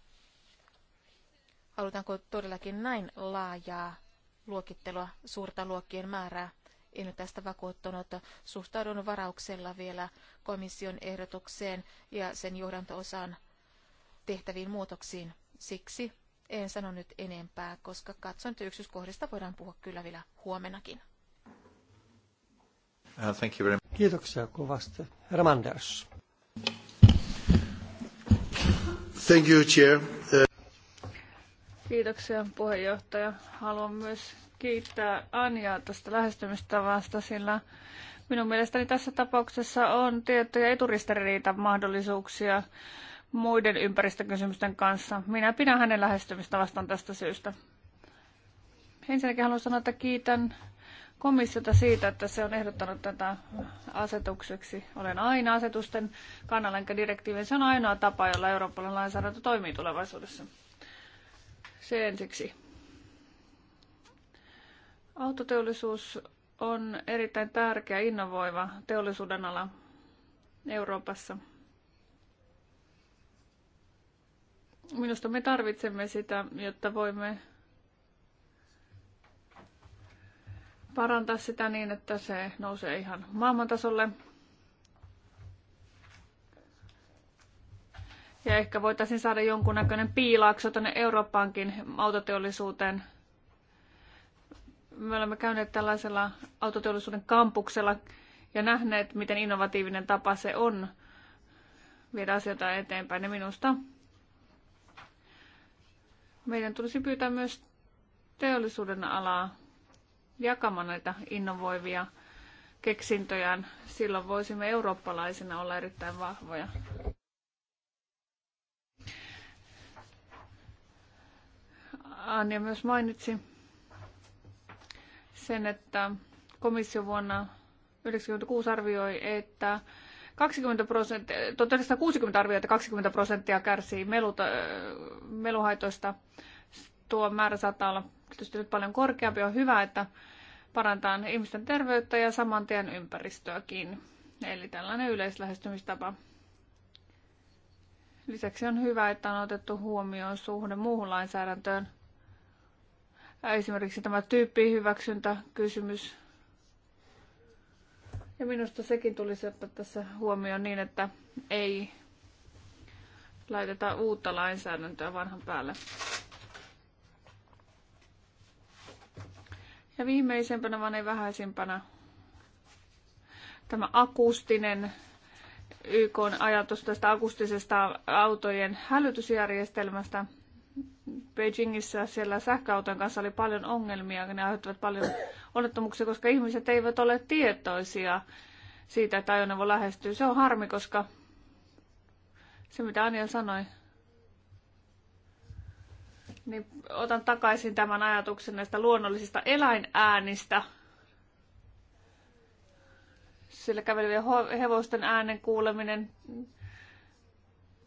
Halutaanko todellakin näin laajaa luokittelua, suurta luokkien määrää? En ole tästä vakuuttunut. Suhtaudun varauksella vielä komission ehdotukseen ja sen johdanto-osaan tehtäviin muutoksiin. Siksi en sano nyt enempää, koska katson, että yksityiskohdista voidaan puhua kyllä vielä huomenakin. Uh, thank you very much. Kiitoksia kovasti. Herra Manders. Thank you, Chair. Kiitoksia puheenjohtaja. Haluan myös kiittää Anjaa tästä lähestymistavasta, sillä minun mielestäni tässä tapauksessa on tiettyjä eturistiriitan mahdollisuuksia muiden ympäristökysymysten kanssa. Minä pidän hänen lähestymistavastaan tästä syystä. Ensinnäkin haluan sanoa, että kiitän komissiota siitä, että se on ehdottanut tätä asetukseksi. Olen aina asetusten kannalla enkä direktiivin. Se on ainoa tapa, jolla Euroopan lainsäädäntö toimii tulevaisuudessa. Se ensiksi. Autoteollisuus on erittäin tärkeä innovoiva teollisuuden ala Euroopassa. Minusta me tarvitsemme sitä, jotta voimme parantaa sitä niin, että se nousee ihan maailmantasolle. Ja ehkä voitaisiin saada jonkunnäköinen piilaakso tänne Eurooppaankin autoteollisuuteen. Me olemme käyneet tällaisella autoteollisuuden kampuksella ja nähneet, miten innovatiivinen tapa se on viedä asioita eteenpäin. Ja minusta meidän tulisi pyytää myös teollisuuden alaa jakamaan näitä innovoivia keksintöjään. Silloin voisimme eurooppalaisina olla erittäin vahvoja. Anja myös mainitsi sen, että komissio vuonna 1996 arvioi, että 20 prosenttia, 60 arvioi, että 20 prosenttia kärsii meluta, meluhaitoista. Tuo määrä saattaa olla tietysti nyt paljon korkeampi. On hyvä, että parantaa ihmisten terveyttä ja saman tien ympäristöäkin. Eli tällainen yleislähestymistapa. Lisäksi on hyvä, että on otettu huomioon suhde muuhun lainsäädäntöön. Esimerkiksi tämä tyyppihyväksyntäkysymys. Ja minusta sekin tulisi ottaa tässä huomioon niin, että ei laiteta uutta lainsäädäntöä vanhan päälle. Ja viimeisempänä, vaan ei vähäisimpänä, tämä akustinen YK on ajatus tästä akustisesta autojen hälytysjärjestelmästä. Beijingissä siellä sähköauton kanssa oli paljon ongelmia, ne aiheuttavat paljon onnettomuuksia, koska ihmiset eivät ole tietoisia siitä, että ajoneuvo lähestyy. Se on harmi, koska se mitä Anja sanoi, niin otan takaisin tämän ajatuksen näistä luonnollisista eläinäänistä. Sillä kävelevien hevosten äänen kuuleminen,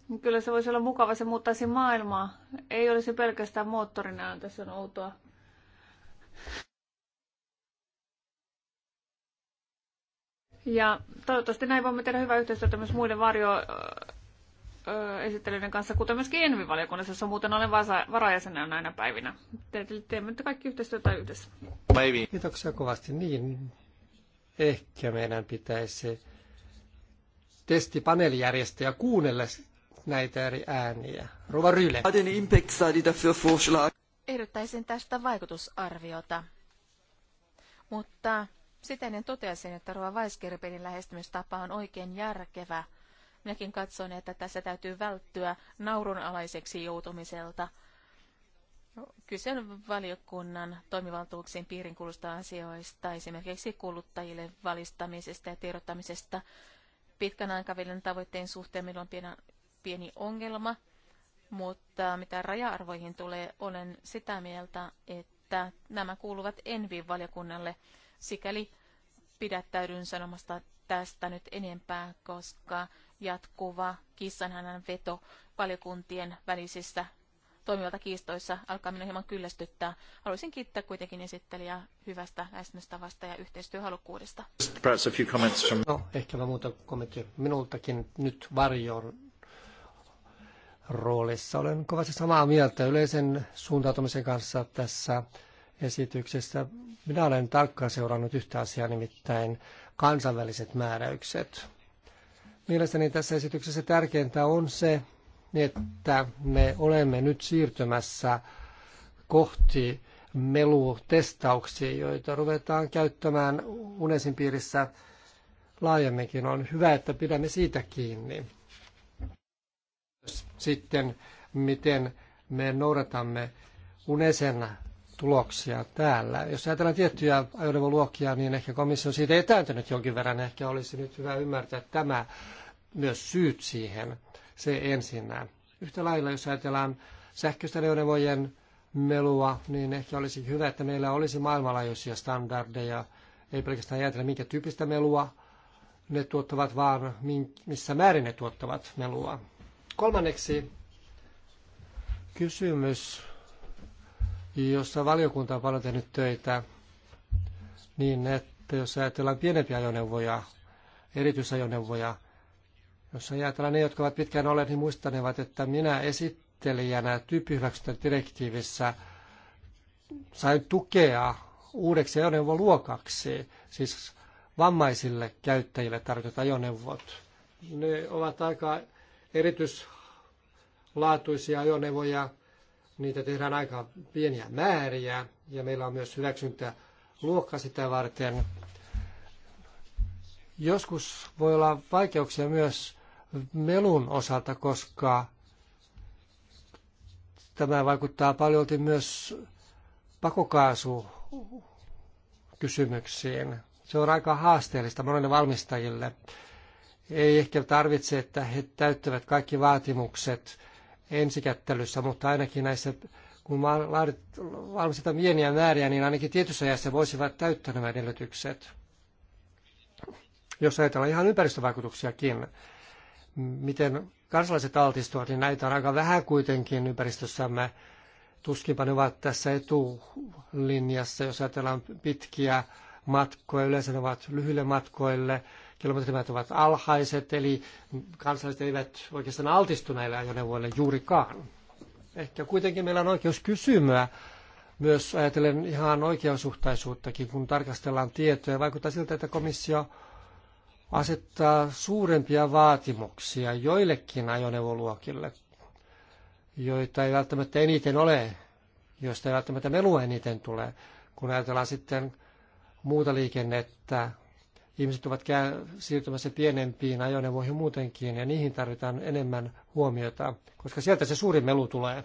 niin kyllä se voisi olla mukava, se muuttaisi maailmaa. Ei olisi pelkästään moottorin ääntä, se on outoa. Ja toivottavasti näin voimme tehdä hyvää yhteistyötä myös muiden varjo esittelyiden kanssa, kuten myöskin Envi-valiokunnassa, jossa muuten olen varajäsenä näinä päivinä. Te, teemme nyt kaikki yhteistyötä yhdessä. Maybe. Kiitoksia kovasti. Niin, ehkä meidän pitäisi testipaneeli järjestää kuunnella näitä eri ääniä. Rova Ryle. Ehdottaisin tästä vaikutusarviota, mutta siten toteaisin, että Rova Weisgerberin lähestymistapa on oikein järkevä – Minäkin katson, että tässä täytyy välttyä naurunalaiseksi joutumiselta. Kyse on valiokunnan toimivaltuuksien piirin kuulusta asioista, esimerkiksi kuluttajille valistamisesta ja tiedottamisesta. Pitkän aikavälin tavoitteen suhteen meillä on pieni, pieni ongelma, mutta mitä raja-arvoihin tulee, olen sitä mieltä, että nämä kuuluvat Envin valiokunnalle. Sikäli pidättäydyn sanomasta tästä nyt enempää, koska jatkuva kissanhännän veto valiokuntien välisissä toimivalta kiistoissa alkaa minua hieman kyllästyttää. Haluaisin kiittää kuitenkin esittelijää hyvästä lähestymistavasta ja yhteistyöhalukkuudesta. No, ehkä mä muuta kommenttia minultakin nyt varjon roolissa. Olen kovasti samaa mieltä yleisen suuntautumisen kanssa tässä esityksessä. Minä olen tarkkaan seurannut yhtä asiaa, nimittäin kansainväliset määräykset. Mielestäni tässä esityksessä tärkeintä on se, että me olemme nyt siirtymässä kohti melutestauksia, joita ruvetaan käyttämään UNESin piirissä laajemminkin. On hyvä, että pidämme siitä kiinni. Sitten, miten me noudatamme UNESen tuloksia täällä. Jos ajatellaan tiettyjä ajoneuvoluokkia, niin ehkä komissio on siitä etääntynyt jonkin verran. Ehkä olisi nyt hyvä ymmärtää tämä myös syyt siihen. Se ensinnä. Yhtä lailla, jos ajatellaan sähköistä neuvojen melua, niin ehkä olisi hyvä, että meillä olisi maailmanlaajuisia standardeja. Ei pelkästään ajatella, minkä tyyppistä melua ne tuottavat, vaan missä määrin ne tuottavat melua. Kolmanneksi kysymys, jossa valiokunta on paljon tehnyt töitä, niin että jos ajatellaan pienempiä ajoneuvoja, erityisajoneuvoja, jos ajatellaan ne, jotka ovat pitkään olleet, niin muistanevat, että minä esittelijänä direktiivissä sain tukea uudeksi ajoneuvoluokaksi, siis vammaisille käyttäjille tarjotut ajoneuvot. Ne ovat aika erityislaatuisia ajoneuvoja, niitä tehdään aika pieniä määriä ja meillä on myös hyväksyntä luokka sitä varten. Joskus voi olla vaikeuksia myös melun osalta, koska tämä vaikuttaa paljon myös pakokaasukysymyksiin. Se on aika haasteellista monille valmistajille. Ei ehkä tarvitse, että he täyttävät kaikki vaatimukset ensikättelyssä, mutta ainakin näissä, kun valmistetaan pieniä määriä, niin ainakin tietyssä ajassa voisivat täyttää nämä edellytykset. Jos ajatellaan ihan ympäristövaikutuksiakin, miten kansalaiset altistuvat, niin näitä on aika vähän kuitenkin ympäristössämme. Tuskinpa ne ovat tässä etulinjassa, jos ajatellaan pitkiä matkoja. Yleensä ne ovat lyhyille matkoille, kilometrimäärät ovat alhaiset, eli kansalaiset eivät oikeastaan altistu näille ajoneuvoille juurikaan. Ehkä kuitenkin meillä on oikeus kysymyä, myös ajatellen ihan oikeasuhtaisuuttakin, kun tarkastellaan tietoja. Vaikuttaa siltä, että komissio asettaa suurempia vaatimuksia joillekin ajoneuvoluokille, joita ei välttämättä eniten ole, joista ei välttämättä melua eniten tule. Kun ajatellaan sitten muuta liikennettä, ihmiset ovat siirtymässä pienempiin ajoneuvoihin muutenkin, ja niihin tarvitaan enemmän huomiota, koska sieltä se suuri melu tulee.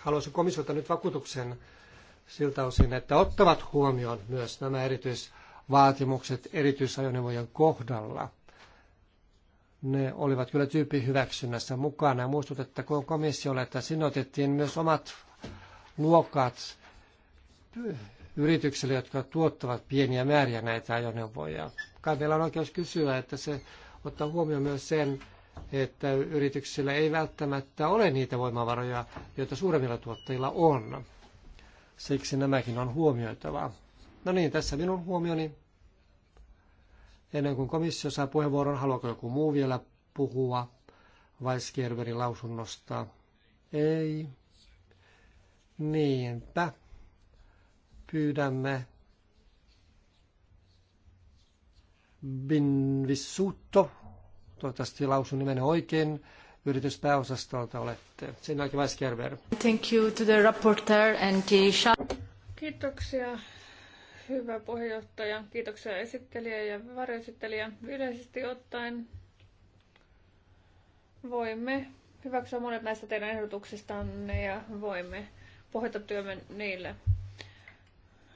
Haluaisin komissiolta nyt vakuutuksen siltä osin, että ottavat huomioon myös nämä erityis vaatimukset erityisajoneuvojen kohdalla. Ne olivat kyllä tyyppi hyväksynnässä mukana. Ja muistutettakoon komissiolle, että sinne otettiin myös omat luokat yrityksille, jotka tuottavat pieniä määriä näitä ajoneuvoja. Kai meillä on oikeus kysyä, että se ottaa huomioon myös sen, että yrityksillä ei välttämättä ole niitä voimavaroja, joita suuremmilla tuottajilla on. Siksi nämäkin on huomioitava. No niin, tässä minun huomioni. Ennen kuin komissio saa puheenvuoron, haluaako joku muu vielä puhua Weisgerberin lausunnosta? Ei. Niinpä. Pyydämme Binvissuutto, toivottavasti lausun nimen oikein, yrityspääosastolta olette. Sen jälkeen Weisgerber. Thank you to the reporter and Kiitoksia Hyvä puheenjohtaja, kiitoksia esittelijä ja varjoesittelijä. Yleisesti ottaen voimme hyväksyä monet näistä teidän ehdotuksistanne ja voimme pohjata työmme niille.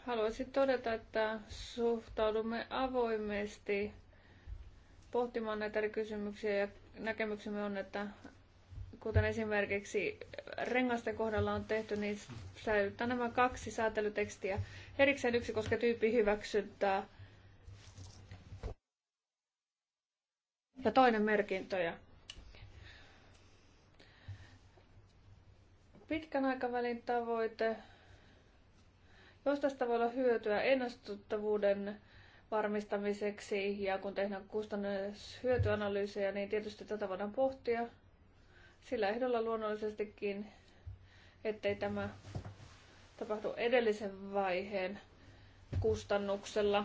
Haluaisin todeta, että suhtaudumme avoimesti pohtimaan näitä eri kysymyksiä ja näkemyksemme on, että kuten esimerkiksi rengasten kohdalla on tehty, niin säilyttää nämä kaksi säätelytekstiä. Erikseen yksi koska tyyppi hyväksyttää. ja toinen merkintöjä. Pitkän aikavälin tavoite, jos tästä voi olla hyötyä ennustettavuuden varmistamiseksi ja kun tehdään kustannushyötyanalyysejä, niin tietysti tätä voidaan pohtia – sillä ehdolla luonnollisestikin, ettei tämä tapahdu edellisen vaiheen kustannuksella.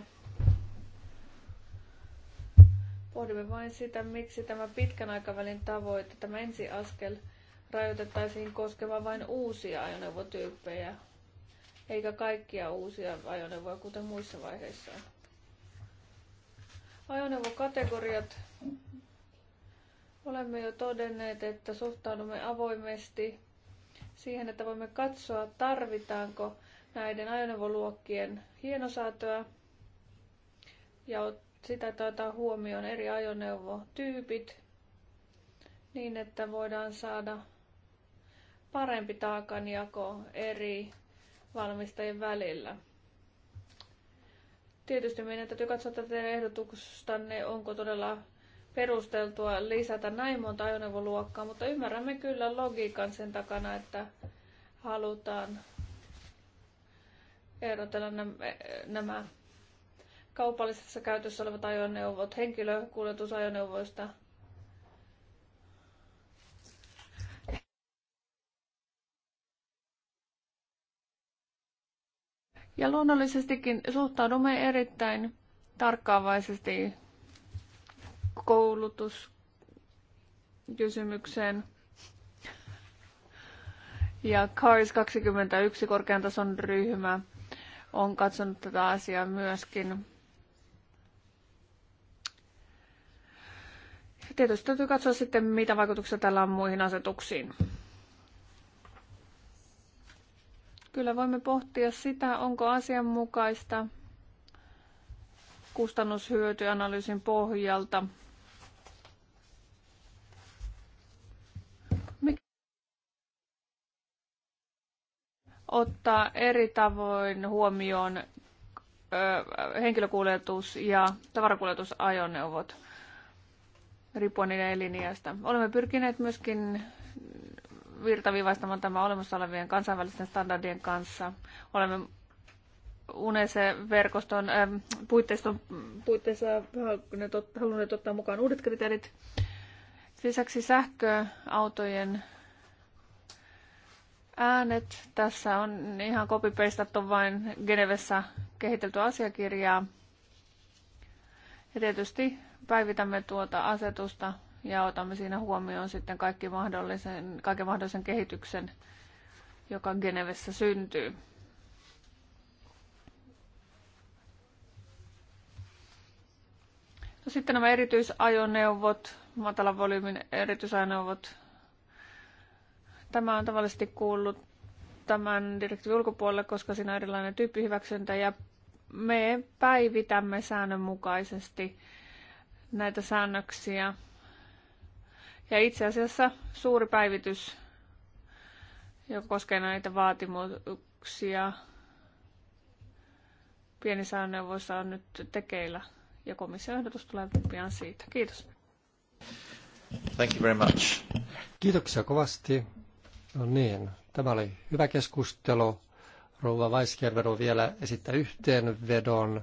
Pohdimme vain sitä, miksi tämä pitkän aikavälin tavoite, tämä ensiaskel, rajoitettaisiin koskemaan vain uusia ajoneuvotyyppejä, eikä kaikkia uusia ajoneuvoja, kuten muissa vaiheissa. Ajoneuvokategoriat Olemme jo todenneet, että suhtaudumme avoimesti siihen, että voimme katsoa, tarvitaanko näiden ajoneuvoluokkien hienosäätöä ja sitä, että ottaa huomioon eri ajoneuvotyypit niin, että voidaan saada parempi taakanjako eri valmistajien välillä. Tietysti meidän täytyy katsoa tätä ehdotustanne, onko todella perusteltua lisätä näin monta ajoneuvoluokkaa, mutta ymmärrämme kyllä logiikan sen takana, että halutaan erotella nämä kaupallisessa käytössä olevat ajoneuvot henkilökuljetusajoneuvoista. Ja luonnollisestikin suhtaudumme erittäin tarkkaavaisesti koulutuskysymykseen. Ja CARS 21 korkean tason ryhmä on katsonut tätä asiaa myöskin. Tietysti täytyy katsoa sitten, mitä vaikutuksia tällä on muihin asetuksiin. Kyllä voimme pohtia sitä, onko asianmukaista kustannushyötyanalyysin pohjalta ottaa eri tavoin huomioon henkilökuljetus ja tavarakuljetusajoneuvot riippuen niiden eliniästä. Olemme pyrkineet myöskin virtaviivaistamaan tämä olemassa olevien kansainvälisten standardien kanssa. Olemme UNESE-verkoston puitteiston puitteissa halunneet ottaa mukaan uudet kriteerit. Lisäksi sähköautojen äänet. Tässä on ihan kopipeistattu vain Genevessä kehitelty asiakirjaa. Ja tietysti päivitämme tuota asetusta ja otamme siinä huomioon sitten kaikki mahdollisen, kaiken mahdollisen kehityksen, joka Genevessä syntyy. No sitten nämä erityisajoneuvot, matalan volyymin erityisajoneuvot, Tämä on tavallisesti kuullut tämän direktiivin ulkopuolelle, koska siinä on erilainen tyyppihyväksyntä ja me päivitämme säännönmukaisesti näitä säännöksiä. Ja itse asiassa suuri päivitys, joka koskee näitä vaatimuksia, pienissä ajoneuvoissa on nyt tekeillä ja komission ehdotus tulee pian siitä. Kiitos. Thank you very much. Kiitoksia kovasti. No niin, tämä oli hyvä keskustelu. Rouva on vielä esittää yhteenvedon.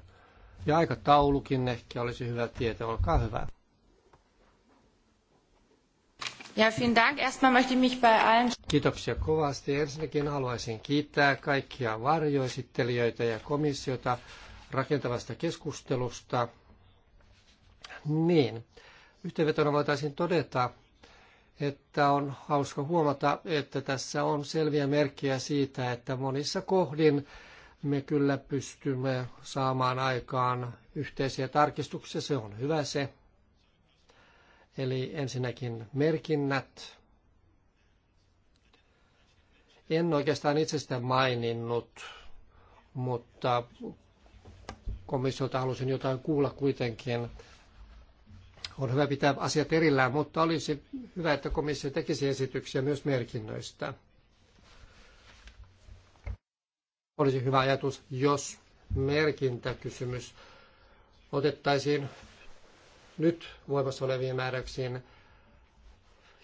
Ja aikataulukin ehkä olisi hyvä tietää. Olkaa hyvä. Ja, vielen Dank. Erstmal möchte ich mich bei allen... Kiitoksia kovasti. Ensinnäkin haluaisin kiittää kaikkia varjoesittelijöitä ja komissiota rakentavasta keskustelusta. Niin, yhteenvetona voitaisiin todeta, että on hauska huomata, että tässä on selviä merkkejä siitä, että monissa kohdin me kyllä pystymme saamaan aikaan yhteisiä tarkistuksia. Se on hyvä se. Eli ensinnäkin merkinnät. En oikeastaan itsestä maininnut, mutta komissiolta halusin jotain kuulla kuitenkin on hyvä pitää asiat erillään, mutta olisi hyvä, että komissio tekisi esityksiä myös merkinnöistä. Olisi hyvä ajatus, jos merkintäkysymys otettaisiin nyt voimassa oleviin määräyksiin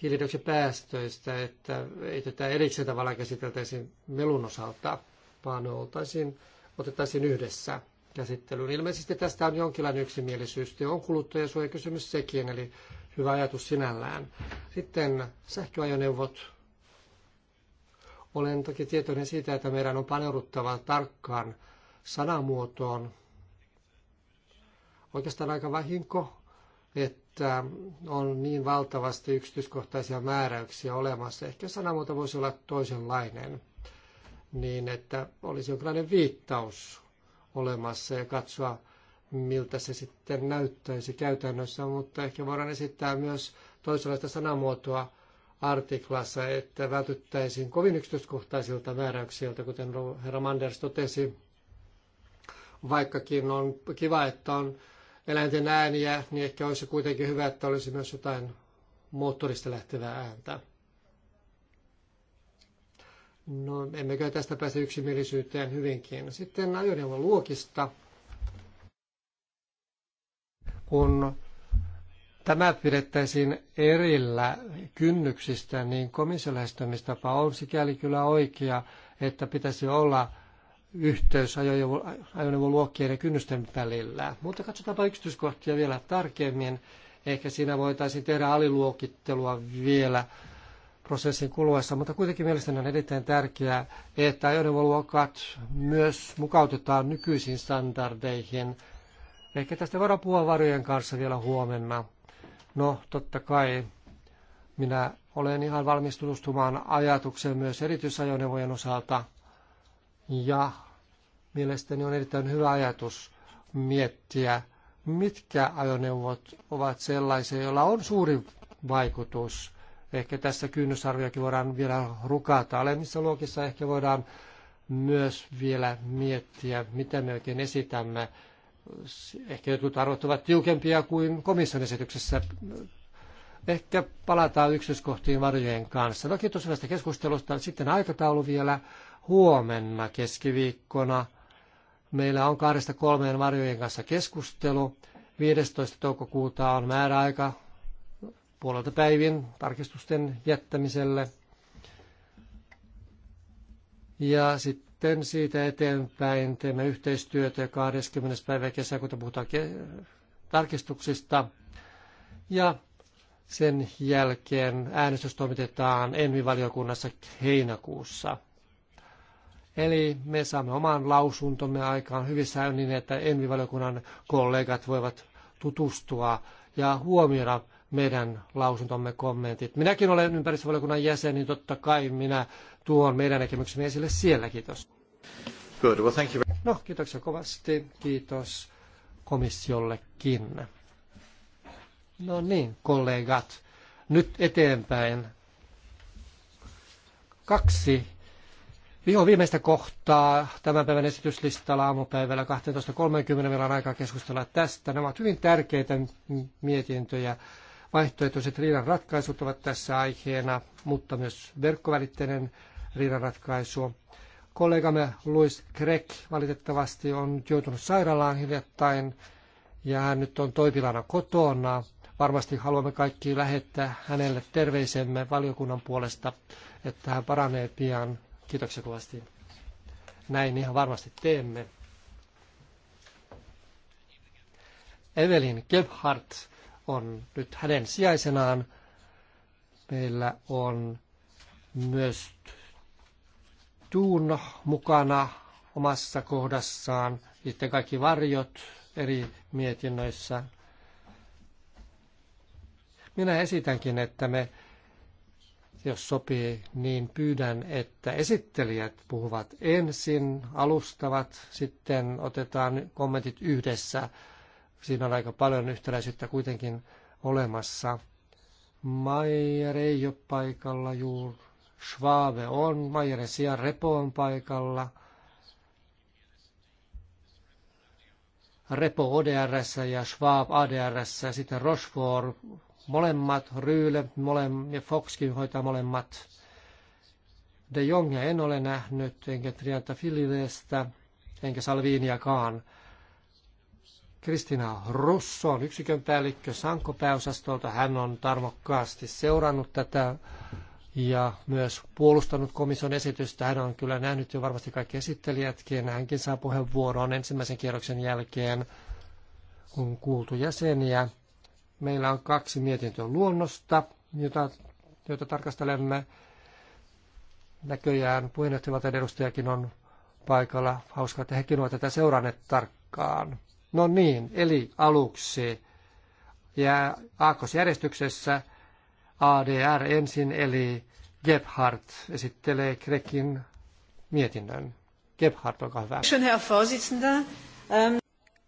hiilidioksidipäästöistä, että ei tätä erikseen tavallaan käsiteltäisiin melun osalta, vaan oltaisiin, otettaisiin yhdessä käsittelyyn. Ilmeisesti tästä on jonkinlainen yksimielisyys. Te on kuluttajasuojakysymys sekin, eli hyvä ajatus sinällään. Sitten sähköajoneuvot. Olen toki tietoinen siitä, että meidän on paneuduttava tarkkaan sanamuotoon. Oikeastaan aika vahinko, että on niin valtavasti yksityiskohtaisia määräyksiä olemassa. Ehkä sanamuoto voisi olla toisenlainen, niin että olisi jonkinlainen viittaus olemassa ja katsoa, miltä se sitten näyttäisi käytännössä, mutta ehkä voidaan esittää myös toisenlaista sanamuotoa artiklassa, että vältyttäisiin kovin yksityiskohtaisilta määräyksiltä, kuten herra Manders totesi, vaikkakin on kiva, että on eläinten ääniä, niin ehkä olisi kuitenkin hyvä, että olisi myös jotain moottorista lähtevää ääntä. No, emmekä tästä pääse yksimielisyyteen hyvinkin. Sitten ajoneuvon luokista. Kun tämä pidettäisiin erillä kynnyksistä, niin komission lähestymistapa on sikäli kyllä oikea, että pitäisi olla yhteys ajoneuvoluokkien ja kynnysten välillä. Mutta katsotaanpa yksityiskohtia vielä tarkemmin. Ehkä siinä voitaisiin tehdä aliluokittelua vielä prosessin kuluessa, mutta kuitenkin mielestäni on erittäin tärkeää, että ajoneuvoluokat myös mukautetaan nykyisiin standardeihin. Ehkä tästä voidaan puhua varjojen kanssa vielä huomenna. No, totta kai minä olen ihan valmis tutustumaan ajatukseen myös erityisajoneuvojen osalta. Ja mielestäni on erittäin hyvä ajatus miettiä, mitkä ajoneuvot ovat sellaisia, joilla on suuri vaikutus – Ehkä tässä kynnysarviakin voidaan vielä rukata. Alemmissa luokissa ehkä voidaan myös vielä miettiä, mitä me oikein esitämme. Ehkä jotkut arvot ovat tiukempia kuin komission esityksessä. Ehkä palataan yksityiskohtiin varjojen kanssa. No kiitos hyvästä keskustelusta. Sitten aikataulu vielä huomenna keskiviikkona. Meillä on kahdesta kolmeen varjojen kanssa keskustelu. 15. toukokuuta on määräaika puolelta päivin tarkistusten jättämiselle. Ja sitten siitä eteenpäin teemme yhteistyötä 20. päivä kesäkuuta puhutaan ke- tarkistuksista. Ja sen jälkeen äänestys toimitetaan ENVI-valiokunnassa heinäkuussa. Eli me saamme oman lausuntomme aikaan hyvissä niin, että ENVI-valiokunnan kollegat voivat tutustua ja huomioida meidän lausuntomme kommentit. Minäkin olen ympäristövaliokunnan jäsen, niin totta kai minä tuon meidän näkemyksemme esille siellä. Kiitos. Good. Well, thank you. No, kiitoksia kovasti. Kiitos komissiollekin. No niin, kollegat. Nyt eteenpäin. Kaksi Viho viimeistä kohtaa tämän päivän esityslistalla aamupäivällä 12.30 meillä on aikaa keskustella tästä. Nämä ovat hyvin tärkeitä mietintöjä Vaihtoehtoiset riidanratkaisut ovat tässä aiheena, mutta myös verkkovälitteinen riidanratkaisu. Kollegamme Louis Gregg valitettavasti on joutunut sairaalaan hiljattain ja hän nyt on toipilana kotona. Varmasti haluamme kaikki lähettää hänelle terveisemme valiokunnan puolesta, että hän paranee pian. Kiitoksia kovasti. Näin ihan varmasti teemme. Evelyn Gebhardt on nyt hänen sijaisenaan. Meillä on myös Tuun mukana omassa kohdassaan, sitten kaikki varjot eri mietinnöissä. Minä esitänkin, että me, jos sopii, niin pyydän, että esittelijät puhuvat ensin, alustavat, sitten otetaan kommentit yhdessä Siinä on aika paljon yhtäläisyyttä kuitenkin olemassa. Maier ei ole paikalla juuri. Schwabe on, Maierin sijaan Repo on paikalla. Repo ODRS ja Schwab ADRS ja sitten Rochefort molemmat, Ryyle molemmat ja Foxkin hoitaa molemmat. De Jongia en ole nähnyt, enkä Trianta Filivestä, enkä Salviniakaan. Kristina Russo on yksikön päällikkö Sanko pääosastolta. Hän on tarmokkaasti seurannut tätä ja myös puolustanut komission esitystä. Hän on kyllä nähnyt jo varmasti kaikki esittelijätkin. Hänkin saa puheenvuoron ensimmäisen kierroksen jälkeen, kun kuultu jäseniä. Meillä on kaksi mietintöä luonnosta, jota, jota tarkastelemme. Näköjään puheenjohtajavaltain edustajakin on paikalla. Hauskaa, että hekin ovat tätä seuranneet tarkkaan. No niin, eli aluksi ja aakkosjärjestyksessä ADR ensin, eli Gebhardt esittelee Krekin mietinnön. Gebhardt, olkaa hyvä. Ähm,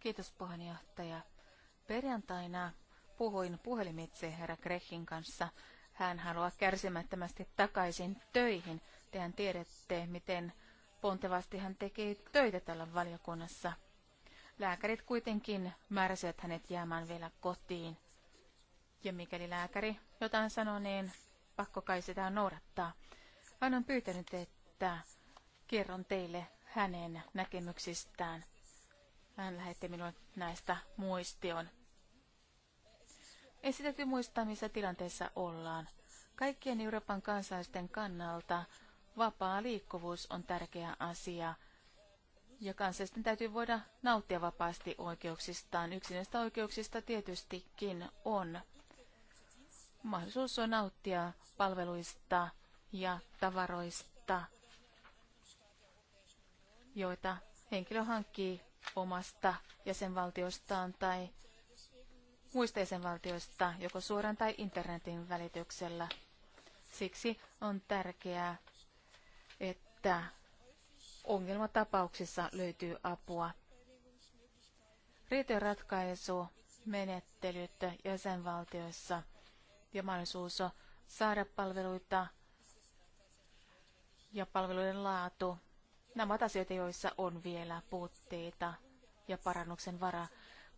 Kiitos puheenjohtaja. Perjantaina puhuin puhelimitse herra Krekin kanssa. Hän haluaa kärsimättömästi takaisin töihin. Tehän tiedätte, miten pontevasti hän tekee töitä tällä valiokunnassa. Lääkärit kuitenkin määräsivät hänet jäämään vielä kotiin. Ja mikäli lääkäri jotain sanoo, niin pakko kai sitä noudattaa. Hän on pyytänyt, että kerron teille hänen näkemyksistään. Hän lähetti minulle näistä muistion. Ei sitä muistaa, missä tilanteessa ollaan. Kaikkien Euroopan kansalaisten kannalta vapaa liikkuvuus on tärkeä asia – ja kansalaisten täytyy voida nauttia vapaasti oikeuksistaan. Yksi näistä oikeuksista tietystikin on mahdollisuus on nauttia palveluista ja tavaroista, joita henkilö hankkii omasta jäsenvaltiostaan tai muista jäsenvaltioista, joko suoraan tai internetin välityksellä. Siksi on tärkeää, että ongelmatapauksissa löytyy apua. Riitojenratkaisu, menettelyt jäsenvaltioissa ja mahdollisuus saada palveluita ja palveluiden laatu. Nämä ovat asioita, joissa on vielä puutteita ja parannuksen varaa.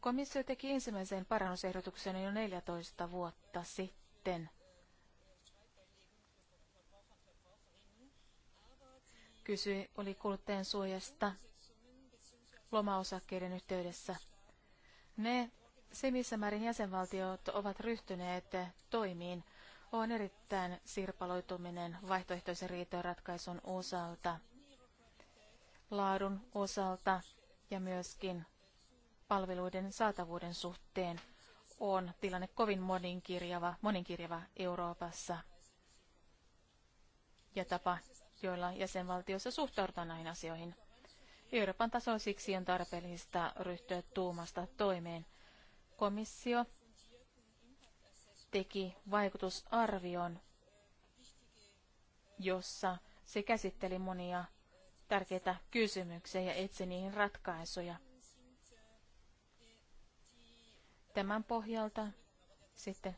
Komissio teki ensimmäisen parannusehdotuksen jo 14 vuotta sitten. kysyi, oli kuluttajan suojasta lomaosakkeiden yhteydessä. Ne, se missä määrin jäsenvaltiot ovat ryhtyneet toimiin, on erittäin sirpaloituminen vaihtoehtoisen ratkaisun osalta, laadun osalta ja myöskin palveluiden saatavuuden suhteen on tilanne kovin moninkirjava, moninkirjava Euroopassa. Ja tapa, joilla jäsenvaltioissa suhtaudutaan näihin asioihin. Euroopan tasolla siksi on tarpeellista ryhtyä tuumasta toimeen. Komissio teki vaikutusarvion, jossa se käsitteli monia tärkeitä kysymyksiä ja etsi niihin ratkaisuja. Tämän pohjalta sitten,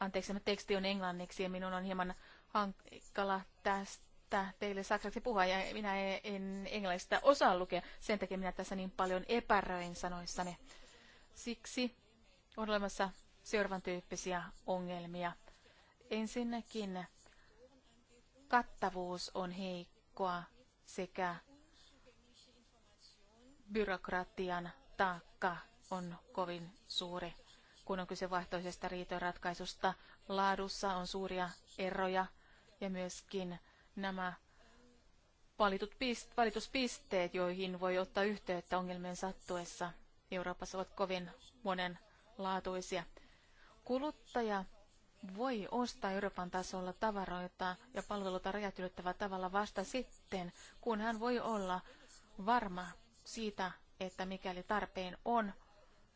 anteeksi, tämä teksti on englanniksi ja minun on hieman hankala tästä että teille saksaksi puhua ja minä en englannista osaa lukea. Sen takia minä tässä niin paljon epäröin sanoissani. Siksi on olemassa seuraavan tyyppisiä ongelmia. Ensinnäkin kattavuus on heikkoa sekä byrokratian taakka on kovin suuri. Kun on kyse vaihtoisesta riitoratkaisusta, laadussa on suuria eroja ja myöskin nämä valitut pist, valituspisteet, joihin voi ottaa yhteyttä ongelmien sattuessa Euroopassa, ovat kovin monenlaatuisia. Kuluttaja voi ostaa Euroopan tasolla tavaroita ja palveluita rajat tavalla vasta sitten, kun hän voi olla varma siitä, että mikäli tarpeen on,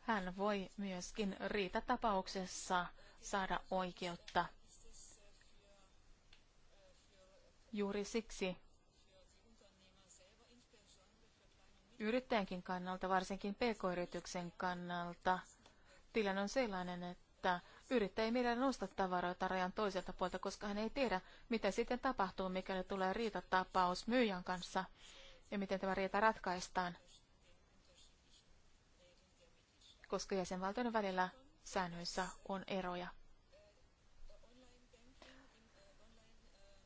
hän voi myöskin riitä tapauksessa saada oikeutta Juuri siksi yrittäjänkin kannalta, varsinkin pk-yrityksen kannalta, tilanne on sellainen, että yrittäjä ei mielellään nosta tavaroita rajan toiselta puolta, koska hän ei tiedä, mitä sitten tapahtuu, mikäli tulee riitatapaus myyjän kanssa ja miten tämä riita ratkaistaan, koska jäsenvaltioiden välillä säännöissä on eroja.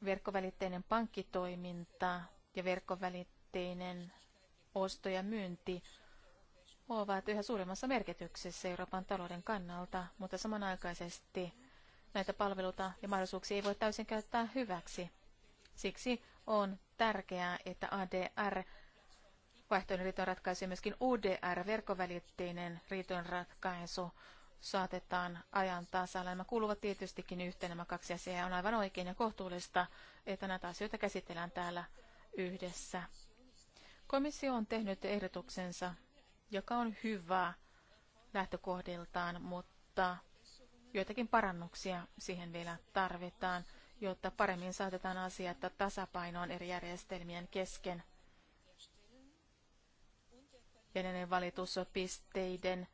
verkkovälitteinen pankkitoiminta ja verkkovälitteinen osto ja myynti ovat yhä suuremmassa merkityksessä Euroopan talouden kannalta, mutta samanaikaisesti näitä palveluita ja mahdollisuuksia ei voi täysin käyttää hyväksi. Siksi on tärkeää, että ADR vaihtoehdon riitojen ratkaisu ja myöskin UDR, verkkovälitteinen riitojen ratkaisu, saatetaan ajan tasalla. Nämä kuuluvat tietystikin yhteen nämä kaksi asiaa. on aivan oikein ja kohtuullista, että näitä asioita käsitellään täällä yhdessä. Komissio on tehnyt ehdotuksensa, joka on hyvä lähtökohdiltaan, mutta joitakin parannuksia siihen vielä tarvitaan, jotta paremmin saatetaan asiat tasapainoon eri järjestelmien kesken. Ja näiden valituspisteiden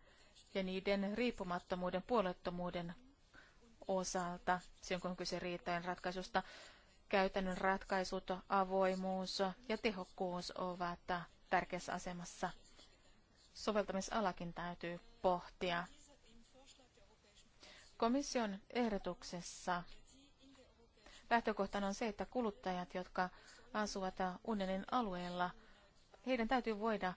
ja niiden riippumattomuuden, puolettomuuden osalta, silloin kun on kyse riitojen ratkaisusta. Käytännön ratkaisut, avoimuus ja tehokkuus ovat tärkeässä asemassa. Soveltamisalakin täytyy pohtia. Komission ehdotuksessa lähtökohtana on se, että kuluttajat, jotka asuvat unionin alueella, heidän täytyy voida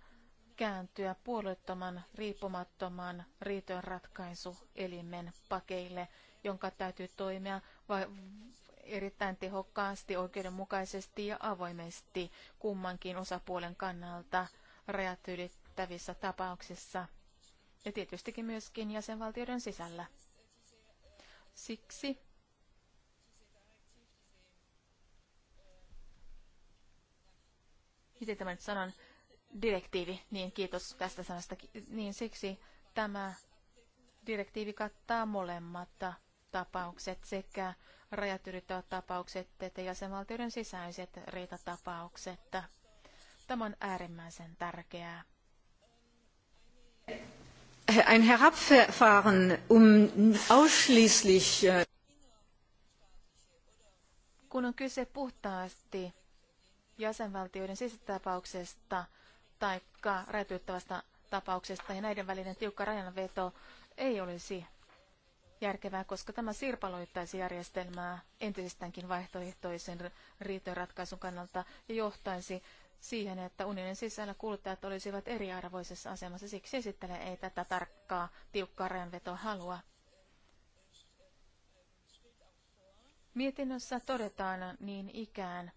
kääntyä puolueettoman, riippumattoman riitojenratkaisuelimen pakeille, jonka täytyy toimia erittäin tehokkaasti, oikeudenmukaisesti ja avoimesti kummankin osapuolen kannalta rajat ylittävissä tapauksissa ja tietystikin myöskin jäsenvaltioiden sisällä. Siksi miten tämän nyt sanon, direktiivi, niin kiitos tästä sanasta, niin siksi tämä direktiivi kattaa molemmat tapaukset, sekä rajat ylittävät tapaukset että jäsenvaltioiden sisäiset riitatapaukset. Tämä on äärimmäisen tärkeää. Ein Herabverfahren, um ausschließlich äh, kun on kyse puhtaasti jäsenvaltioiden sisätapauksesta, tai räätyyttävästä tapauksesta ja näiden välinen tiukka rajanveto ei olisi järkevää, koska tämä sirpaloittaisi järjestelmää entisestäänkin vaihtoehtoisen ratkaisun kannalta ja johtaisi siihen, että unionin sisällä kuluttajat olisivat eriarvoisessa asemassa. Siksi esittelen ei tätä tarkkaa, tiukkaa rajanvetoa halua. Mietinnössä todetaan niin ikään,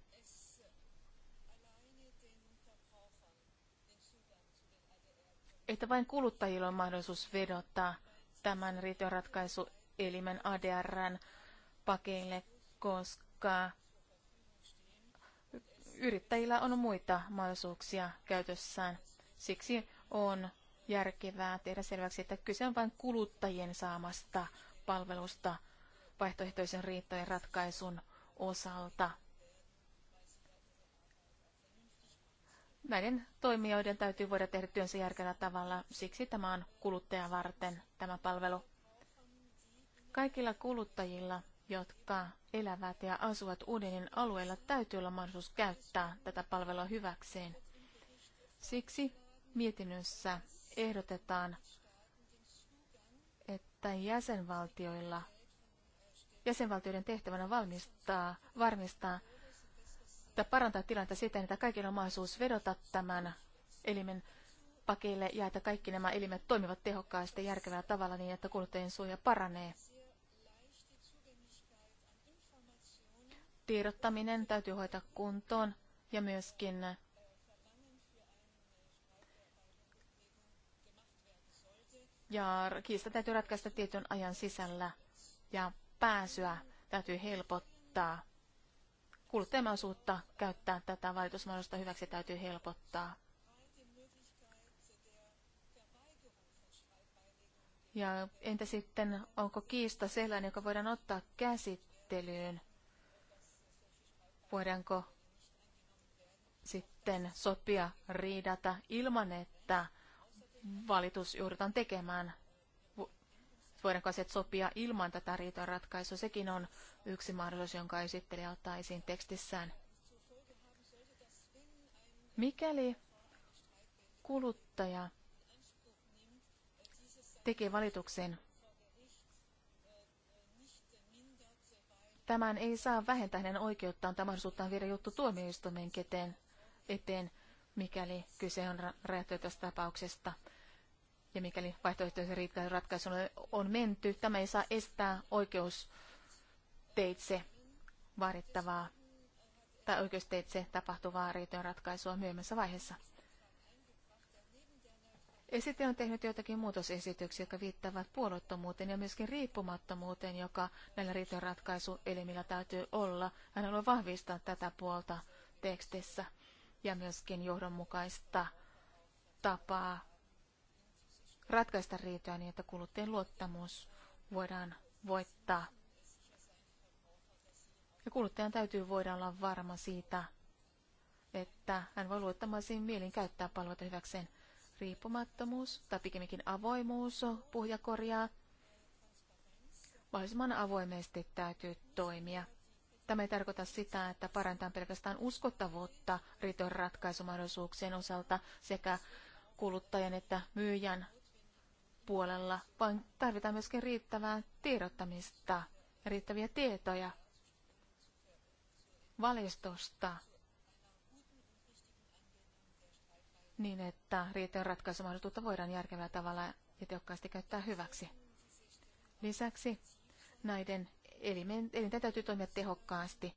että vain kuluttajilla on mahdollisuus vedota tämän riitojenratkaisuelimen ADRn pakeille, koska yrittäjillä on muita mahdollisuuksia käytössään. Siksi on järkevää tehdä selväksi, että kyse on vain kuluttajien saamasta palvelusta vaihtoehtoisen riittojen ratkaisun osalta. näiden toimijoiden täytyy voida tehdä työnsä järkevällä tavalla, siksi tämä on kuluttajan varten tämä palvelu. Kaikilla kuluttajilla, jotka elävät ja asuvat uudenin alueella, täytyy olla mahdollisuus käyttää tätä palvelua hyväkseen. Siksi mietinnössä ehdotetaan, että jäsenvaltioilla, jäsenvaltioiden tehtävänä valmistaa, varmistaa, tai parantaa tilannetta siten, että kaikilla on mahdollisuus vedota tämän elimen pakille ja että kaikki nämä elimet toimivat tehokkaasti järkevää järkevällä tavalla niin, että kuluttajien suoja paranee. Tiedottaminen täytyy hoitaa kuntoon ja myöskin ja kiista täytyy ratkaista tietyn ajan sisällä ja pääsyä täytyy helpottaa kuluttajamaisuutta käyttää tätä valitusmahdollisuutta hyväksi täytyy helpottaa. Ja entä sitten, onko kiista sellainen, joka voidaan ottaa käsittelyyn? Voidaanko sitten sopia riidata ilman, että valitus joudutaan tekemään voidaanko asiat sopia ilman tätä riitoratkaisua. Sekin on yksi mahdollisuus, jonka esittelijä ottaa esiin tekstissään. Mikäli kuluttaja tekee valituksen, tämän ei saa vähentää hänen oikeuttaan tai mahdollisuuttaan viedä juttu tuomioistuimen eteen, mikäli kyse on tästä tapauksesta ja mikäli vaihtoehtoisen ratkaisun on menty, tämä ei saa estää oikeus teitse vaadittavaa tai oikeusteitse tapahtuvaa riitojen ratkaisua myöhemmässä vaiheessa. Esite on tehnyt joitakin muutosesityksiä, jotka viittaavat puolueettomuuteen ja myöskin riippumattomuuteen, joka näillä riitojen ratkaisuelimillä täytyy olla. Hän haluaa vahvistaa tätä puolta tekstissä ja myöskin johdonmukaista tapaa ratkaista riitoja niin, että kuluttajien luottamus voidaan voittaa. Ja kuluttajan täytyy voida olla varma siitä, että hän voi luottamaisiin mielin käyttää palveluita hyväkseen. Riippumattomuus tai pikemminkin avoimuus, puhja korjaa. Mahdollisimman avoimesti täytyy toimia. Tämä ei tarkoita sitä, että parantaa pelkästään uskottavuutta riitojen ratkaisumahdollisuuksien osalta sekä kuluttajan että myyjän puolella, vaan tarvitaan myöskin riittävää tiedottamista, riittäviä tietoja, valistusta, niin että riittävän ratkaisumahdollisuutta voidaan järkevällä tavalla ja tehokkaasti käyttää hyväksi. Lisäksi näiden elinten täytyy toimia tehokkaasti.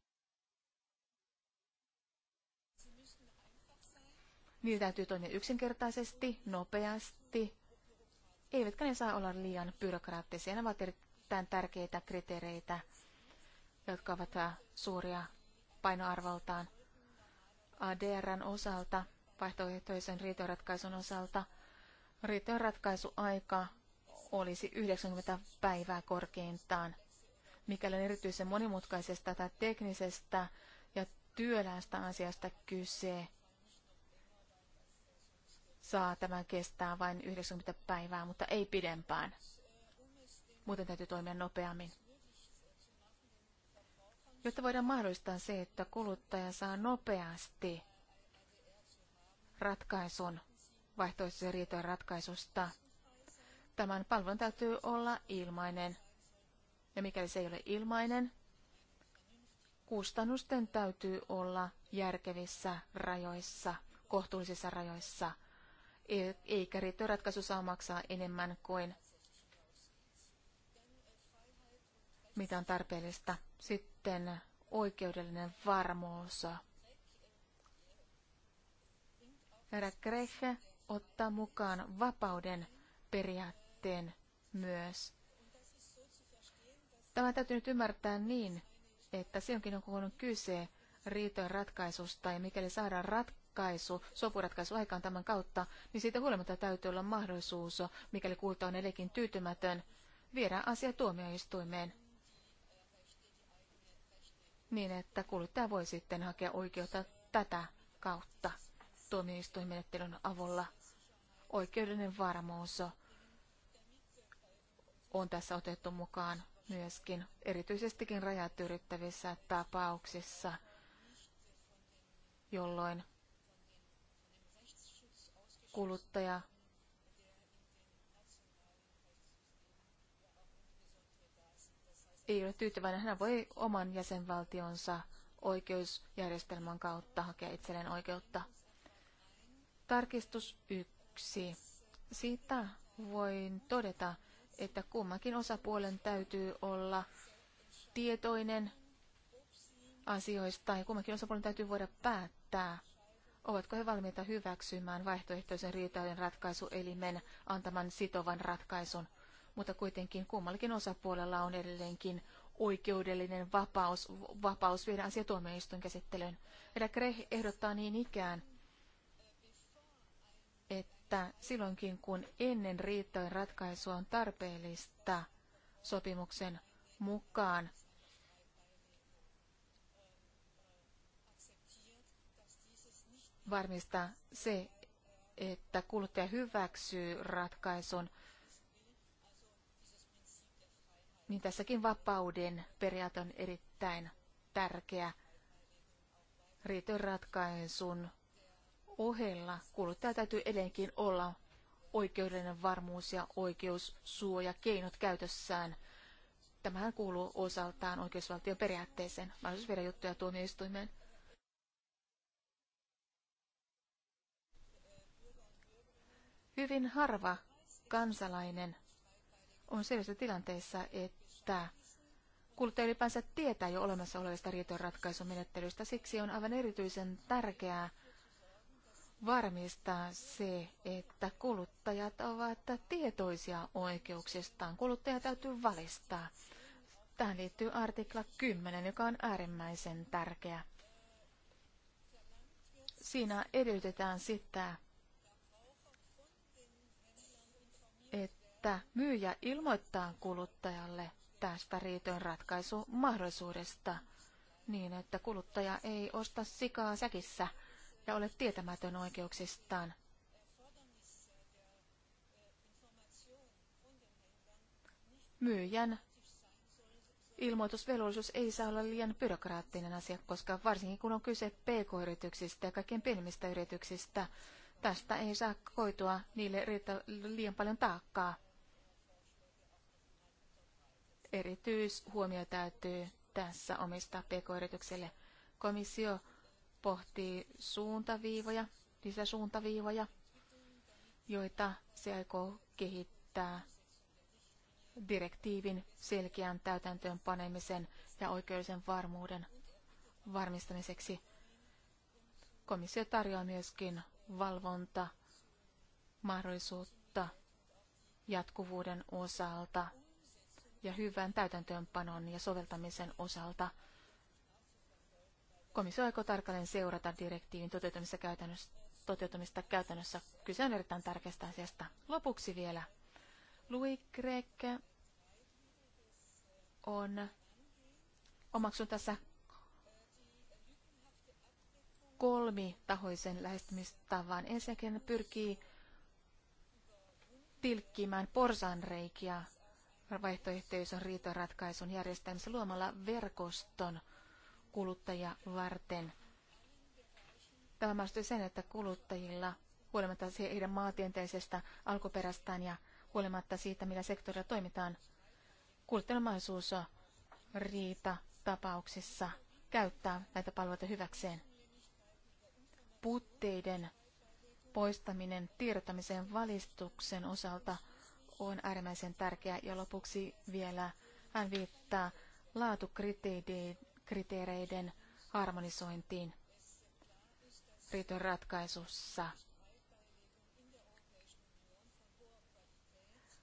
Niitä täytyy toimia yksinkertaisesti, nopeasti eivätkä ne saa olla liian byrokraattisia. Nämä ovat erittäin tärkeitä kriteereitä, jotka ovat äh, suuria painoarvoltaan. ADRn osalta, vaihtoehtoisen riitoratkaisun osalta, riitoratkaisuaika olisi 90 päivää korkeintaan. Mikäli on erityisen monimutkaisesta tai teknisestä ja työläästä asiasta kyse, saa tämän kestää vain 90 päivää, mutta ei pidempään. Muuten täytyy toimia nopeammin. Jotta voidaan mahdollistaa se, että kuluttaja saa nopeasti ratkaisun vaihtoehtoisen riitojen ratkaisusta, tämän palvelun täytyy olla ilmainen. Ja mikäli se ei ole ilmainen, kustannusten täytyy olla järkevissä rajoissa, kohtuullisissa rajoissa – E, eikä riittö saa maksaa enemmän kuin mitä on tarpeellista. Sitten oikeudellinen varmuus. Herra Greche ottaa mukaan vapauden periaatteen myös. Tämä täytyy nyt ymmärtää niin, että silloinkin on on kyse riitojen ratkaisusta ja mikäli saadaan rat- ratkaisu, sopuratkaisu aikaan tämän kautta, niin siitä huolimatta täytyy olla mahdollisuus, mikäli kulta on elekin tyytymätön, viedä asia tuomioistuimeen niin, että kuluttaja voi sitten hakea oikeutta tätä kautta tuomioistuimenettelyn avulla. Oikeudellinen varmuus on tässä otettu mukaan myöskin, erityisestikin rajat yrittävissä tapauksissa, jolloin kuluttaja ei ole tyytyväinen. Hän voi oman jäsenvaltionsa oikeusjärjestelmän kautta hakea itselleen oikeutta. Tarkistus yksi. Siitä voin todeta, että kummankin osapuolen täytyy olla tietoinen asioista ja kummankin osapuolen täytyy voida päättää, Ovatko he valmiita hyväksymään vaihtoehtoisen riitojen ratkaisuelimen antaman sitovan ratkaisun? Mutta kuitenkin kummallakin osapuolella on edelleenkin oikeudellinen vapaus, vapaus viedä asia tuomioistuin käsittelyyn. Edä ehdottaa niin ikään, että silloinkin kun ennen riittojen ratkaisua on tarpeellista sopimuksen mukaan varmistaa se, että kuluttaja hyväksyy ratkaisun, niin tässäkin vapauden periaate on erittäin tärkeä. Riitön ratkaisun ohella kuluttaja täytyy edelleenkin olla oikeudellinen varmuus ja oikeussuoja keinot käytössään. Tämähän kuuluu osaltaan oikeusvaltion periaatteeseen, mahdollisuus viedä juttuja tuomioistuimeen. Hyvin harva kansalainen on sellaisessa tilanteessa, että kuluttaja ylipäänsä tietää jo olemassa olevista riitojenratkaisumenettelyistä. Siksi on aivan erityisen tärkeää varmistaa se, että kuluttajat ovat tietoisia oikeuksistaan. Kuluttaja täytyy valistaa. Tähän liittyy artikla 10, joka on äärimmäisen tärkeä. Siinä edellytetään sitä, että myyjä ilmoittaa kuluttajalle tästä riitojenratkaisumahdollisuudesta niin, että kuluttaja ei osta sikaa säkissä ja ole tietämätön oikeuksistaan. Myyjän ilmoitusvelvollisuus ei saa olla liian byrokraattinen asia, koska varsinkin kun on kyse pk-yrityksistä ja kaikkien pienimmistä yrityksistä, tästä ei saa koitua niille liian paljon taakkaa. Erityishuomio täytyy tässä omistaa pk-yritykselle. Komissio pohtii suuntaviivoja, lisäsuuntaviivoja, joita se aikoo kehittää direktiivin selkeän täytäntöön panemisen ja oikeudellisen varmuuden varmistamiseksi. Komissio tarjoaa myöskin valvonta mahdollisuutta jatkuvuuden osalta ja hyvän täytäntöönpanon ja soveltamisen osalta. Komissio aikoo tarkalleen seurata direktiivin toteutumista käytännössä, toteutumista käytännössä. Kyse on erittäin tärkeästä asiasta. Lopuksi vielä. Louis Grec on omaksun tässä kolmitahoisen lähestymistavan. Ensinnäkin pyrkii tilkkimään porsanreikiä vaihtoehtoisen riitoratkaisun järjestämisessä luomalla verkoston kuluttajia varten. Tämä mahdollisti sen, että kuluttajilla, huolimatta heidän maatienteisestä alkuperästään ja huolimatta siitä, millä sektorilla toimitaan, kuluttajilla mahdollisuus riita tapauksissa käyttää näitä palveluita hyväkseen. Puutteiden poistaminen tiedottamisen valistuksen osalta – on äärimmäisen tärkeä. Ja lopuksi vielä hän viittaa laatukriteereiden harmonisointiin riiton ratkaisussa.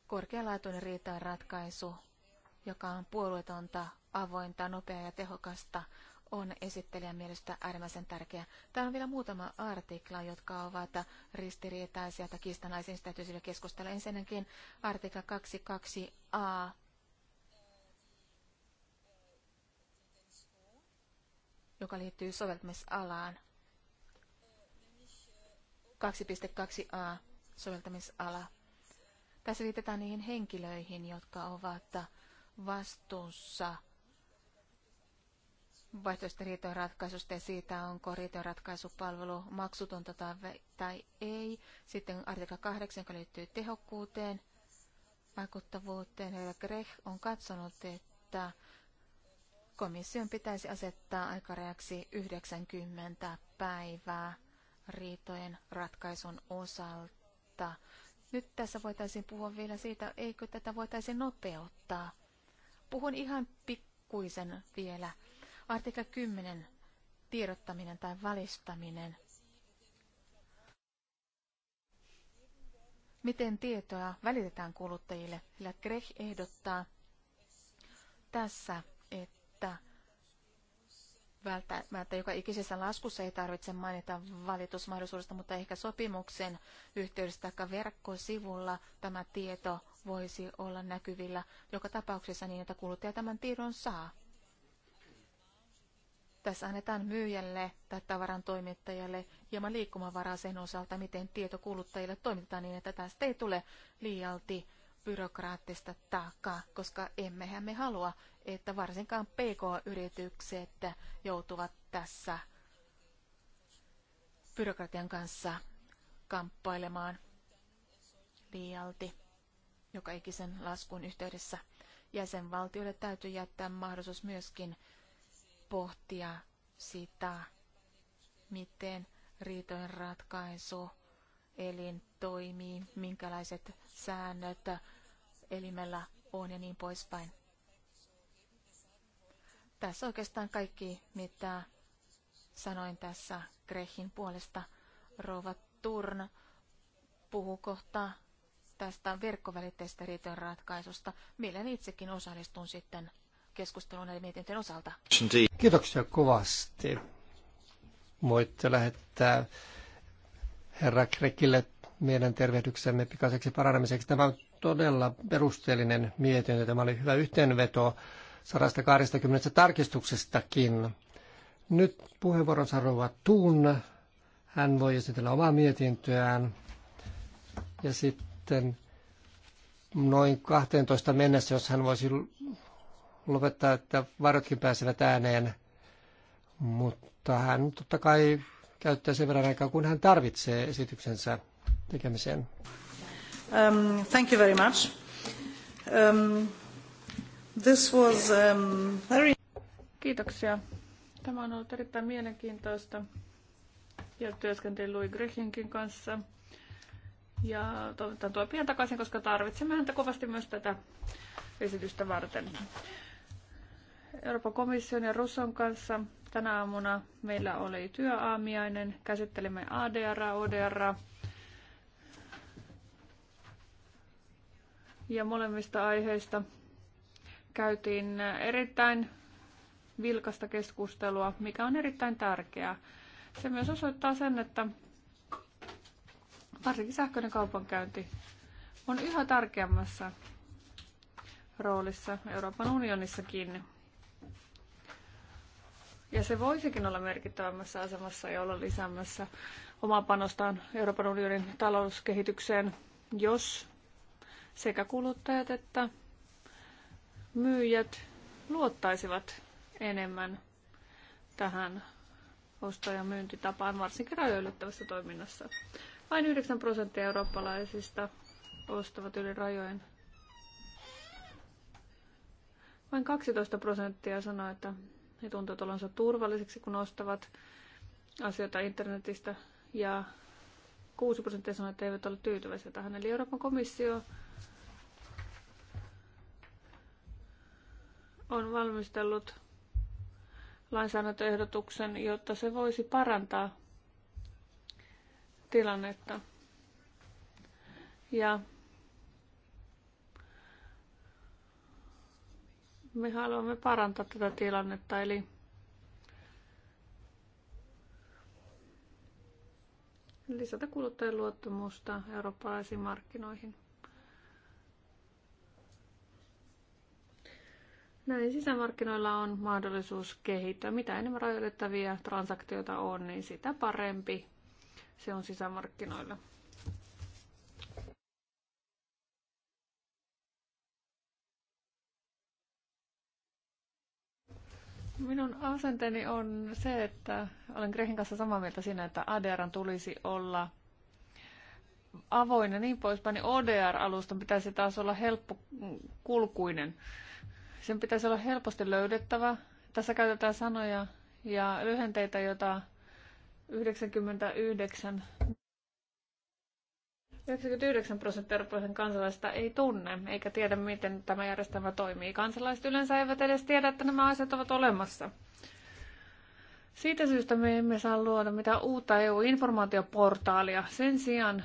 Korkealaatuinen riitan ratkaisu, joka on puolueetonta, avointa, nopeaa ja tehokasta, on esittelijän mielestä äärimmäisen tärkeä. Täällä on vielä muutama artikla, jotka ovat ristiriitaisia tai kiistanaisia, sitä täytyy keskustella. Ensinnäkin artikla 22a. joka liittyy soveltamisalaan. 2.2a soveltamisala. Tässä viitataan niihin henkilöihin, jotka ovat vastuussa – vaihtoehtoista riitojenratkaisusta ja siitä, onko riitojenratkaisupalvelu maksutonta tai ei. Sitten artikla 8, joka liittyy tehokkuuteen, vaikuttavuuteen. Herra Grech on katsonut, että komission pitäisi asettaa aikarajaksi 90 päivää riitojen ratkaisun osalta. Nyt tässä voitaisiin puhua vielä siitä, eikö tätä voitaisiin nopeuttaa. Puhun ihan pikkuisen vielä Artikla 10. Tiedottaminen tai valistaminen. Miten tietoa välitetään kuluttajille? Sillä Grech ehdottaa tässä, että välttämättä joka ikisessä laskussa ei tarvitse mainita valitusmahdollisuudesta, mutta ehkä sopimuksen yhteydessä tai verkkosivulla tämä tieto voisi olla näkyvillä joka tapauksessa niin, että kuluttaja tämän tiedon saa. Tässä annetaan myyjälle tai tavaran toimittajalle hieman liikkumavaraa sen osalta, miten tieto kuluttajille toimitetaan niin, että tästä ei tule liialti byrokraattista taakkaa, koska emmehän me halua, että varsinkaan PK-yritykset joutuvat tässä byrokratian kanssa kamppailemaan liialti joka ikisen laskun yhteydessä. Jäsenvaltioille täytyy jättää mahdollisuus myöskin pohtia sitä, miten riitojen ratkaisu elin toimii, minkälaiset säännöt elimellä on ja niin poispäin. Tässä oikeastaan kaikki, mitä sanoin tässä Grehin puolesta. Rouva Turn puhuu kohta tästä verkkovälitteistä riitojen ratkaisusta. Mielen itsekin osallistun sitten keskustelua näiden mietintöjen osalta. Kiitoksia kovasti. Voitte lähettää herra Krekille meidän tervehdyksemme pikaiseksi paranemiseksi. Tämä on todella perusteellinen mietintö. Tämä oli hyvä yhteenveto 120 tarkistuksestakin. Nyt puheenvuoron saa Tuun. Hän voi esitellä omaa mietintöään. Ja sitten noin 12 mennessä, jos hän voisi lopettaa, että varotkin pääsevät ääneen, mutta hän totta kai käyttää sen verran aikaa, kun hän tarvitsee esityksensä tekemiseen. Um, thank you very much. Um, this was um, very... Kiitoksia. Tämä on ollut erittäin mielenkiintoista ja työskentelin Louis Grechinkin kanssa. Ja toivotan tuo pian takaisin, koska tarvitsemme häntä kovasti myös tätä esitystä varten. Euroopan komission ja Russon kanssa. Tänä aamuna meillä oli työaamiainen. Käsittelemme ADR, ODR. Ja molemmista aiheista käytiin erittäin vilkasta keskustelua, mikä on erittäin tärkeää. Se myös osoittaa sen, että varsinkin sähköinen kaupankäynti on yhä tärkeämmässä roolissa Euroopan unionissakin. Ja se voisikin olla merkittävämmässä asemassa ja olla lisäämässä omaa panostaan Euroopan unionin talouskehitykseen, jos sekä kuluttajat että myyjät luottaisivat enemmän tähän osto- ja myyntitapaan, varsinkin rajoilyttävässä toiminnassa. Vain 9 prosenttia eurooppalaisista ostavat yli rajojen. Vain 12 prosenttia sanoo, että he tuntuvat olonsa turvalliseksi, kun ostavat asioita internetistä ja 6 prosenttia sanoi, että eivät ole tyytyväisiä tähän. Eli Euroopan komissio on valmistellut lainsäädäntöehdotuksen, jotta se voisi parantaa tilannetta. Ja Me haluamme parantaa tätä tilannetta, eli lisätä kuluttajan luottamusta eurooppalaisiin markkinoihin. Näin sisämarkkinoilla on mahdollisuus kehittää. Mitä enemmän rajoitettavia transaktioita on, niin sitä parempi se on sisämarkkinoilla. Minun asenteeni on se, että olen Grehin kanssa samaa mieltä siinä, että ADRn tulisi olla avoin ja niin poispäin, niin ODR-alustan pitäisi taas olla helppokulkuinen. Sen pitäisi olla helposti löydettävä. Tässä käytetään sanoja ja lyhenteitä, joita 99 99 prosenttia eurooppalaisen kansalaista ei tunne eikä tiedä, miten tämä järjestelmä toimii. Kansalaiset yleensä eivät edes tiedä, että nämä asiat ovat olemassa. Siitä syystä me emme saa luoda mitään uutta EU-informaatioportaalia. Sen sijaan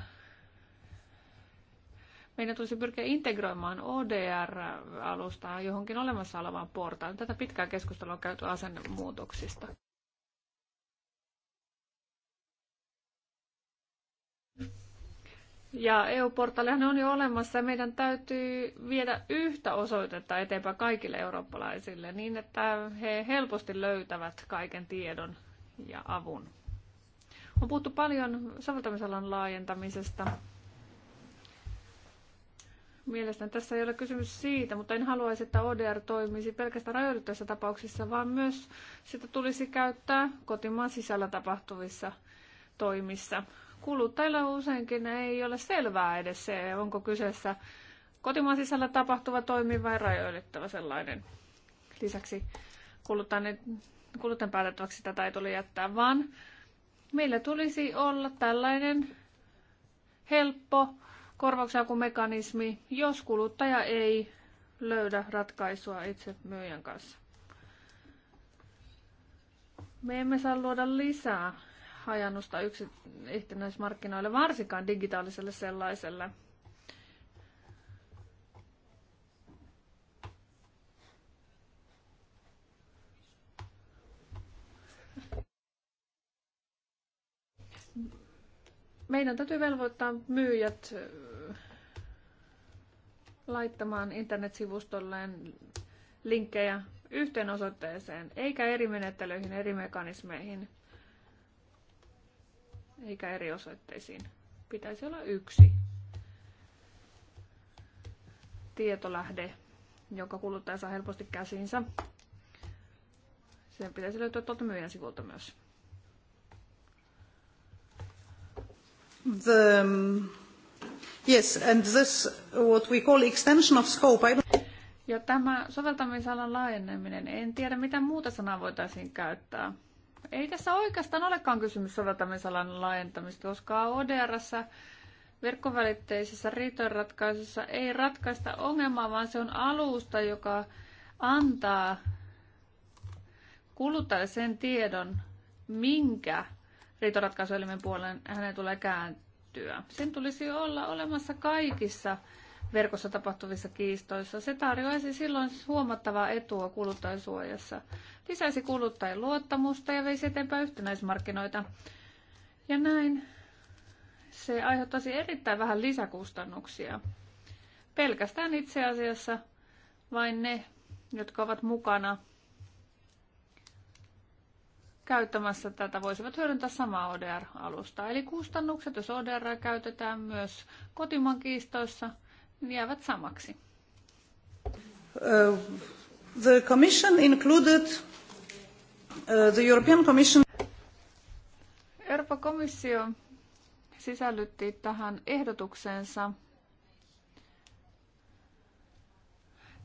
meidän tulisi pyrkiä integroimaan ODR-alustaa johonkin olemassa olevaan portaaliin. Tätä pitkää keskustelua on käyty asennemuutoksista. Ja EU-portaalihan on jo olemassa ja meidän täytyy viedä yhtä osoitetta eteenpäin kaikille eurooppalaisille niin, että he helposti löytävät kaiken tiedon ja avun. On puhuttu paljon soveltamisalan laajentamisesta. Mielestäni tässä ei ole kysymys siitä, mutta en haluaisi, että ODR toimisi pelkästään rajoitetuissa tapauksissa, vaan myös sitä tulisi käyttää kotimaan sisällä tapahtuvissa toimissa kuluttajilla useinkin ei ole selvää edes se, onko kyseessä kotimaan sisällä tapahtuva toimi vai rajoitettava sellainen. Lisäksi kuluttajan, päätettäväksi tätä ei tuli jättää, vaan meillä tulisi olla tällainen helppo korvauksenhakumekanismi, jos kuluttaja ei löydä ratkaisua itse myyjän kanssa. Me emme saa luoda lisää hajannusta yhtenäismarkkinoille, varsinkaan digitaaliselle sellaiselle. Meidän täytyy velvoittaa myyjät laittamaan internetsivustolleen linkkejä yhteen osoitteeseen, eikä eri menettelyihin, eri mekanismeihin – eikä eri osoitteisiin. Pitäisi olla yksi tietolähde, joka kuluttaja saa helposti käsiinsä. Sen pitäisi löytyä tuolta myyjän sivulta myös. The, um, yes, and this what we call extension of scope. I don't... Ja tämä soveltamisalan laajeneminen, en tiedä mitä muuta sanaa voitaisiin käyttää. Ei tässä oikeastaan olekaan kysymys soveltamisalan laajentamista, koska ODRssä verkkovälitteisessä riitojenratkaisussa ei ratkaista ongelmaa, vaan se on alusta, joka antaa kuluttajalle sen tiedon, minkä riitoratkaisuelimen puolen hänen tulee kääntyä. Sen tulisi olla olemassa kaikissa verkossa tapahtuvissa kiistoissa. Se tarjoaisi silloin huomattavaa etua suojassa lisäisi kuluttajien luottamusta ja veisi eteenpäin yhtenäismarkkinoita. Ja näin se aiheuttaisi erittäin vähän lisäkustannuksia. Pelkästään itse asiassa vain ne, jotka ovat mukana käyttämässä tätä voisivat hyödyntää samaa ODR-alustaa. Eli kustannukset, jos ODR käytetään myös kotimaan kiistoissa, jäävät samaksi. Uh, the Commission included uh, the European Commission. Euroopan komissio sisällytti tähän ehdotukseensa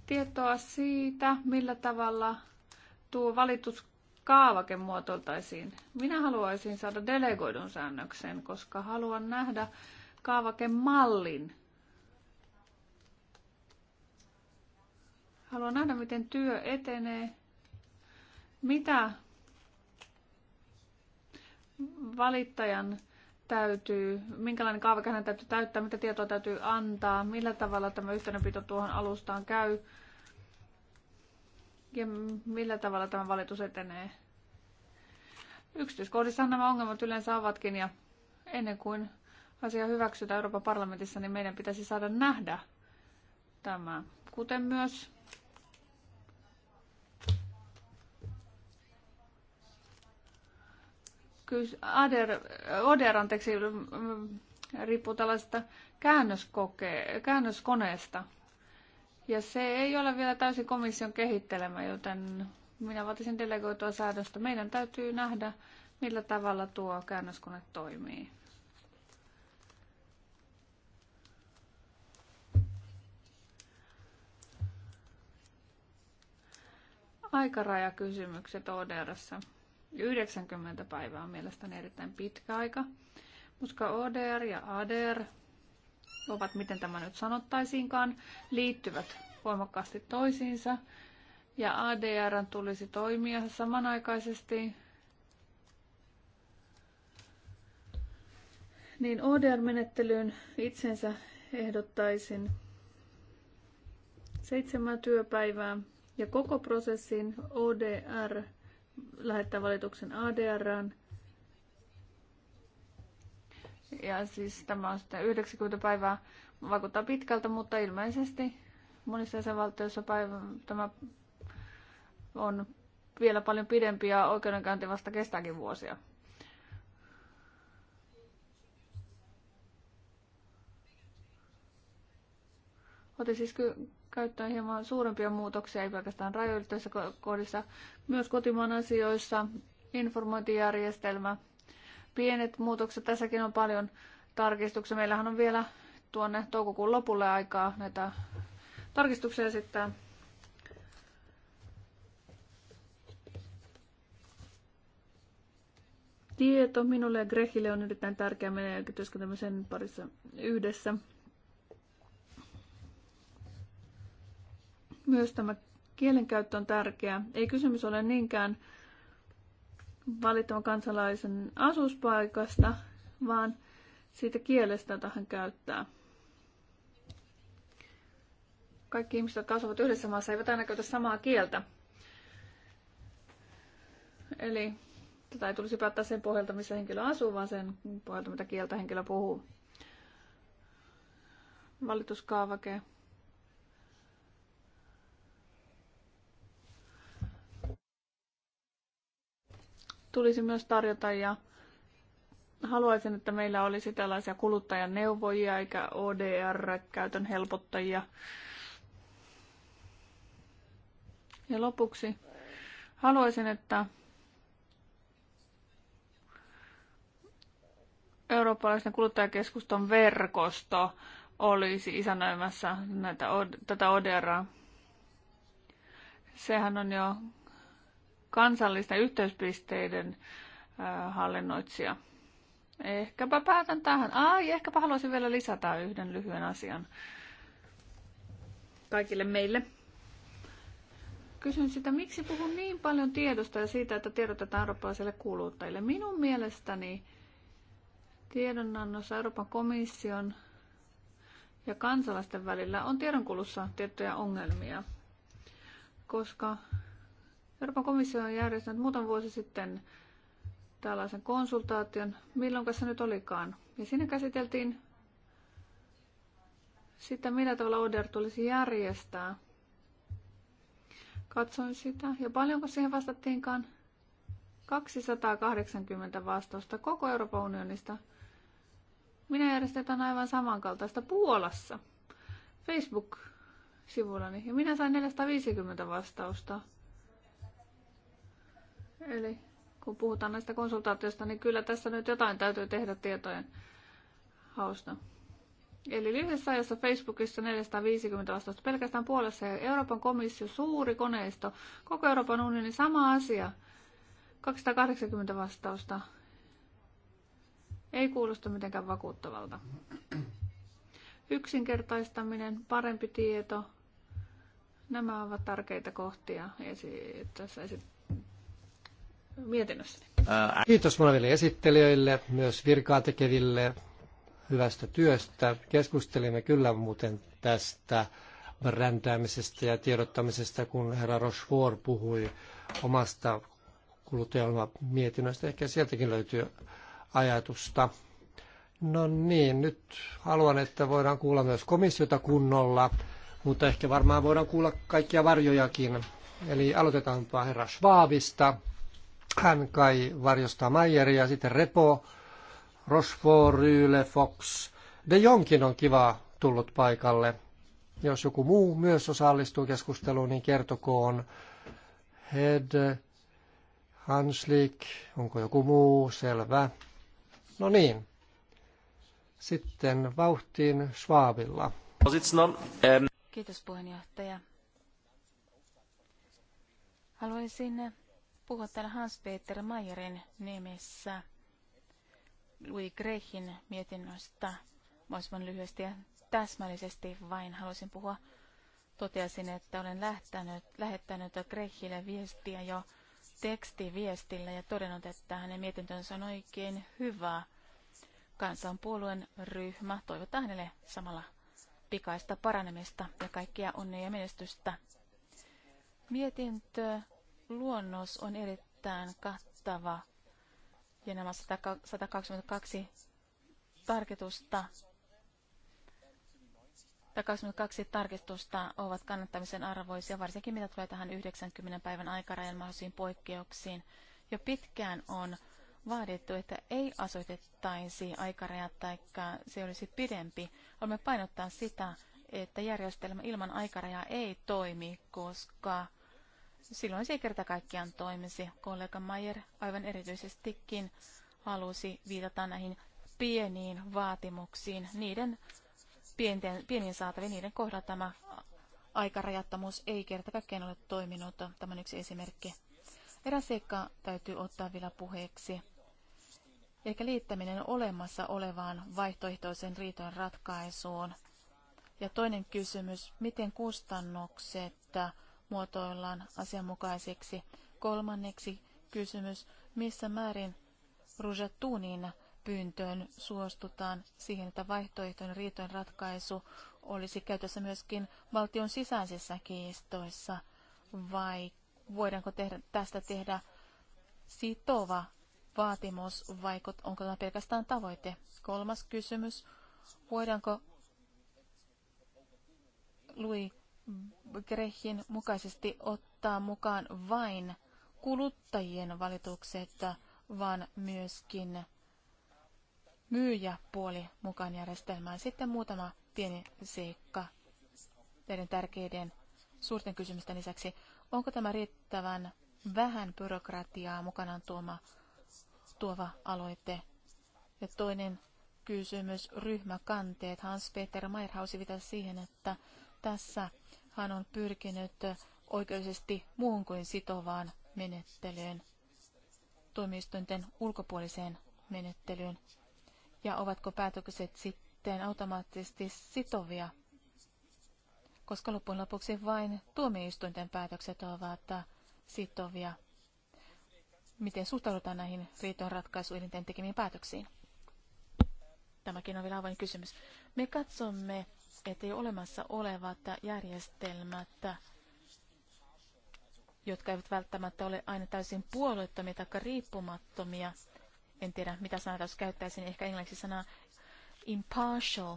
tietoa siitä, millä tavalla tuo valituskaavake muotoiltaisiin. Minä haluaisin saada delegoidun säännöksen, koska haluan nähdä kaavakemallin, Haluan nähdä, miten työ etenee. Mitä valittajan täytyy, minkälainen kaavake hänen täytyy täyttää, mitä tietoa täytyy antaa, millä tavalla tämä yhteydenpito tuohon alustaan käy ja millä tavalla tämä valitus etenee. Yksityiskohdissahan nämä ongelmat yleensä ovatkin ja ennen kuin asia hyväksytään Euroopan parlamentissa, niin meidän pitäisi saada nähdä tämä, kuten myös Ader, Oder anteeksi, riippuu tällaista käännöskoke, käännöskoneesta. Ja se ei ole vielä täysin komission kehittelemä, joten minä vaatisin delegoitua säädöstä. Meidän täytyy nähdä, millä tavalla tuo käännöskone toimii. Aikarajakysymykset ODRssä. 90 päivää on mielestäni erittäin pitkä aika, koska ODR ja ADR ovat, miten tämä nyt sanottaisiinkaan, liittyvät voimakkaasti toisiinsa. Ja ADR tulisi toimia samanaikaisesti niin ODR-menettelyyn itsensä ehdottaisin seitsemän työpäivää ja koko prosessin ODR lähettää valituksen ADRään. Ja siis tämä on sitten 90 päivää, vaikuttaa pitkältä, mutta ilmeisesti monissa jäsenvaltioissa päivä, tämä on vielä paljon pidempi ja oikeudenkäynti vasta kestääkin vuosia. Otin siis käyttöön hieman suurempia muutoksia, ei pelkästään rajoitteissa kohdissa, myös kotimaan asioissa, informointijärjestelmä, pienet muutokset. Tässäkin on paljon tarkistuksia. Meillähän on vielä tuonne toukokuun lopulle aikaa näitä tarkistuksia esittää. Tieto minulle ja Grehille on erittäin tärkeä meidän jälkityöskentämisen parissa yhdessä. Myös tämä kielenkäyttö on tärkeä. Ei kysymys ole niinkään valittavan kansalaisen asuspaikasta, vaan siitä kielestä, jota hän käyttää. Kaikki ihmiset, jotka asuvat yhdessä maassa, eivät aina käytä samaa kieltä. Eli tätä ei tulisi päättää sen pohjalta, missä henkilö asuu, vaan sen pohjalta, mitä kieltä henkilö puhuu. Valituskaavake tulisi myös tarjota ja haluaisin, että meillä olisi tällaisia kuluttajan neuvojia eikä ODR-käytön helpottajia. Ja lopuksi haluaisin, että eurooppalaisen kuluttajakeskuston verkosto olisi isännöimässä näitä, tätä a. Sehän on jo kansallisten yhteyspisteiden hallinnoitsija. Ehkäpä päätän tähän. Ai, ehkäpä haluaisin vielä lisätä yhden lyhyen asian kaikille meille. Kysyn sitä, miksi puhun niin paljon tiedosta ja siitä, että tiedotetaan eurooppalaisille kuluttajille. Minun mielestäni tiedonannossa Euroopan komission ja kansalaisten välillä on tiedonkulussa tiettyjä ongelmia, koska Euroopan komissio on järjestänyt muutama vuosi sitten tällaisen konsultaation, milloin se nyt olikaan. Ja siinä käsiteltiin sitä, millä tavalla ODR tulisi järjestää. Katsoin sitä, ja paljonko siihen vastattiinkaan? 280 vastausta koko Euroopan unionista. Minä järjestetään aivan samankaltaista Puolassa Facebook-sivullani, ja minä sain 450 vastausta. Eli kun puhutaan näistä konsultaatioista, niin kyllä tässä nyt jotain täytyy tehdä tietojen hausta. Eli lyhyessä ajassa Facebookissa 450 vastausta pelkästään puolessa ja Euroopan komissio, suuri koneisto, koko Euroopan unioni, sama asia. 280 vastausta. Ei kuulosta mitenkään vakuuttavalta. Yksinkertaistaminen, parempi tieto. Nämä ovat tärkeitä kohtia esi- tässä esittää mietinnössäni. Kiitos molemmille esittelijöille, myös virkaa tekeville hyvästä työstä. Keskustelimme kyllä muuten tästä brändäämisestä ja tiedottamisesta, kun herra Rochefort puhui omasta kuluttajaohjelmamietinnöstä. Ehkä sieltäkin löytyy ajatusta. No niin, nyt haluan, että voidaan kuulla myös komissiota kunnolla, mutta ehkä varmaan voidaan kuulla kaikkia varjojakin. Eli aloitetaanpa herra Schwabista. Hän kai varjostaa ja sitten Repo, Rochefort, Ryle, Fox. De Jonkin on kiva tullut paikalle. Jos joku muu myös osallistuu keskusteluun, niin kertokoon. Head, Hanslik, onko joku muu, selvä. No niin. Sitten vauhtiin Schwabilla. Kiitos puheenjohtaja. Haluaisin puhua täällä Hans-Peter Mayerin nimessä Louis Grechin mietinnöstä mahdollisimman lyhyesti ja täsmällisesti vain halusin puhua. Toteasin, että olen lähtänyt lähettänyt Grechille viestiä jo tekstiviestillä ja todennut, että hänen mietintönsä on oikein hyvä. Kansanpuolueen ryhmä toivottaa hänelle samalla pikaista paranemista ja kaikkia onnea ja menestystä. Mietintö luonnos on erittäin kattava ja nämä 122 tarkistusta tai 22 tarkistusta ovat kannattamisen arvoisia, varsinkin mitä tulee tähän 90 päivän aikarajan mahdollisiin poikkeuksiin. Jo pitkään on vaadittu, että ei asoitettaisi aikarajat tai se olisi pidempi. Olemme painottaa sitä, että järjestelmä ilman aikarajaa ei toimi, koska silloin se ei kerta kaikkiaan toimisi. Kollega Mayer aivan erityisestikin halusi viitata näihin pieniin vaatimuksiin. Niiden pienten, pienien saatavien, niiden kohdalla tämä aikarajattomuus ei kerta kaikkiaan ole toiminut. Tämä on yksi esimerkki. Eräs seikka täytyy ottaa vielä puheeksi. Eli liittäminen olemassa olevaan vaihtoehtoisen riitojen ratkaisuun. Ja toinen kysymys, miten kustannukset muotoillaan asianmukaiseksi. Kolmanneksi kysymys, missä määrin Rujatunin pyyntöön suostutaan siihen, että vaihtoehtojen riitojen ratkaisu olisi käytössä myöskin valtion sisäisissä kiistoissa, vai voidaanko tehdä, tästä tehdä sitova vaatimus, vai onko tämä pelkästään tavoite? Kolmas kysymys, voidaanko Louis Grehin mukaisesti ottaa mukaan vain kuluttajien valitukset, vaan myöskin myyjäpuoli mukaan järjestelmään. Sitten muutama pieni seikka teidän tärkeiden suurten kysymysten lisäksi. Onko tämä riittävän vähän byrokratiaa mukanaan tuoma, tuova aloite? Ja toinen kysymys, ryhmäkanteet. Hans-Peter Mayrhausi hausi siihen, että tässä hän on pyrkinyt oikeudellisesti muuhun kuin sitovaan menettelyyn, tuomioistuinten ulkopuoliseen menettelyyn. Ja ovatko päätökset sitten automaattisesti sitovia? Koska loppujen lopuksi vain tuomioistuinten päätökset ovat sitovia. Miten suhtaudutaan näihin riitojen tekemiin päätöksiin? Tämäkin on vielä avoin kysymys. Me katsomme että olemassa olevat järjestelmät, jotka eivät välttämättä ole aina täysin puolueettomia tai riippumattomia, en tiedä mitä sanaa tässä käyttäisin, ehkä englanniksi sanaa impartial.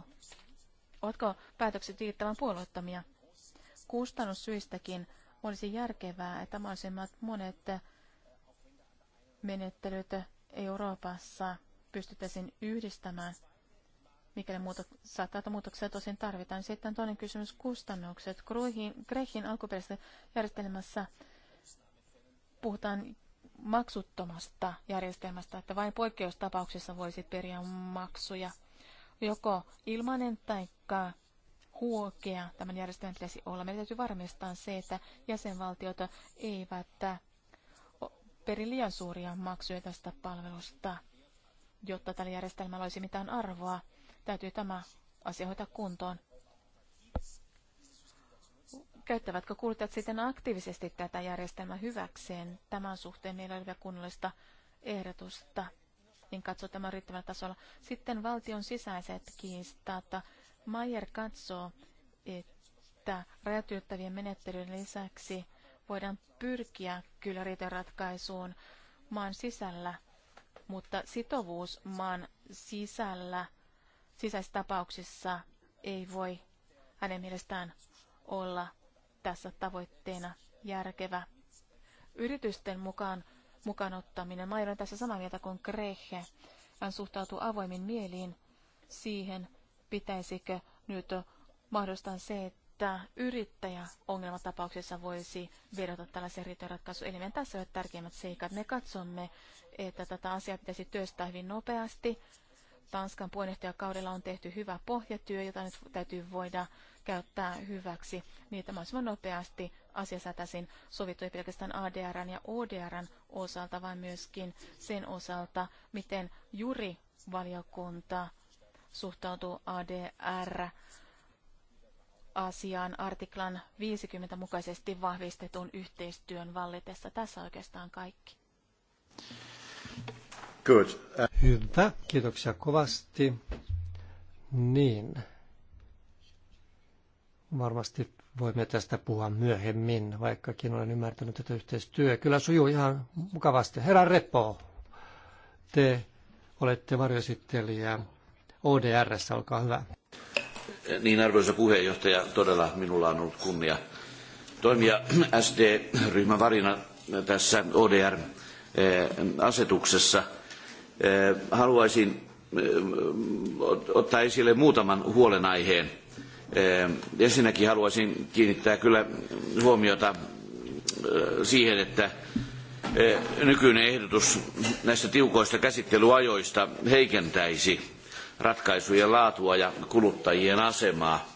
Ovatko päätökset riittävän puolueettomia? Kustannussyistäkin olisi järkevää, että mahdollisimmat monet menettelyt Euroopassa pystyttäisiin yhdistämään mikäli muutok, saattaa muutoksia tosin tarvitaan. Sitten toinen kysymys, kustannukset. Kreihin alkuperäisessä järjestelmässä puhutaan maksuttomasta järjestelmästä, että vain poikkeustapauksessa voisi periä maksuja. Joko ilmainen tai huokea tämän järjestelmän pitäisi olla. Meidän täytyy varmistaa se, että jäsenvaltiot eivät peri liian suuria maksuja tästä palvelusta, jotta tällä järjestelmällä olisi mitään arvoa. Täytyy tämä asia hoitaa kuntoon. Käyttävätkö kuluttajat sitten aktiivisesti tätä järjestelmää hyväkseen? Tämän suhteen meillä oli kunnollista ehdotusta, niin katso tämä riittävällä tasolla. Sitten valtion sisäiset kiistat. Mayer katsoo, että rajatyöttävien menettelyiden lisäksi voidaan pyrkiä kyllä riiteratkaisuun maan sisällä, mutta sitovuus maan sisällä – tapauksissa ei voi hänen mielestään olla tässä tavoitteena järkevä. Yritysten mukaan mukanottaminen Mä olen tässä samaa mieltä kuin Krehe. Hän suhtautuu avoimin mieliin siihen, pitäisikö nyt mahdollistaa se, että yrittäjä ongelmatapauksessa voisi vedota tällaisen riitojenratkaisuelimen. Tässä ovat tärkeimmät seikat. Me katsomme, että tätä asiaa pitäisi työstää hyvin nopeasti Tanskan puheenjohtajakaudella on tehty hyvä pohjatyö, jota nyt täytyy voida käyttää hyväksi, niin että mahdollisimman nopeasti asiasätäisin sovittu ei pelkästään ADRn ja ODRn osalta, vaan myöskin sen osalta, miten juri valiokunta suhtautuu ADR asiaan artiklan 50 mukaisesti vahvistetun yhteistyön vallitessa. Tässä oikeastaan kaikki. Good. Hyvä, kiitoksia kovasti. Niin. Varmasti voimme tästä puhua myöhemmin, vaikkakin olen ymmärtänyt, että yhteistyö kyllä sujuu ihan mukavasti. Herra Repo, te olette varjosittelijä ODRS, olkaa hyvä. Niin arvoisa puheenjohtaja, todella minulla on ollut kunnia toimia SD-ryhmän varina tässä ODR-asetuksessa eh, – Eh, haluaisin eh, ottaa esille muutaman huolenaiheen. Eh, ensinnäkin haluaisin kiinnittää kyllä huomiota siihen, että nykyinen ehdotus näistä tiukoista käsittelyajoista heikentäisi ratkaisujen laatua ja kuluttajien asemaa.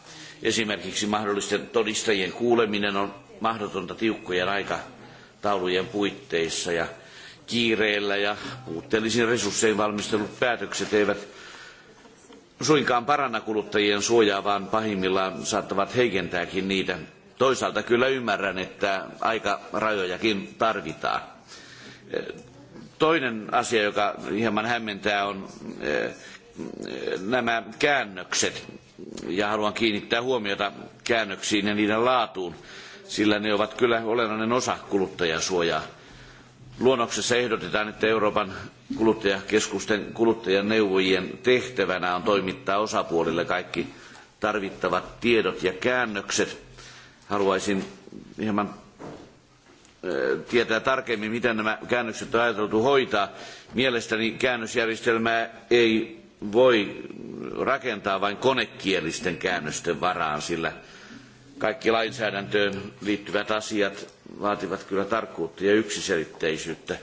Esimerkiksi mahdollisten todistajien kuuleminen on mahdotonta tiukkojen aikataulujen puitteissa ja kiireellä ja puutteellisin resurssein valmistelut päätökset eivät suinkaan paranna kuluttajien suojaa, vaan pahimmillaan saattavat heikentääkin niitä. Toisaalta kyllä ymmärrän, että aikarajojakin tarvitaan. Toinen asia, joka hieman hämmentää, on eh, nämä käännökset. Ja haluan kiinnittää huomiota käännöksiin ja niiden laatuun, sillä ne ovat kyllä olennainen osa kuluttajasuojaa Luonnoksessa ehdotetaan, että Euroopan kuluttajakeskusten kuluttajaneuvojien tehtävänä on toimittaa osapuolille kaikki tarvittavat tiedot ja käännökset. Haluaisin hieman tietää tarkemmin, miten nämä käännökset on ajateltu hoitaa. Mielestäni käännösjärjestelmää ei voi rakentaa vain konekielisten käännösten varaan, sillä kaikki lainsäädäntöön liittyvät asiat vaativat kyllä tarkkuutta ja yksiselitteisyyttä,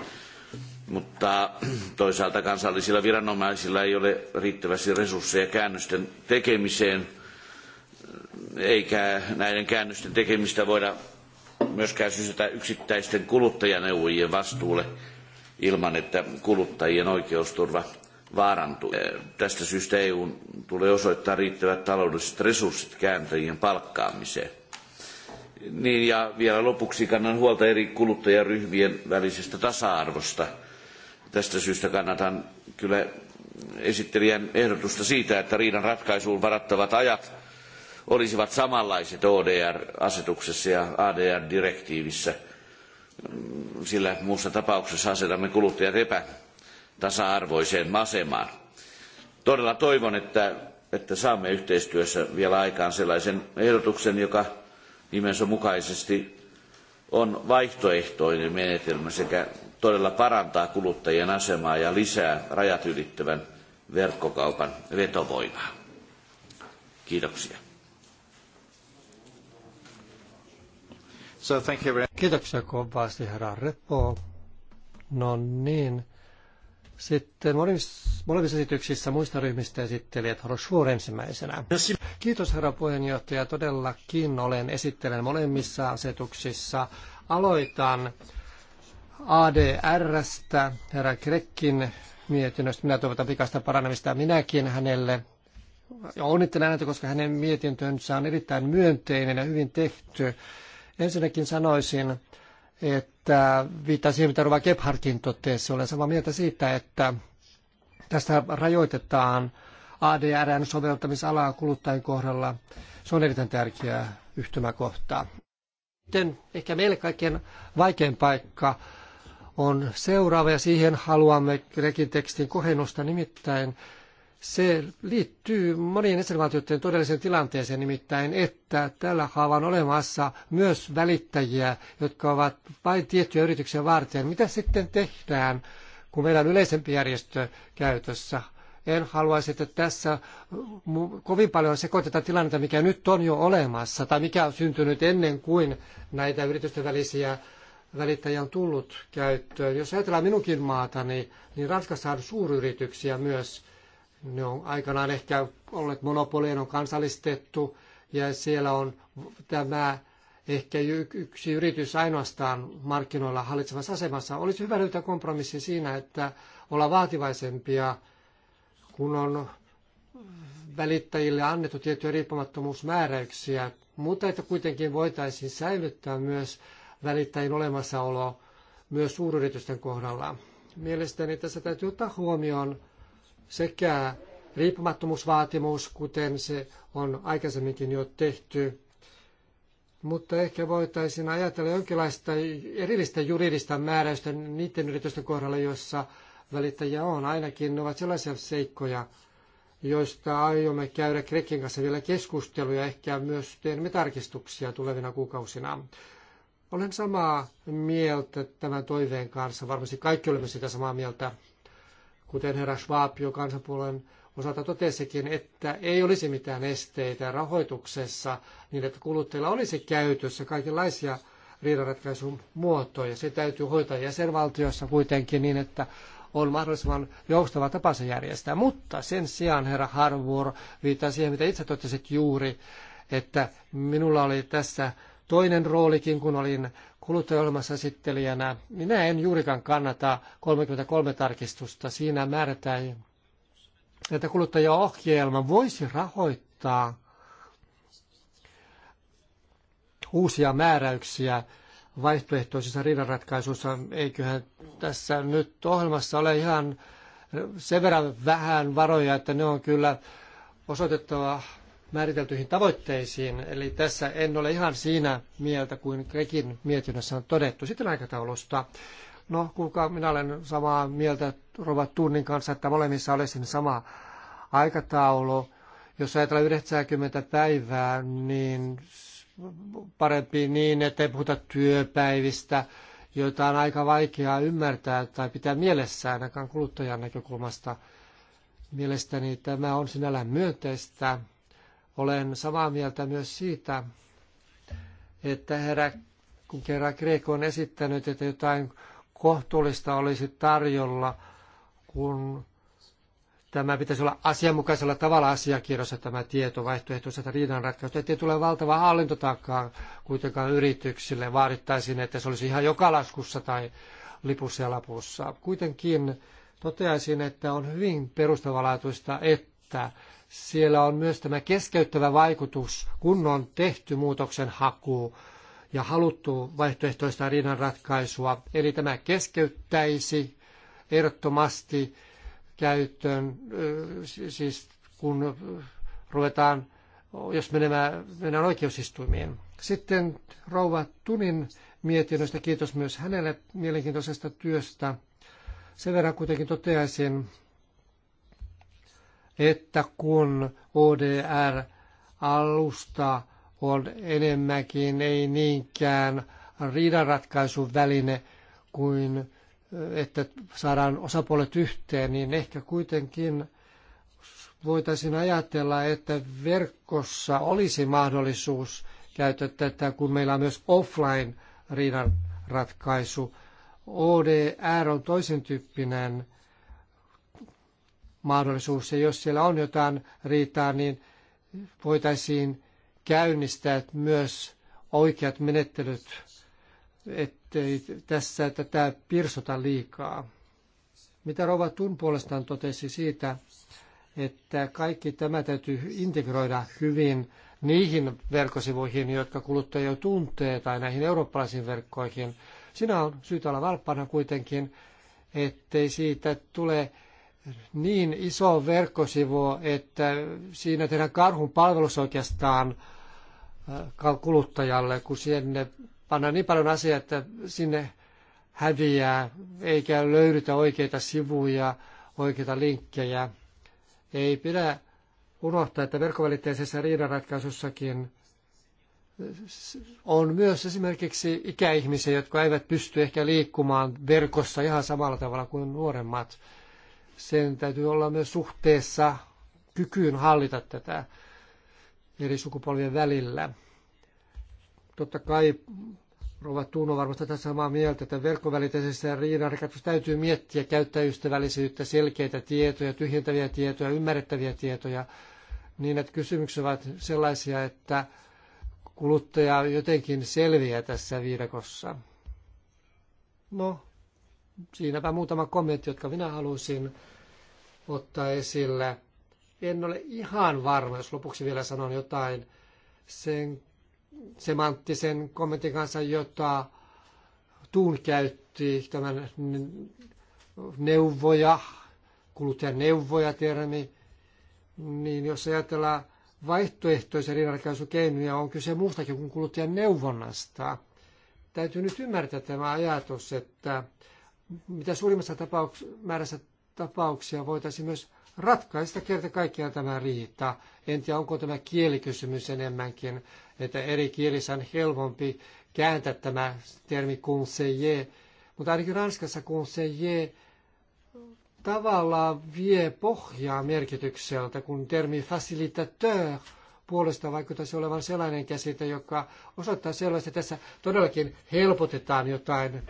mutta toisaalta kansallisilla viranomaisilla ei ole riittävästi resursseja käännösten tekemiseen, eikä näiden käännösten tekemistä voida myöskään sysätä yksittäisten kuluttajaneuvojien vastuulle ilman, että kuluttajien oikeusturva vaarantuu. Tästä syystä EU tulee osoittaa riittävät taloudelliset resurssit kääntäjien palkkaamiseen. Niin ja vielä lopuksi kannan huolta eri kuluttajaryhmien välisestä tasa-arvosta. Tästä syystä kannatan kyllä esittelijän ehdotusta siitä, että riidan ratkaisuun varattavat ajat olisivat samanlaiset ODR-asetuksessa ja ADR-direktiivissä, sillä muussa tapauksessa asetamme kuluttajat epätasa-arvoiseen asemaan. Todella toivon, että, että saamme yhteistyössä vielä aikaan sellaisen ehdotuksen, joka nimensä mukaisesti on vaihtoehtoinen menetelmä sekä todella parantaa kuluttajien asemaa ja lisää rajat ylittävän verkkokaupan vetovoimaa. Kiitoksia. So thank you Kiitoksia kovasti herra Repo. No niin, sitten molemmissa esityksissä muista ryhmistä esittelijät Rossuor ensimmäisenä. Kiitos herra puheenjohtaja. Todellakin olen esittelen molemmissa asetuksissa. Aloitan ADRstä, herra Krekkin mietinnöstä. Minä toivotan pikaista parannemista minäkin hänelle. Ja onnittelen häntä, koska hänen mietintönsä on erittäin myönteinen ja hyvin tehty. Ensinnäkin sanoisin, että viittaan siihen, mitä Rova Gebhardkin totesi. Olen samaa mieltä siitä, että tästä rajoitetaan ADRn soveltamisalaa kuluttajien kohdalla. Se on erittäin tärkeä yhtymäkohta. Sitten ehkä meille kaikkein vaikein paikka on seuraava ja siihen haluamme rekin tekstin kohennusta nimittäin se liittyy monien jäsenvaltioiden todelliseen tilanteeseen nimittäin, että tällä haava on olemassa myös välittäjiä, jotka ovat vain tiettyjä yrityksiä varten. Mitä sitten tehdään, kun meillä on yleisempi järjestö käytössä? en haluaisi, että tässä kovin paljon sekoitetaan tilannetta, mikä nyt on jo olemassa tai mikä on syntynyt ennen kuin näitä yritysten välisiä välittäjiä on tullut käyttöön. Jos ajatellaan minunkin maatani, niin Ranskassa on suuryrityksiä myös, ne on aikanaan ehkä olleet monopolien on kansallistettu ja siellä on tämä ehkä yksi yritys ainoastaan markkinoilla hallitsevassa asemassa. Olisi hyvä löytää kompromissi siinä, että olla vaativaisempia, kun on välittäjille annettu tiettyjä riippumattomuusmääräyksiä, mutta että kuitenkin voitaisiin säilyttää myös välittäjien olemassaolo myös suuryritysten kohdalla. Mielestäni tässä täytyy ottaa huomioon sekä riippumattomuusvaatimus, kuten se on aikaisemminkin jo tehty, mutta ehkä voitaisiin ajatella jonkinlaista erillistä juridista määräystä niiden yritysten kohdalla, joissa välittäjiä on. Ainakin ne ovat sellaisia seikkoja, joista aiomme käydä Krekin kanssa vielä keskusteluja, ehkä myös teemme tarkistuksia tulevina kuukausina. Olen samaa mieltä tämän toiveen kanssa, varmasti kaikki olemme sitä samaa mieltä kuten herra Schwab jo kansanpuolen osalta totesikin, että ei olisi mitään esteitä rahoituksessa niin, että kuluttajilla olisi käytössä kaikenlaisia riidanratkaisun muotoja. Se täytyy hoitaa jäsenvaltiossa kuitenkin niin, että on mahdollisimman joustava tapa se järjestää. Mutta sen sijaan herra Harvur viittaa siihen, mitä itse totesit juuri, että minulla oli tässä toinen roolikin, kun olin kuluttajaohjelmassa esittelijänä. Minä en juurikaan kannata 33 tarkistusta. Siinä määrätään, että kuluttajaohjelma voisi rahoittaa uusia määräyksiä vaihtoehtoisissa riidanratkaisuissa. Eiköhän tässä nyt ohjelmassa ole ihan sen verran vähän varoja, että ne on kyllä osoitettava määriteltyihin tavoitteisiin. Eli tässä en ole ihan siinä mieltä kuin Krekin mietinnössä on todettu. Sitten aikataulusta. No, kuulkaa, minä olen samaa mieltä Rova Tunnin kanssa, että molemmissa olisi sama aikataulu. Jos ajatellaan 90 päivää, niin parempi niin, ettei puhuta työpäivistä, joita on aika vaikeaa ymmärtää tai pitää mielessä ainakaan kuluttajan näkökulmasta. Mielestäni tämä on sinällään myönteistä, olen samaa mieltä myös siitä, että herra, kun kerran Greco on esittänyt, että jotain kohtuullista olisi tarjolla, kun tämä pitäisi olla asianmukaisella tavalla asiakirjassa tämä tieto vaihtoehtoiselta riidanratkaisusta, ettei tule valtava hallintotaakkaa kuitenkaan yrityksille. Vaadittaisiin, että se olisi ihan joka laskussa tai lipussa ja lapussa. Kuitenkin toteaisin, että on hyvin perustavalaatuista, että siellä on myös tämä keskeyttävä vaikutus, kun on tehty muutoksen haku ja haluttu vaihtoehtoista riidanratkaisua. Eli tämä keskeyttäisi ehdottomasti käyttöön, siis kun ruvetaan, jos menemään, mennään oikeusistuimiin. Sitten rouva Tunin mietinnöstä, kiitos myös hänelle mielenkiintoisesta työstä. Sen verran kuitenkin toteaisin, että kun ODR-alusta on enemmänkin ei niinkään riidanratkaisun väline kuin että saadaan osapuolet yhteen, niin ehkä kuitenkin voitaisiin ajatella, että verkossa olisi mahdollisuus käyttää tätä, kun meillä on myös offline riidanratkaisu. ODR on toisen tyyppinen mahdollisuus. Ja jos siellä on jotain riitaa, niin voitaisiin käynnistää myös oikeat menettelyt, ettei tässä tätä pirsota liikaa. Mitä Rova Tun puolestaan totesi siitä, että kaikki tämä täytyy integroida hyvin niihin verkkosivuihin, jotka kuluttaja jo tuntee, tai näihin eurooppalaisiin verkkoihin. Sinä on syytä olla valppana kuitenkin, ettei siitä tule niin iso verkkosivu, että siinä tehdään karhun palvelus oikeastaan äh, kuluttajalle, kun sinne pannaan niin paljon asiaa, että sinne häviää, eikä löydytä oikeita sivuja, oikeita linkkejä. Ei pidä unohtaa, että verkkovälitteisessä riidanratkaisussakin äh, on myös esimerkiksi ikäihmisiä, jotka eivät pysty ehkä liikkumaan verkossa ihan samalla tavalla kuin nuoremmat sen täytyy olla myös suhteessa kykyyn hallita tätä eri sukupolvien välillä. Totta kai Rova Tuuno varmasti tässä samaa mieltä, että verkkovälitteisessä riidanrekatkossa täytyy miettiä käyttäjäystävällisyyttä, selkeitä tietoja, tyhjentäviä tietoja, ymmärrettäviä tietoja, niin että kysymykset ovat sellaisia, että kuluttaja jotenkin selviää tässä viidakossa. No, Siinäpä muutama kommentti, jotka minä halusin ottaa esille. En ole ihan varma, jos lopuksi vielä sanon jotain sen semanttisen kommentin kanssa, jota Tuun käytti tämän neuvoja, kuluttajan neuvoja termi, niin jos ajatellaan vaihtoehtoisia rinnakkaisukeinoja, on kyse muustakin kuin kuluttajan neuvonnasta. Täytyy nyt ymmärtää tämä ajatus, että mitä suurimmassa tapauks- määrässä tapauksia voitaisiin myös ratkaista kerta kaikkiaan tämä riita. En tiedä, onko tämä kielikysymys enemmänkin, että eri kielissä on helpompi kääntää tämä termi conseiller, mutta ainakin Ranskassa conseiller tavallaan vie pohjaa merkitykseltä, kun termi facilitateur puolesta vaikuttaisi olevan sellainen käsite, joka osoittaa sellaista, että tässä todellakin helpotetaan jotain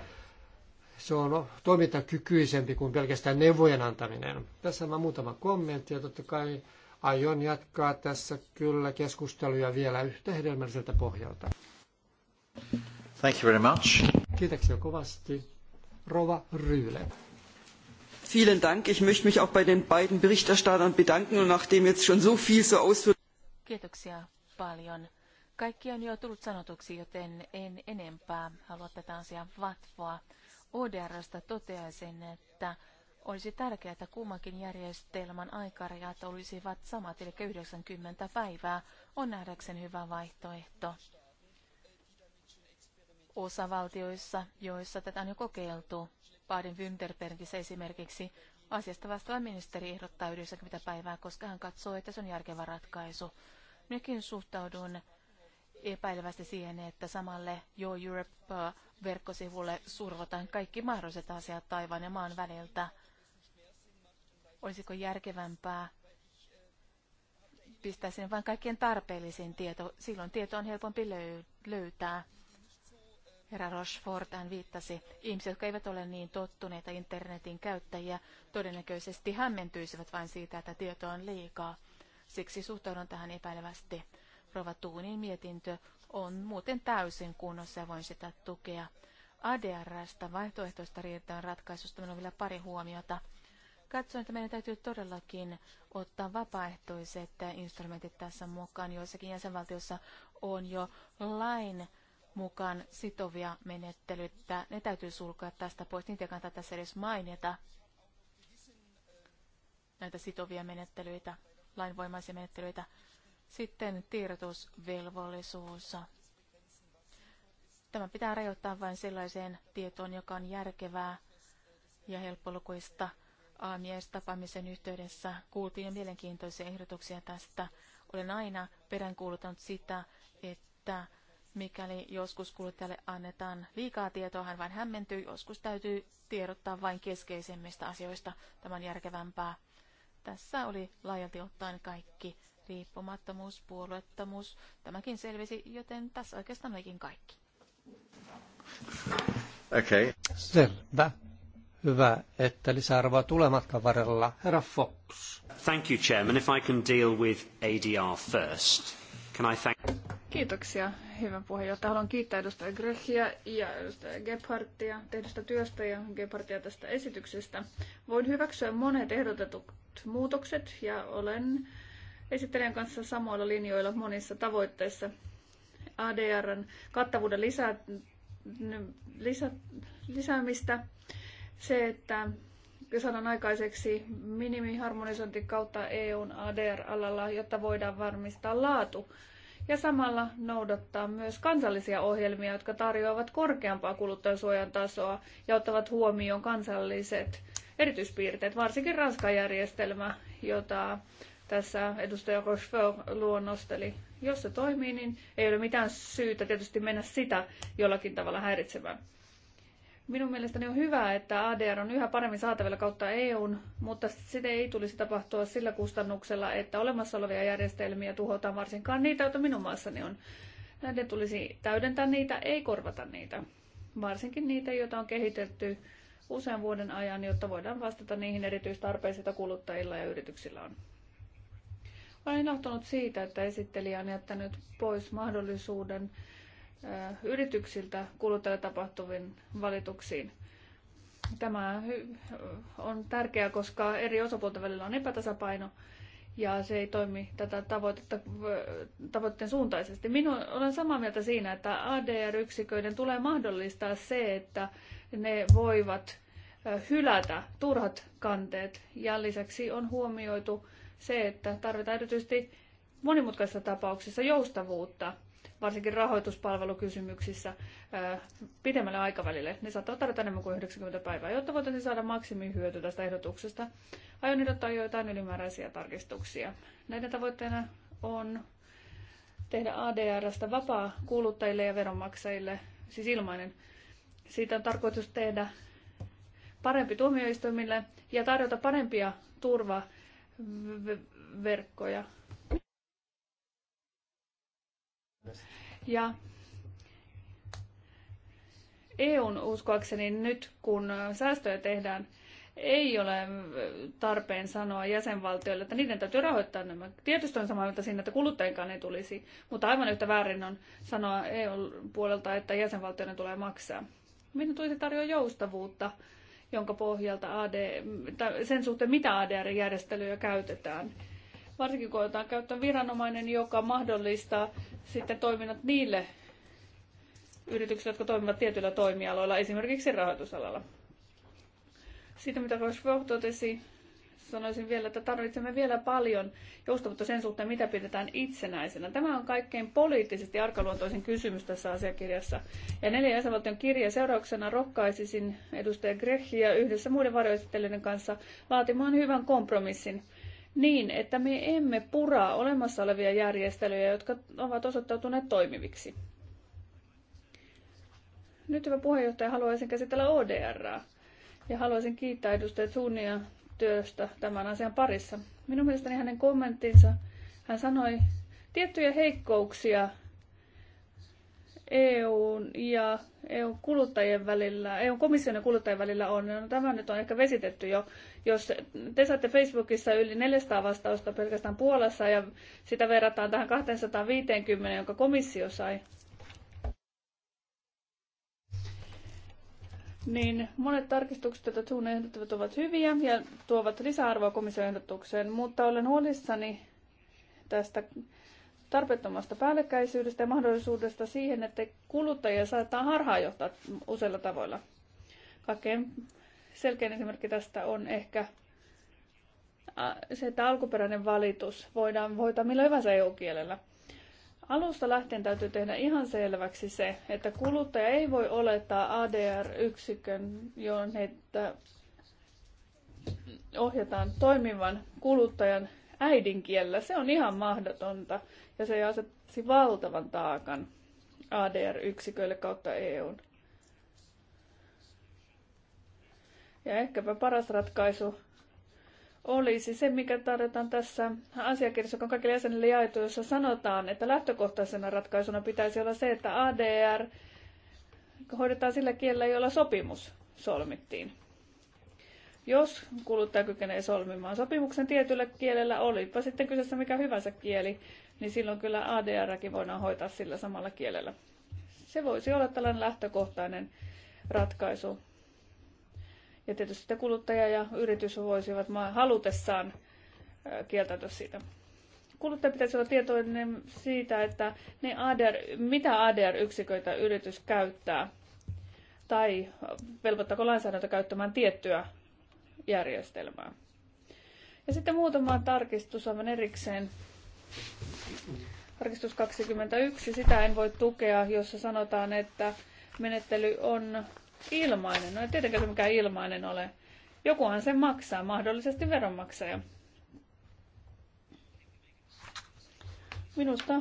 se on toimintakykyisempi kuin pelkästään neuvojen antaminen. Tässä on muutama kommentti ja totta kai aion jatkaa tässä kyllä keskusteluja vielä yhtä hedelmälliseltä pohjalta. Thank you very much. Kiitoksia kovasti. Rova Ryyle. Vielen Dank. Ich möchte mich auch bei den beiden Berichterstattern bedanken und nachdem jetzt schon so viel so ausführlich... Kiitoksia paljon. Kaikki on jo tullut sanotuksi, joten en enempää halua tätä asiaa vatvoa. ODRsta toteaisin, että olisi tärkeää, että kummankin järjestelmän aikarajat olisivat samat, eli 90 päivää on nähdäkseni hyvä vaihtoehto. Osavaltioissa, joissa tätä on jo kokeiltu, Baden-Württembergissä esimerkiksi, asiasta vastaava ministeri ehdottaa 90 päivää, koska hän katsoo, että se on järkevä ratkaisu. Nykin suhtaudun epäilevästi siihen, että samalle Your Europe verkkosivulle survotaan kaikki mahdolliset asiat taivaan ja maan väliltä. Olisiko järkevämpää pistää sinne vain kaikkien tarpeellisin tieto? Silloin tieto on helpompi löytää. Herra Rochefort hän viittasi, ihmiset, jotka eivät ole niin tottuneita internetin käyttäjiä, todennäköisesti hämmentyisivät vain siitä, että tietoa on liikaa. Siksi suhtaudun tähän epäilevästi. Rova Tuunin mietintö on muuten täysin kunnossa ja voin sitä tukea. ADR-stä vaihtoehtoista riittävän ratkaisusta minulla on vielä pari huomiota. Katsoin, että meidän täytyy todellakin ottaa vapaaehtoiset instrumentit tässä mukaan. Joissakin jäsenvaltioissa on jo lain mukaan sitovia menettelyitä. Ne täytyy sulkea tästä pois. Niitä kannattaa tässä edes mainita näitä sitovia menettelyitä, lainvoimaisia menettelyitä. Sitten tiedotusvelvollisuus. Tämä pitää rajoittaa vain sellaiseen tietoon, joka on järkevää ja helppolukuista. aamiaistapaamisen yhteydessä kuultiin jo mielenkiintoisia ehdotuksia tästä. Olen aina peräänkuulutanut sitä, että mikäli joskus kuluttajalle annetaan liikaa tietoa, hän vain hämmentyy. Joskus täytyy tiedottaa vain keskeisemmistä asioista. Tämän järkevämpää. Tässä oli laajalti ottaen kaikki riippumattomuus, puolueettomuus. Tämäkin selvisi, joten tässä oikeastaan olikin kaikki. Okei. Okay. Selvä. Hyvä, että lisäarvoa tulee matkan varrella. Herra Fox. Thank you, Chairman. If I can deal with ADR first. Can I thank... Kiitoksia, hyvä puheenjohtaja. Haluan kiittää edustaja Grechia ja edustaja Gebhardtia tehdystä työstä ja Gebhardtia tästä esityksestä. Voin hyväksyä monet ehdotetut muutokset ja olen esittelijän kanssa samoilla linjoilla monissa tavoitteissa. ADRn kattavuuden lisä, lisä, lisäämistä, se, että saadaan aikaiseksi minimiharmonisointi kautta EUn ADR-alalla, jotta voidaan varmistaa laatu ja samalla noudattaa myös kansallisia ohjelmia, jotka tarjoavat korkeampaa kuluttajansuojan tasoa ja ottavat huomioon kansalliset erityispiirteet, varsinkin Ranskan järjestelmä, jota tässä edustaja Rochefort luonnosteli. Jos se toimii, niin ei ole mitään syytä tietysti mennä sitä jollakin tavalla häiritsemään. Minun mielestäni on hyvä, että ADR on yhä paremmin saatavilla kautta EUn, mutta sitä ei tulisi tapahtua sillä kustannuksella, että olemassa olevia järjestelmiä tuhotaan varsinkaan niitä, joita minun maassani on. Näiden tulisi täydentää niitä, ei korvata niitä. Varsinkin niitä, joita on kehitetty usean vuoden ajan, jotta voidaan vastata niihin erityistarpeisiin, joita kuluttajilla ja yrityksillä on. Olen ilahtunut siitä, että esittelijä on jättänyt pois mahdollisuuden yrityksiltä kuluttajille tapahtuviin valituksiin. Tämä on tärkeää, koska eri osapuolten välillä on epätasapaino ja se ei toimi tätä tavoitetta, tavoitteen suuntaisesti. Minun olen samaa mieltä siinä, että ADR-yksiköiden tulee mahdollistaa se, että ne voivat hylätä turhat kanteet ja lisäksi on huomioitu se, että tarvitaan erityisesti monimutkaisissa tapauksissa joustavuutta, varsinkin rahoituspalvelukysymyksissä pidemmälle aikavälille. Ne saattavat tarvita enemmän kuin 90 päivää, jotta voitaisiin saada hyöty tästä ehdotuksesta. Aion ehdottaa joitain ylimääräisiä tarkistuksia. Näiden tavoitteena on tehdä ADRstä vapaa kuluttajille ja veronmaksajille, siis ilmainen. Siitä on tarkoitus tehdä parempi tuomioistuimille ja tarjota parempia turva verkkoja. Ja EUn uskoakseni nyt, kun säästöjä tehdään, ei ole tarpeen sanoa jäsenvaltioille, että niiden täytyy rahoittaa nämä. Tietysti on samaa mieltä siinä, että kuluttajienkaan ei tulisi, mutta aivan yhtä väärin on sanoa EUn puolelta, että jäsenvaltioiden tulee maksaa. Minun tulisi tarjoa joustavuutta jonka pohjalta AD, tai sen suhteen, mitä ADR-järjestelyjä käytetään. Varsinkin kun otetaan käyttää viranomainen, joka mahdollistaa sitten toiminnat niille yrityksille, jotka toimivat tietyillä toimialoilla, esimerkiksi rahoitusalalla. Siitä, mitä Rochefort totesi, sanoisin vielä, että tarvitsemme vielä paljon joustavuutta sen suhteen, mitä pidetään itsenäisenä. Tämä on kaikkein poliittisesti arkaluontoisin kysymys tässä asiakirjassa. Ja neljä jäsenvaltion kirja seurauksena rohkaisisin edustaja Grechia yhdessä muiden varjoesittelijöiden kanssa vaatimaan hyvän kompromissin niin, että me emme puraa olemassa olevia järjestelyjä, jotka ovat osoittautuneet toimiviksi. Nyt hyvä puheenjohtaja, haluaisin käsitellä ODRää. Ja haluaisin kiittää edustaja Suunia työstä tämän asian parissa. Minun mielestäni hänen kommenttinsa, hän sanoi tiettyjä heikkouksia EUn ja EUn kuluttajien välillä, EUn komission ja kuluttajien välillä on, no tämä nyt on ehkä vesitetty jo, jos te saatte Facebookissa yli 400 vastausta pelkästään Puolassa ja sitä verrataan tähän 250, jonka komissio sai, niin monet tarkistukset, joita tuun ehdottavat, ovat hyviä ja tuovat lisäarvoa komission ehdotukseen, mutta olen huolissani tästä tarpeettomasta päällekkäisyydestä ja mahdollisuudesta siihen, että kuluttajia saattaa johtaa useilla tavoilla. Kaikkein selkein esimerkki tästä on ehkä äh, se, että alkuperäinen valitus voidaan hoitaa millä hyvänsä EU-kielellä – Alusta lähtien täytyy tehdä ihan selväksi se, että kuluttaja ei voi olettaa ADR-yksikön, johon ohjataan toimivan kuluttajan äidinkielellä. Se on ihan mahdotonta ja se asettaisi valtavan taakan ADR-yksiköille kautta EUn. Ja ehkäpä paras ratkaisu olisi se, mikä tarjotaan tässä asiakirjassa, joka on kaikille jäsenille jaettu, jossa sanotaan, että lähtökohtaisena ratkaisuna pitäisi olla se, että ADR hoidetaan sillä kielellä, jolla sopimus solmittiin. Jos kuluttaja kykenee solmimaan sopimuksen tietyllä kielellä, olipa sitten kyseessä mikä hyvänsä kieli, niin silloin kyllä ADRkin voidaan hoitaa sillä samalla kielellä. Se voisi olla tällainen lähtökohtainen ratkaisu ja tietysti kuluttaja ja yritys voisivat halutessaan kieltäytyä siitä kuluttaja pitäisi olla tietoinen siitä, että ne ADR, mitä ADR-yksiköitä yritys käyttää, tai velvoittaako lainsäädäntö käyttämään tiettyä järjestelmää. Ja sitten muutama tarkistus aivan erikseen. Tarkistus 21, sitä en voi tukea, jossa sanotaan, että menettely on Ilmainen. No ei tietenkään se mikään ilmainen ole. Jokuhan sen maksaa, mahdollisesti veronmaksaja. Minusta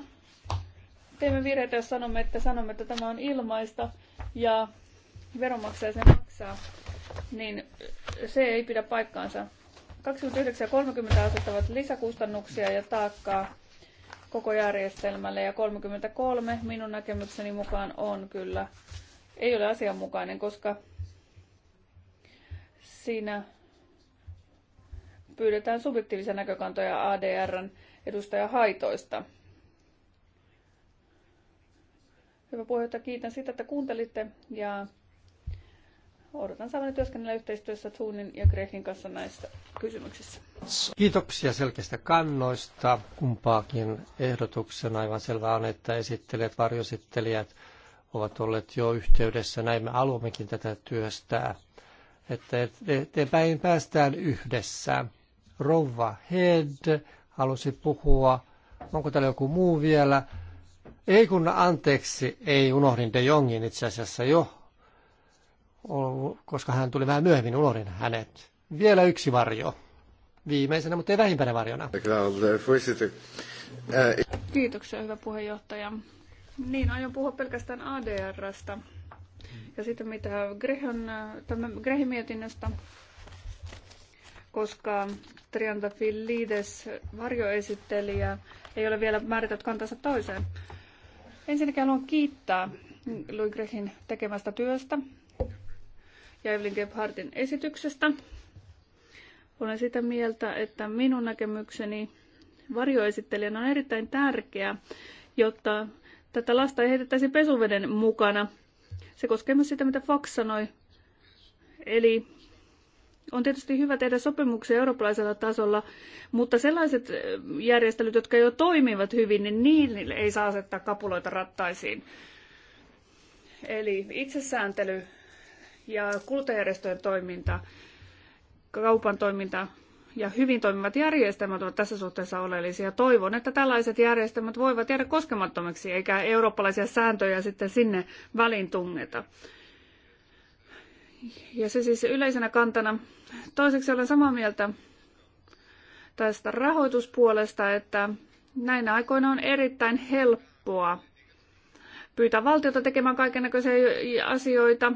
teemme virheitä, jos sanomme, että sanomme, että tämä on ilmaista ja veronmaksaja sen maksaa, niin se ei pidä paikkaansa. 29 ja 30 asettavat lisäkustannuksia ja taakkaa koko järjestelmälle ja 33 minun näkemykseni mukaan on kyllä ei ole asianmukainen, koska siinä pyydetään subjektiivisia näkökantoja ADRn haitoista. Hyvä puheenjohtaja, kiitän sitä, että kuuntelitte ja odotan saavani työskennellä yhteistyössä Tuunin ja Grehin kanssa näissä kysymyksissä. Kiitoksia selkeistä kannoista. Kumpaakin ehdotuksen aivan selvää on, että esittelijät, varjosittelijät ovat olleet jo yhteydessä, näin me haluammekin tätä työstää, että eteenpäin päästään yhdessä. Rova Head halusi puhua. Onko täällä joku muu vielä? Ei kun anteeksi, ei unohdin De Jongin itse asiassa jo, koska hän tuli vähän myöhemmin, unohdin hänet. Vielä yksi varjo. Viimeisenä, mutta ei vähimpänä varjona. Kiitoksia, hyvä puheenjohtaja. Niin, aion puhua pelkästään ADRstä. Ja sitten mitä Grehon, Grehin mietinnöstä, koska Trianta Filides varjoesittelijä ei ole vielä määritellyt kantansa toiseen. Ensinnäkin haluan kiittää Louis Grehin tekemästä työstä ja Evelyn Gebhardin esityksestä. Olen sitä mieltä, että minun näkemykseni varjoesittelijänä on erittäin tärkeä, jotta tätä lasta ei heitettäisi pesuveden mukana. Se koskee myös sitä, mitä Fox sanoi. Eli on tietysti hyvä tehdä sopimuksia eurooppalaisella tasolla, mutta sellaiset järjestelyt, jotka jo toimivat hyvin, niin niille ei saa asettaa kapuloita rattaisiin. Eli itsesääntely ja kuluttajärjestöjen toiminta, kaupan toiminta ja hyvin toimivat järjestelmät ovat tässä suhteessa oleellisia. Toivon, että tällaiset järjestelmät voivat jäädä koskemattomiksi, eikä eurooppalaisia sääntöjä sitten sinne väliin tungeta. Ja se siis yleisenä kantana. Toiseksi olen samaa mieltä tästä rahoituspuolesta, että näinä aikoina on erittäin helppoa pyytää valtiota tekemään kaikenlaisia asioita.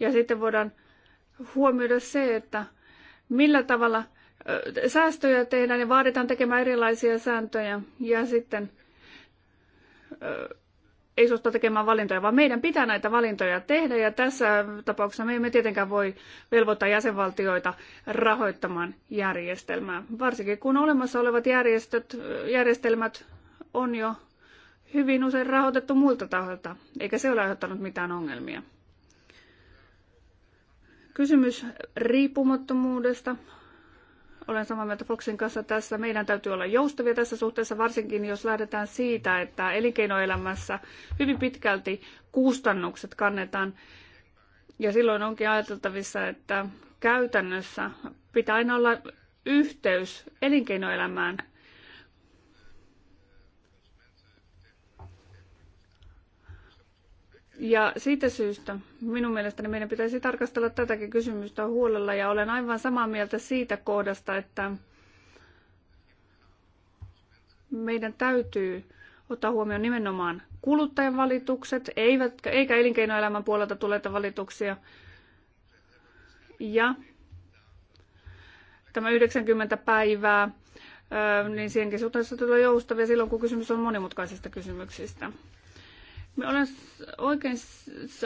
Ja sitten voidaan huomioida se, että millä tavalla säästöjä tehdään ja vaaditaan tekemään erilaisia sääntöjä ja sitten ei suosta tekemään valintoja, vaan meidän pitää näitä valintoja tehdä ja tässä tapauksessa me emme tietenkään voi velvoittaa jäsenvaltioita rahoittamaan järjestelmää, varsinkin kun olemassa olevat järjestöt, järjestelmät on jo hyvin usein rahoitettu muilta tahoilta, eikä se ole aiheuttanut mitään ongelmia. Kysymys riippumattomuudesta. Olen samaa mieltä Foxin kanssa tässä. Meidän täytyy olla joustavia tässä suhteessa, varsinkin jos lähdetään siitä, että elinkeinoelämässä hyvin pitkälti kustannukset kannetaan. Ja silloin onkin ajateltavissa, että käytännössä pitää aina olla yhteys elinkeinoelämään Ja siitä syystä minun mielestäni meidän pitäisi tarkastella tätäkin kysymystä huolella ja olen aivan samaa mieltä siitä kohdasta, että meidän täytyy ottaa huomioon nimenomaan kuluttajan valitukset, eivätkä, eikä elinkeinoelämän puolelta tuleta valituksia. Ja tämä 90 päivää, niin siihenkin suhteessa tulee joustavia silloin, kun kysymys on monimutkaisista kysymyksistä. Me olen oikein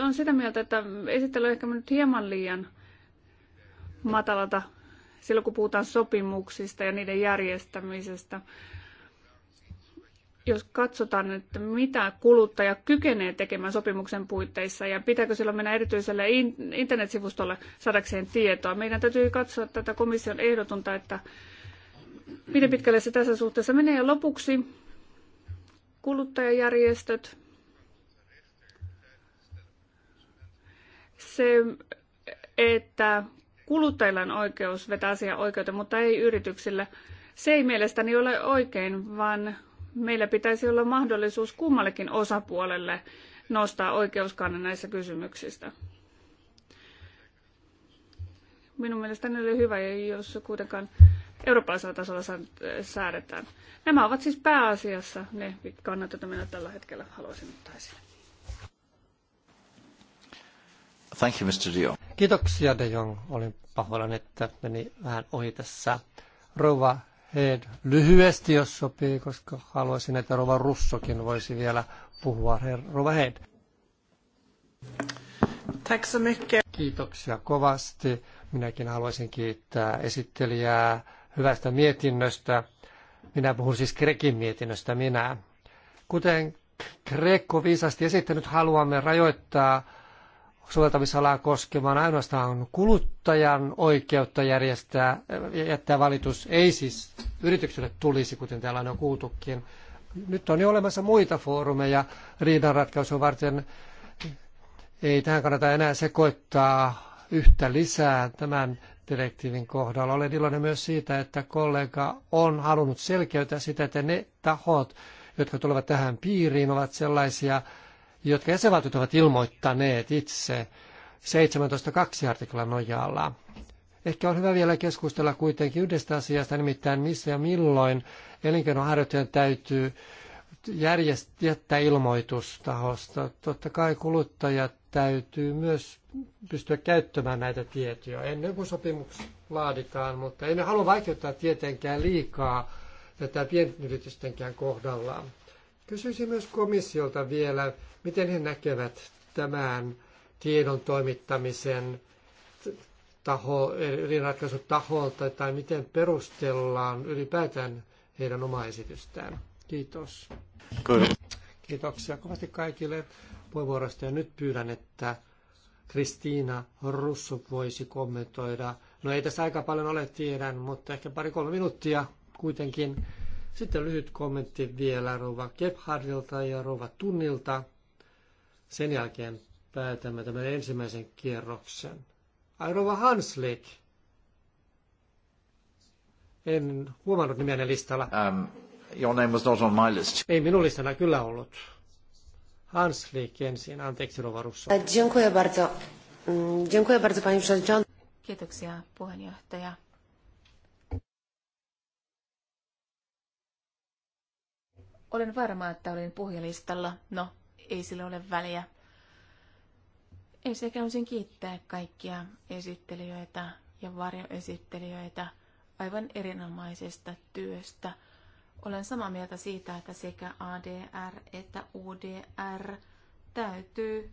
on sitä mieltä, että esittely on ehkä nyt hieman liian matalata silloin, kun puhutaan sopimuksista ja niiden järjestämisestä. Jos katsotaan, että mitä kuluttaja kykenee tekemään sopimuksen puitteissa ja pitääkö silloin mennä erityiselle internetsivustolle saadakseen tietoa. Meidän täytyy katsoa tätä komission ehdotunta, että miten pitkälle se tässä suhteessa menee. Ja lopuksi kuluttajajärjestöt, se, että kuluttajilla on oikeus vetää asia oikeuteen, mutta ei yrityksillä. Se ei mielestäni ole oikein, vaan meillä pitäisi olla mahdollisuus kummallekin osapuolelle nostaa oikeuskannan näissä kysymyksistä. Minun mielestäni oli hyvä, jos se kuitenkaan eurooppalaisella tasolla säädetään. Nämä ovat siis pääasiassa ne kannat, joita minä tällä hetkellä haluaisin ottaa esille. Thank you, Mr. De Jong. Kiitoksia, De Jong. Olin pahoillani, että meni vähän ohi tässä. Rouva Head, lyhyesti jos sopii, koska haluaisin, että Rova Russokin voisi vielä puhua. Rova Head. Tack Kiitoksia kovasti. Minäkin haluaisin kiittää esittelijää hyvästä mietinnöstä. Minä puhun siis Krekin mietinnöstä minä. Kuten Krekko viisasti esittänyt, haluamme rajoittaa soveltamisalaa koskemaan ainoastaan kuluttajan oikeutta järjestää, jättää valitus, ei siis yritykselle tulisi, kuten täällä on jo kuultukin. Nyt on jo olemassa muita foorumeja riidanratkaisua varten. Ei tähän kannata enää sekoittaa yhtä lisää tämän direktiivin kohdalla. Olen iloinen myös siitä, että kollega on halunnut selkeyttää sitä, että ne tahot, jotka tulevat tähän piiriin, ovat sellaisia, jotka jäsenvaltiot ovat ilmoittaneet itse 17.2 artiklan nojalla. Ehkä on hyvä vielä keskustella kuitenkin yhdestä asiasta, nimittäin missä ja milloin elinkeinoharjoittajan täytyy järjestää jättää ilmoitus tahosta. Totta kai kuluttajat täytyy myös pystyä käyttämään näitä tietoja ennen kuin sopimus laaditaan, mutta emme halua vaikeuttaa tietenkään liikaa tätä pienyritystenkään kohdallaan. Kysyisin myös komissiolta vielä, miten he näkevät tämän tiedon toimittamisen taho, eri ratkaisutaholta tai miten perustellaan ylipäätään heidän omaa esitystään. Kiitos. Kyllä. Kiitoksia kovasti kaikille puheenvuorosta ja nyt pyydän, että Kristiina Russo voisi kommentoida. No ei tässä aika paljon ole tiedän, mutta ehkä pari-kolme minuuttia kuitenkin. Sitten lyhyt kommentti vielä Rova Gebhardilta ja Rova Tunnilta. Sen jälkeen päätämme tämän ensimmäisen kierroksen. Ai Rova Hanslik. En huomannut nimenne listalla. Um, your name was not on my list. Ei minun listalla kyllä ollut. Hanslik ensin. Anteeksi Rova Russo. Dziękuję bardzo. Mm, dziękuję bardzo Kiitoksia puheenjohtaja. Olen varma, että olin puhujalistalla. No, ei sillä ole väliä. Ensinnäkin haluaisin kiittää kaikkia esittelijöitä ja varjoesittelijöitä aivan erinomaisesta työstä. Olen samaa mieltä siitä, että sekä ADR että UDR täytyy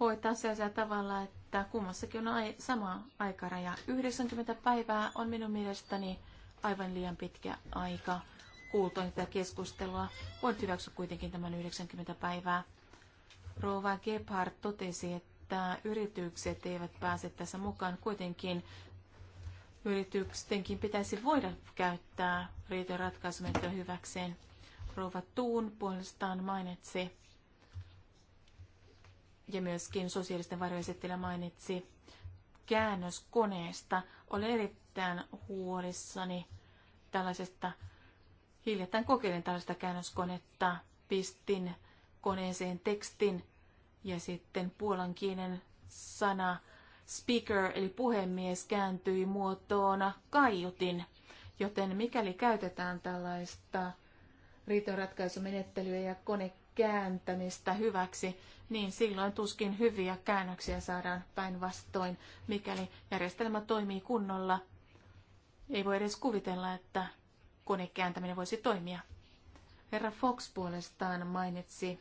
hoitaa sellaisella tavalla, että kummassakin on sama aikaraja. 90 päivää on minun mielestäni aivan liian pitkä aika kuultua tätä keskustelua. Voit hyväksyä kuitenkin tämän 90 päivää. Rova Gebhardt totesi, että yritykset eivät pääse tässä mukaan. Kuitenkin yrityksetkin pitäisi voida käyttää riitojen ratkaisumentoja hyväkseen. Rova Tuun puolestaan mainitsi ja myöskin sosiaalisten varjoesittelijä mainitsi käännöskoneesta. Olen erittäin huolissani tällaisesta Hiljattain kokeilin tällaista käännöskonetta, pistin koneeseen tekstin ja sitten puolankiinen sana speaker eli puhemies kääntyi muotoona kaiutin. Joten mikäli käytetään tällaista riitoratkaisumenettelyä ja konekääntämistä hyväksi, niin silloin tuskin hyviä käännöksiä saadaan päinvastoin. Mikäli järjestelmä toimii kunnolla, ei voi edes kuvitella, että konekääntäminen voisi toimia. Herra Fox puolestaan mainitsi,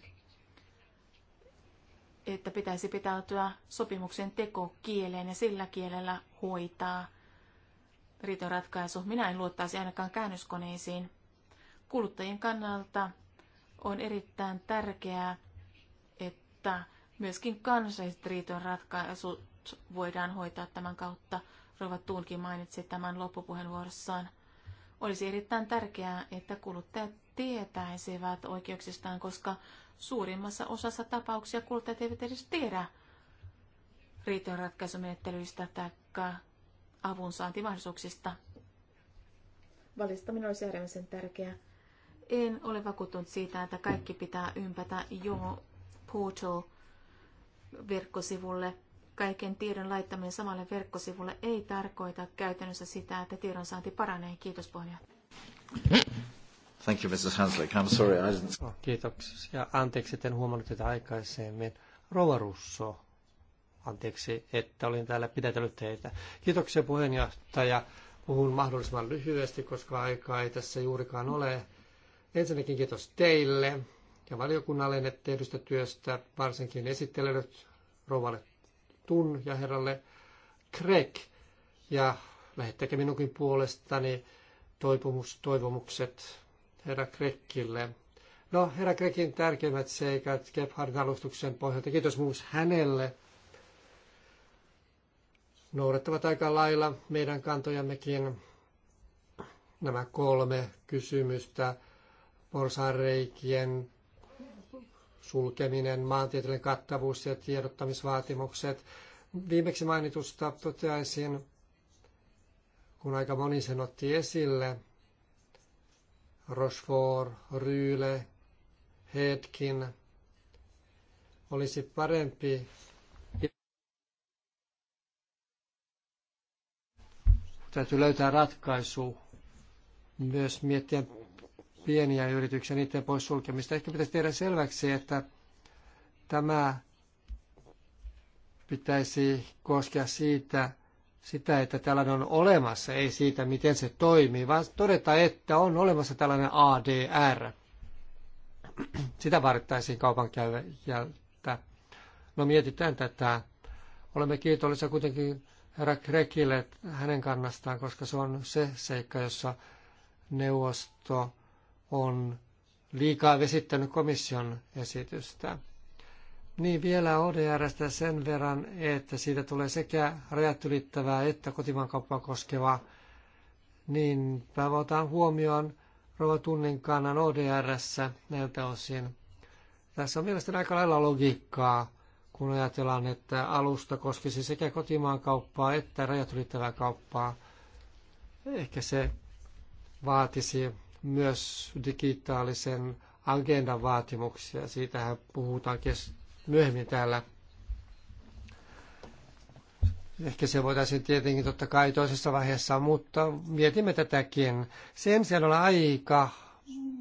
että pitäisi pitäytyä sopimuksen tekokieleen ja sillä kielellä hoitaa riitoratkaisu. Minä en luottaisi ainakaan käännöskoneisiin. Kuluttajien kannalta on erittäin tärkeää, että myöskin kansalliset riitoratkaisut voidaan hoitaa tämän kautta. Rova Tuunkin mainitsi tämän loppupuheenvuorossaan – olisi erittäin tärkeää, että kuluttajat tietäisivät oikeuksistaan, koska suurimmassa osassa tapauksia kuluttajat eivät edes tiedä riitojenratkaisumenettelyistä tai avunsaantimahdollisuuksista. Valistaminen olisi äärimmäisen tärkeää. En ole vakuuttunut siitä, että kaikki pitää ympätä jo portal verkkosivulle kaiken tiedon laittaminen samalle verkkosivulle ei tarkoita käytännössä sitä, että tiedon saanti paranee. Kiitos Pohja. Thank you, Mrs. Hanslick. I'm sorry, I didn't... Oh, kiitoksia. Anteeksi, että en huomannut tätä aikaisemmin. Rova Russo, anteeksi, että olin täällä pidätellyt teitä. Kiitoksia puheenjohtaja. Puhun mahdollisimman lyhyesti, koska aikaa ei tässä juurikaan ole. Ensinnäkin kiitos teille ja valiokunnalle tehdystä työstä, varsinkin esittelyt rovalle Tun ja herralle Craig. Ja lähettäkää minunkin puolestani toipumus, toivomukset herra Grekille. No, herra Grekin tärkeimmät seikat Gebhardin alustuksen pohjalta. Kiitos muus hänelle. Noudattavat aika lailla meidän kantojammekin nämä kolme kysymystä porsareikien sulkeminen, maantieteellinen kattavuus ja tiedottamisvaatimukset. Viimeksi mainitusta toteaisin, kun aika moni sen otti esille, Rochefort, Ryyle, Hetkin, olisi parempi täytyy löytää ratkaisu, myös miettiä pieniä yrityksiä, niiden sulkemista. Ehkä pitäisi tehdä selväksi, että tämä pitäisi koskea siitä, sitä, että tällainen on olemassa, ei siitä, miten se toimii, vaan todeta, että on olemassa tällainen ADR. Sitä vaadittaisiin kaupankäyjältä. No mietitään tätä. Olemme kiitollisia kuitenkin herra Krekille hänen kannastaan, koska se on se seikka, jossa neuvosto on liikaa vesittänyt komission esitystä. Niin vielä ODRstä sen verran, että siitä tulee sekä rajat ylittävää että kotimaan kauppaa koskeva. Niin otan huomioon Rova Tunnin kannan ODRssä näiltä osin. Tässä on mielestäni aika lailla logiikkaa, kun ajatellaan, että alusta koskisi sekä kotimaan kauppaa että rajat ylittävää kauppaa. Ehkä se vaatisi myös digitaalisen agendan vaatimuksia. Siitähän puhutaan kes- myöhemmin täällä. Ehkä se voitaisiin tietenkin totta kai toisessa vaiheessa, mutta mietimme tätäkin. Sen sijaan on aika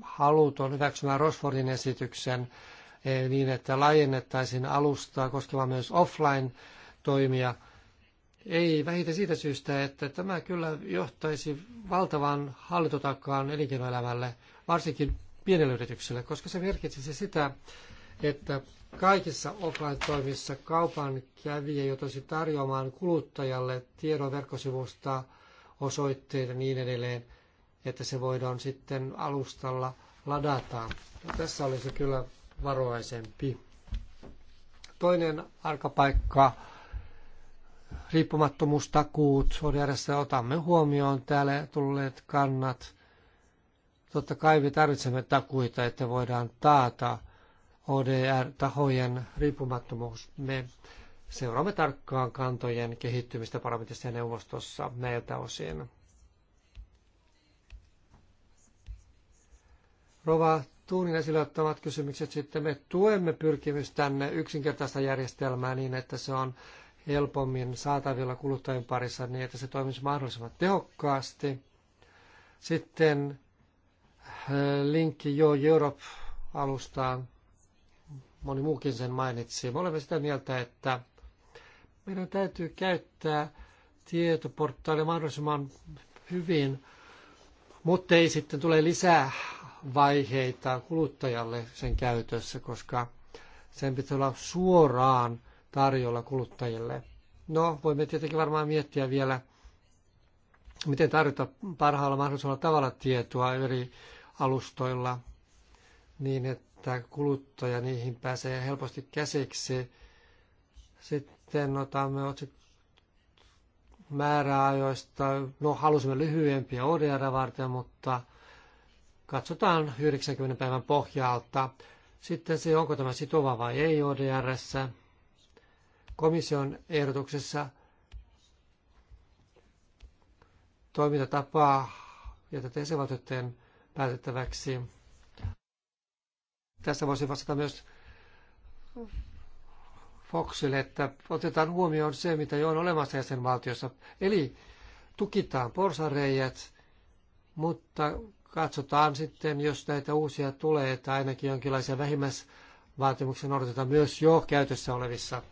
haluton hyväksymään Rosfordin esityksen niin, että laajennettaisiin alustaa koskemaan myös offline-toimia – ei vähitä siitä syystä, että tämä kyllä johtaisi valtavan hallitotakkaan elinkeinoelämälle, varsinkin pienelle yritykselle, koska se merkitsisi sitä, että kaikissa offline-toimissa kaupan kävijä joutuisi tarjoamaan kuluttajalle tiedon verkkosivusta, osoitteita ja niin edelleen, että se voidaan sitten alustalla ladata. Ja no, tässä olisi kyllä varovaisempi. Toinen arkapaikka riippumattomuustakuut Sodiaressa otamme huomioon täällä tulleet kannat. Totta kai me tarvitsemme takuita, että voidaan taata ODR-tahojen riippumattomuus. Me seuraamme tarkkaan kantojen kehittymistä parlamentissa ja neuvostossa näiltä osin. Rova Tuunin esille ottamat kysymykset sitten. Me tuemme pyrkimystä tänne yksinkertaista järjestelmää niin, että se on helpommin saatavilla kuluttajien parissa niin, että se toimisi mahdollisimman tehokkaasti. Sitten äh, linkki Jo Europe-alustaan, moni muukin sen mainitsi. Me olemme sitä mieltä, että meidän täytyy käyttää tietoportaalia mahdollisimman hyvin, mutta ei sitten tule lisää vaiheita kuluttajalle sen käytössä, koska sen pitää olla suoraan tarjolla kuluttajille. No, voimme tietenkin varmaan miettiä vielä, miten tarjota parhaalla mahdollisella tavalla tietoa eri alustoilla niin, että kuluttaja niihin pääsee helposti käsiksi. Sitten otamme otsikko määräajoista. No, halusimme lyhyempiä ODR varten, mutta katsotaan 90 päivän pohjalta. Sitten se, onko tämä sitova vai ei ODRssä. Komission ehdotuksessa toimintatapaa jätetään jäsenvaltioiden päätettäväksi. Tässä voisin vastata myös Foxille, että otetaan huomioon se, mitä jo on olemassa jäsenvaltiossa. Eli tukitaan porsareijät, mutta katsotaan sitten, jos näitä uusia tulee, että ainakin jonkinlaisia vähimmäisvaatimuksia noudatetaan myös jo käytössä olevissa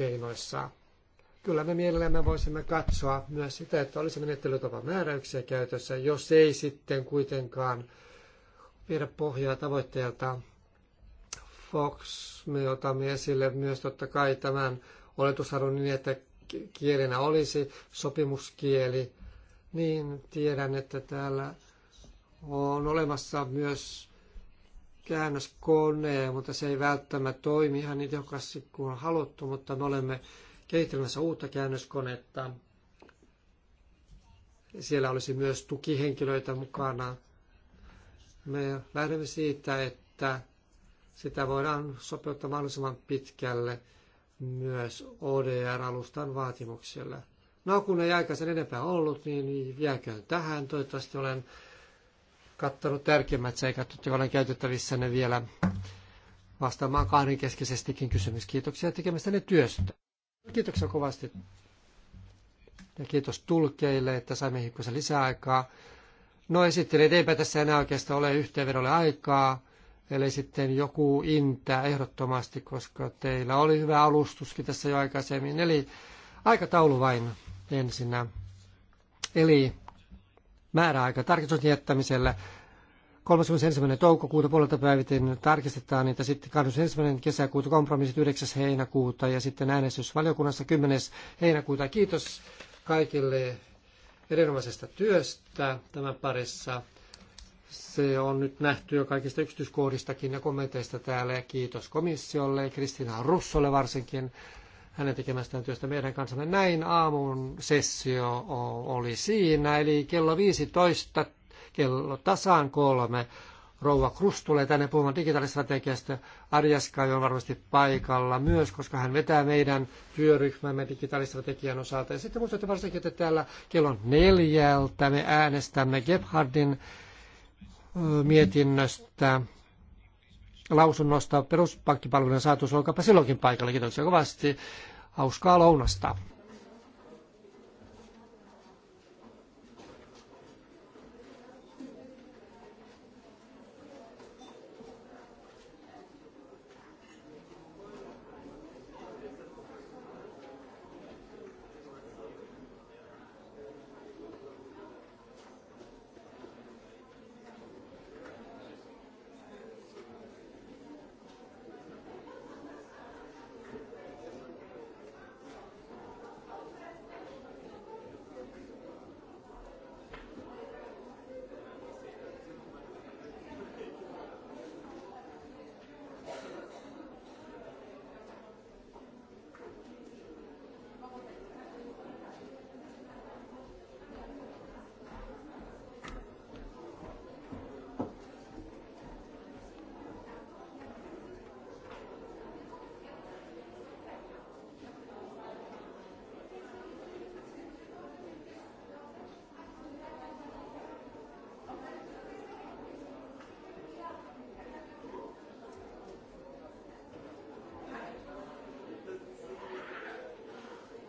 keinoissa. Kyllä me mielellämme voisimme katsoa myös sitä, että olisi menettelytapa määräyksiä käytössä, jos ei sitten kuitenkaan viedä pohjaa tavoitteelta. Fox, me otamme esille myös totta kai tämän oletusarvon niin, että kielenä olisi sopimuskieli, niin tiedän, että täällä on olemassa myös käännöskone, mutta se ei välttämättä toimi ihan niin tehokkaasti kuin on haluttu, mutta me olemme kehittelemässä uutta käännöskonetta. Siellä olisi myös tukihenkilöitä mukana. Me lähdemme siitä, että sitä voidaan sopeuttaa mahdollisimman pitkälle myös ODR-alustan vaatimuksille. No kun ei aikaisen enempää ollut, niin jääköön tähän. Toivottavasti olen kattanut tärkeimmät seikat, jotka olen käytettävissä ne vielä vastaamaan kahdenkeskeisestikin kysymys. Kiitoksia ne työstä. Kiitoksia kovasti. Ja kiitos tulkeille, että saimme hikkuisen lisäaikaa. No esittelijät, eipä tässä enää oikeastaan ole yhteenvedolle aikaa, eli sitten joku intää ehdottomasti, koska teillä oli hyvä alustuskin tässä jo aikaisemmin. Eli aikataulu vain ensinnä. Eli määräaika tarkistuksen jättämiselle. 31. toukokuuta puolelta päivitin tarkistetaan niitä sitten 21. kesäkuuta, kompromissit 9. heinäkuuta ja sitten äänestys valiokunnassa 10. heinäkuuta. Kiitos kaikille erinomaisesta työstä tämän parissa. Se on nyt nähty jo kaikista yksityiskohdistakin ja kommenteista täällä. Ja kiitos komissiolle ja Kristina Russolle varsinkin hänen tekemästään työstä meidän kanssamme. Näin aamun sessio oli siinä, eli kello 15, kello tasaan kolme. Rouva Krus tulee tänne puhumaan digitaalistrategiasta. Arjaska on varmasti paikalla myös, koska hän vetää meidän työryhmämme digitaalistrategian osalta. Ja sitten muistatte varsinkin, että täällä kello neljältä me äänestämme Gebhardin mietinnöstä lausunnosta peruspankkipalvelujen saatuus. Olkaapa silloinkin paikalla. Kiitoksia kovasti. Hauskaa lounasta.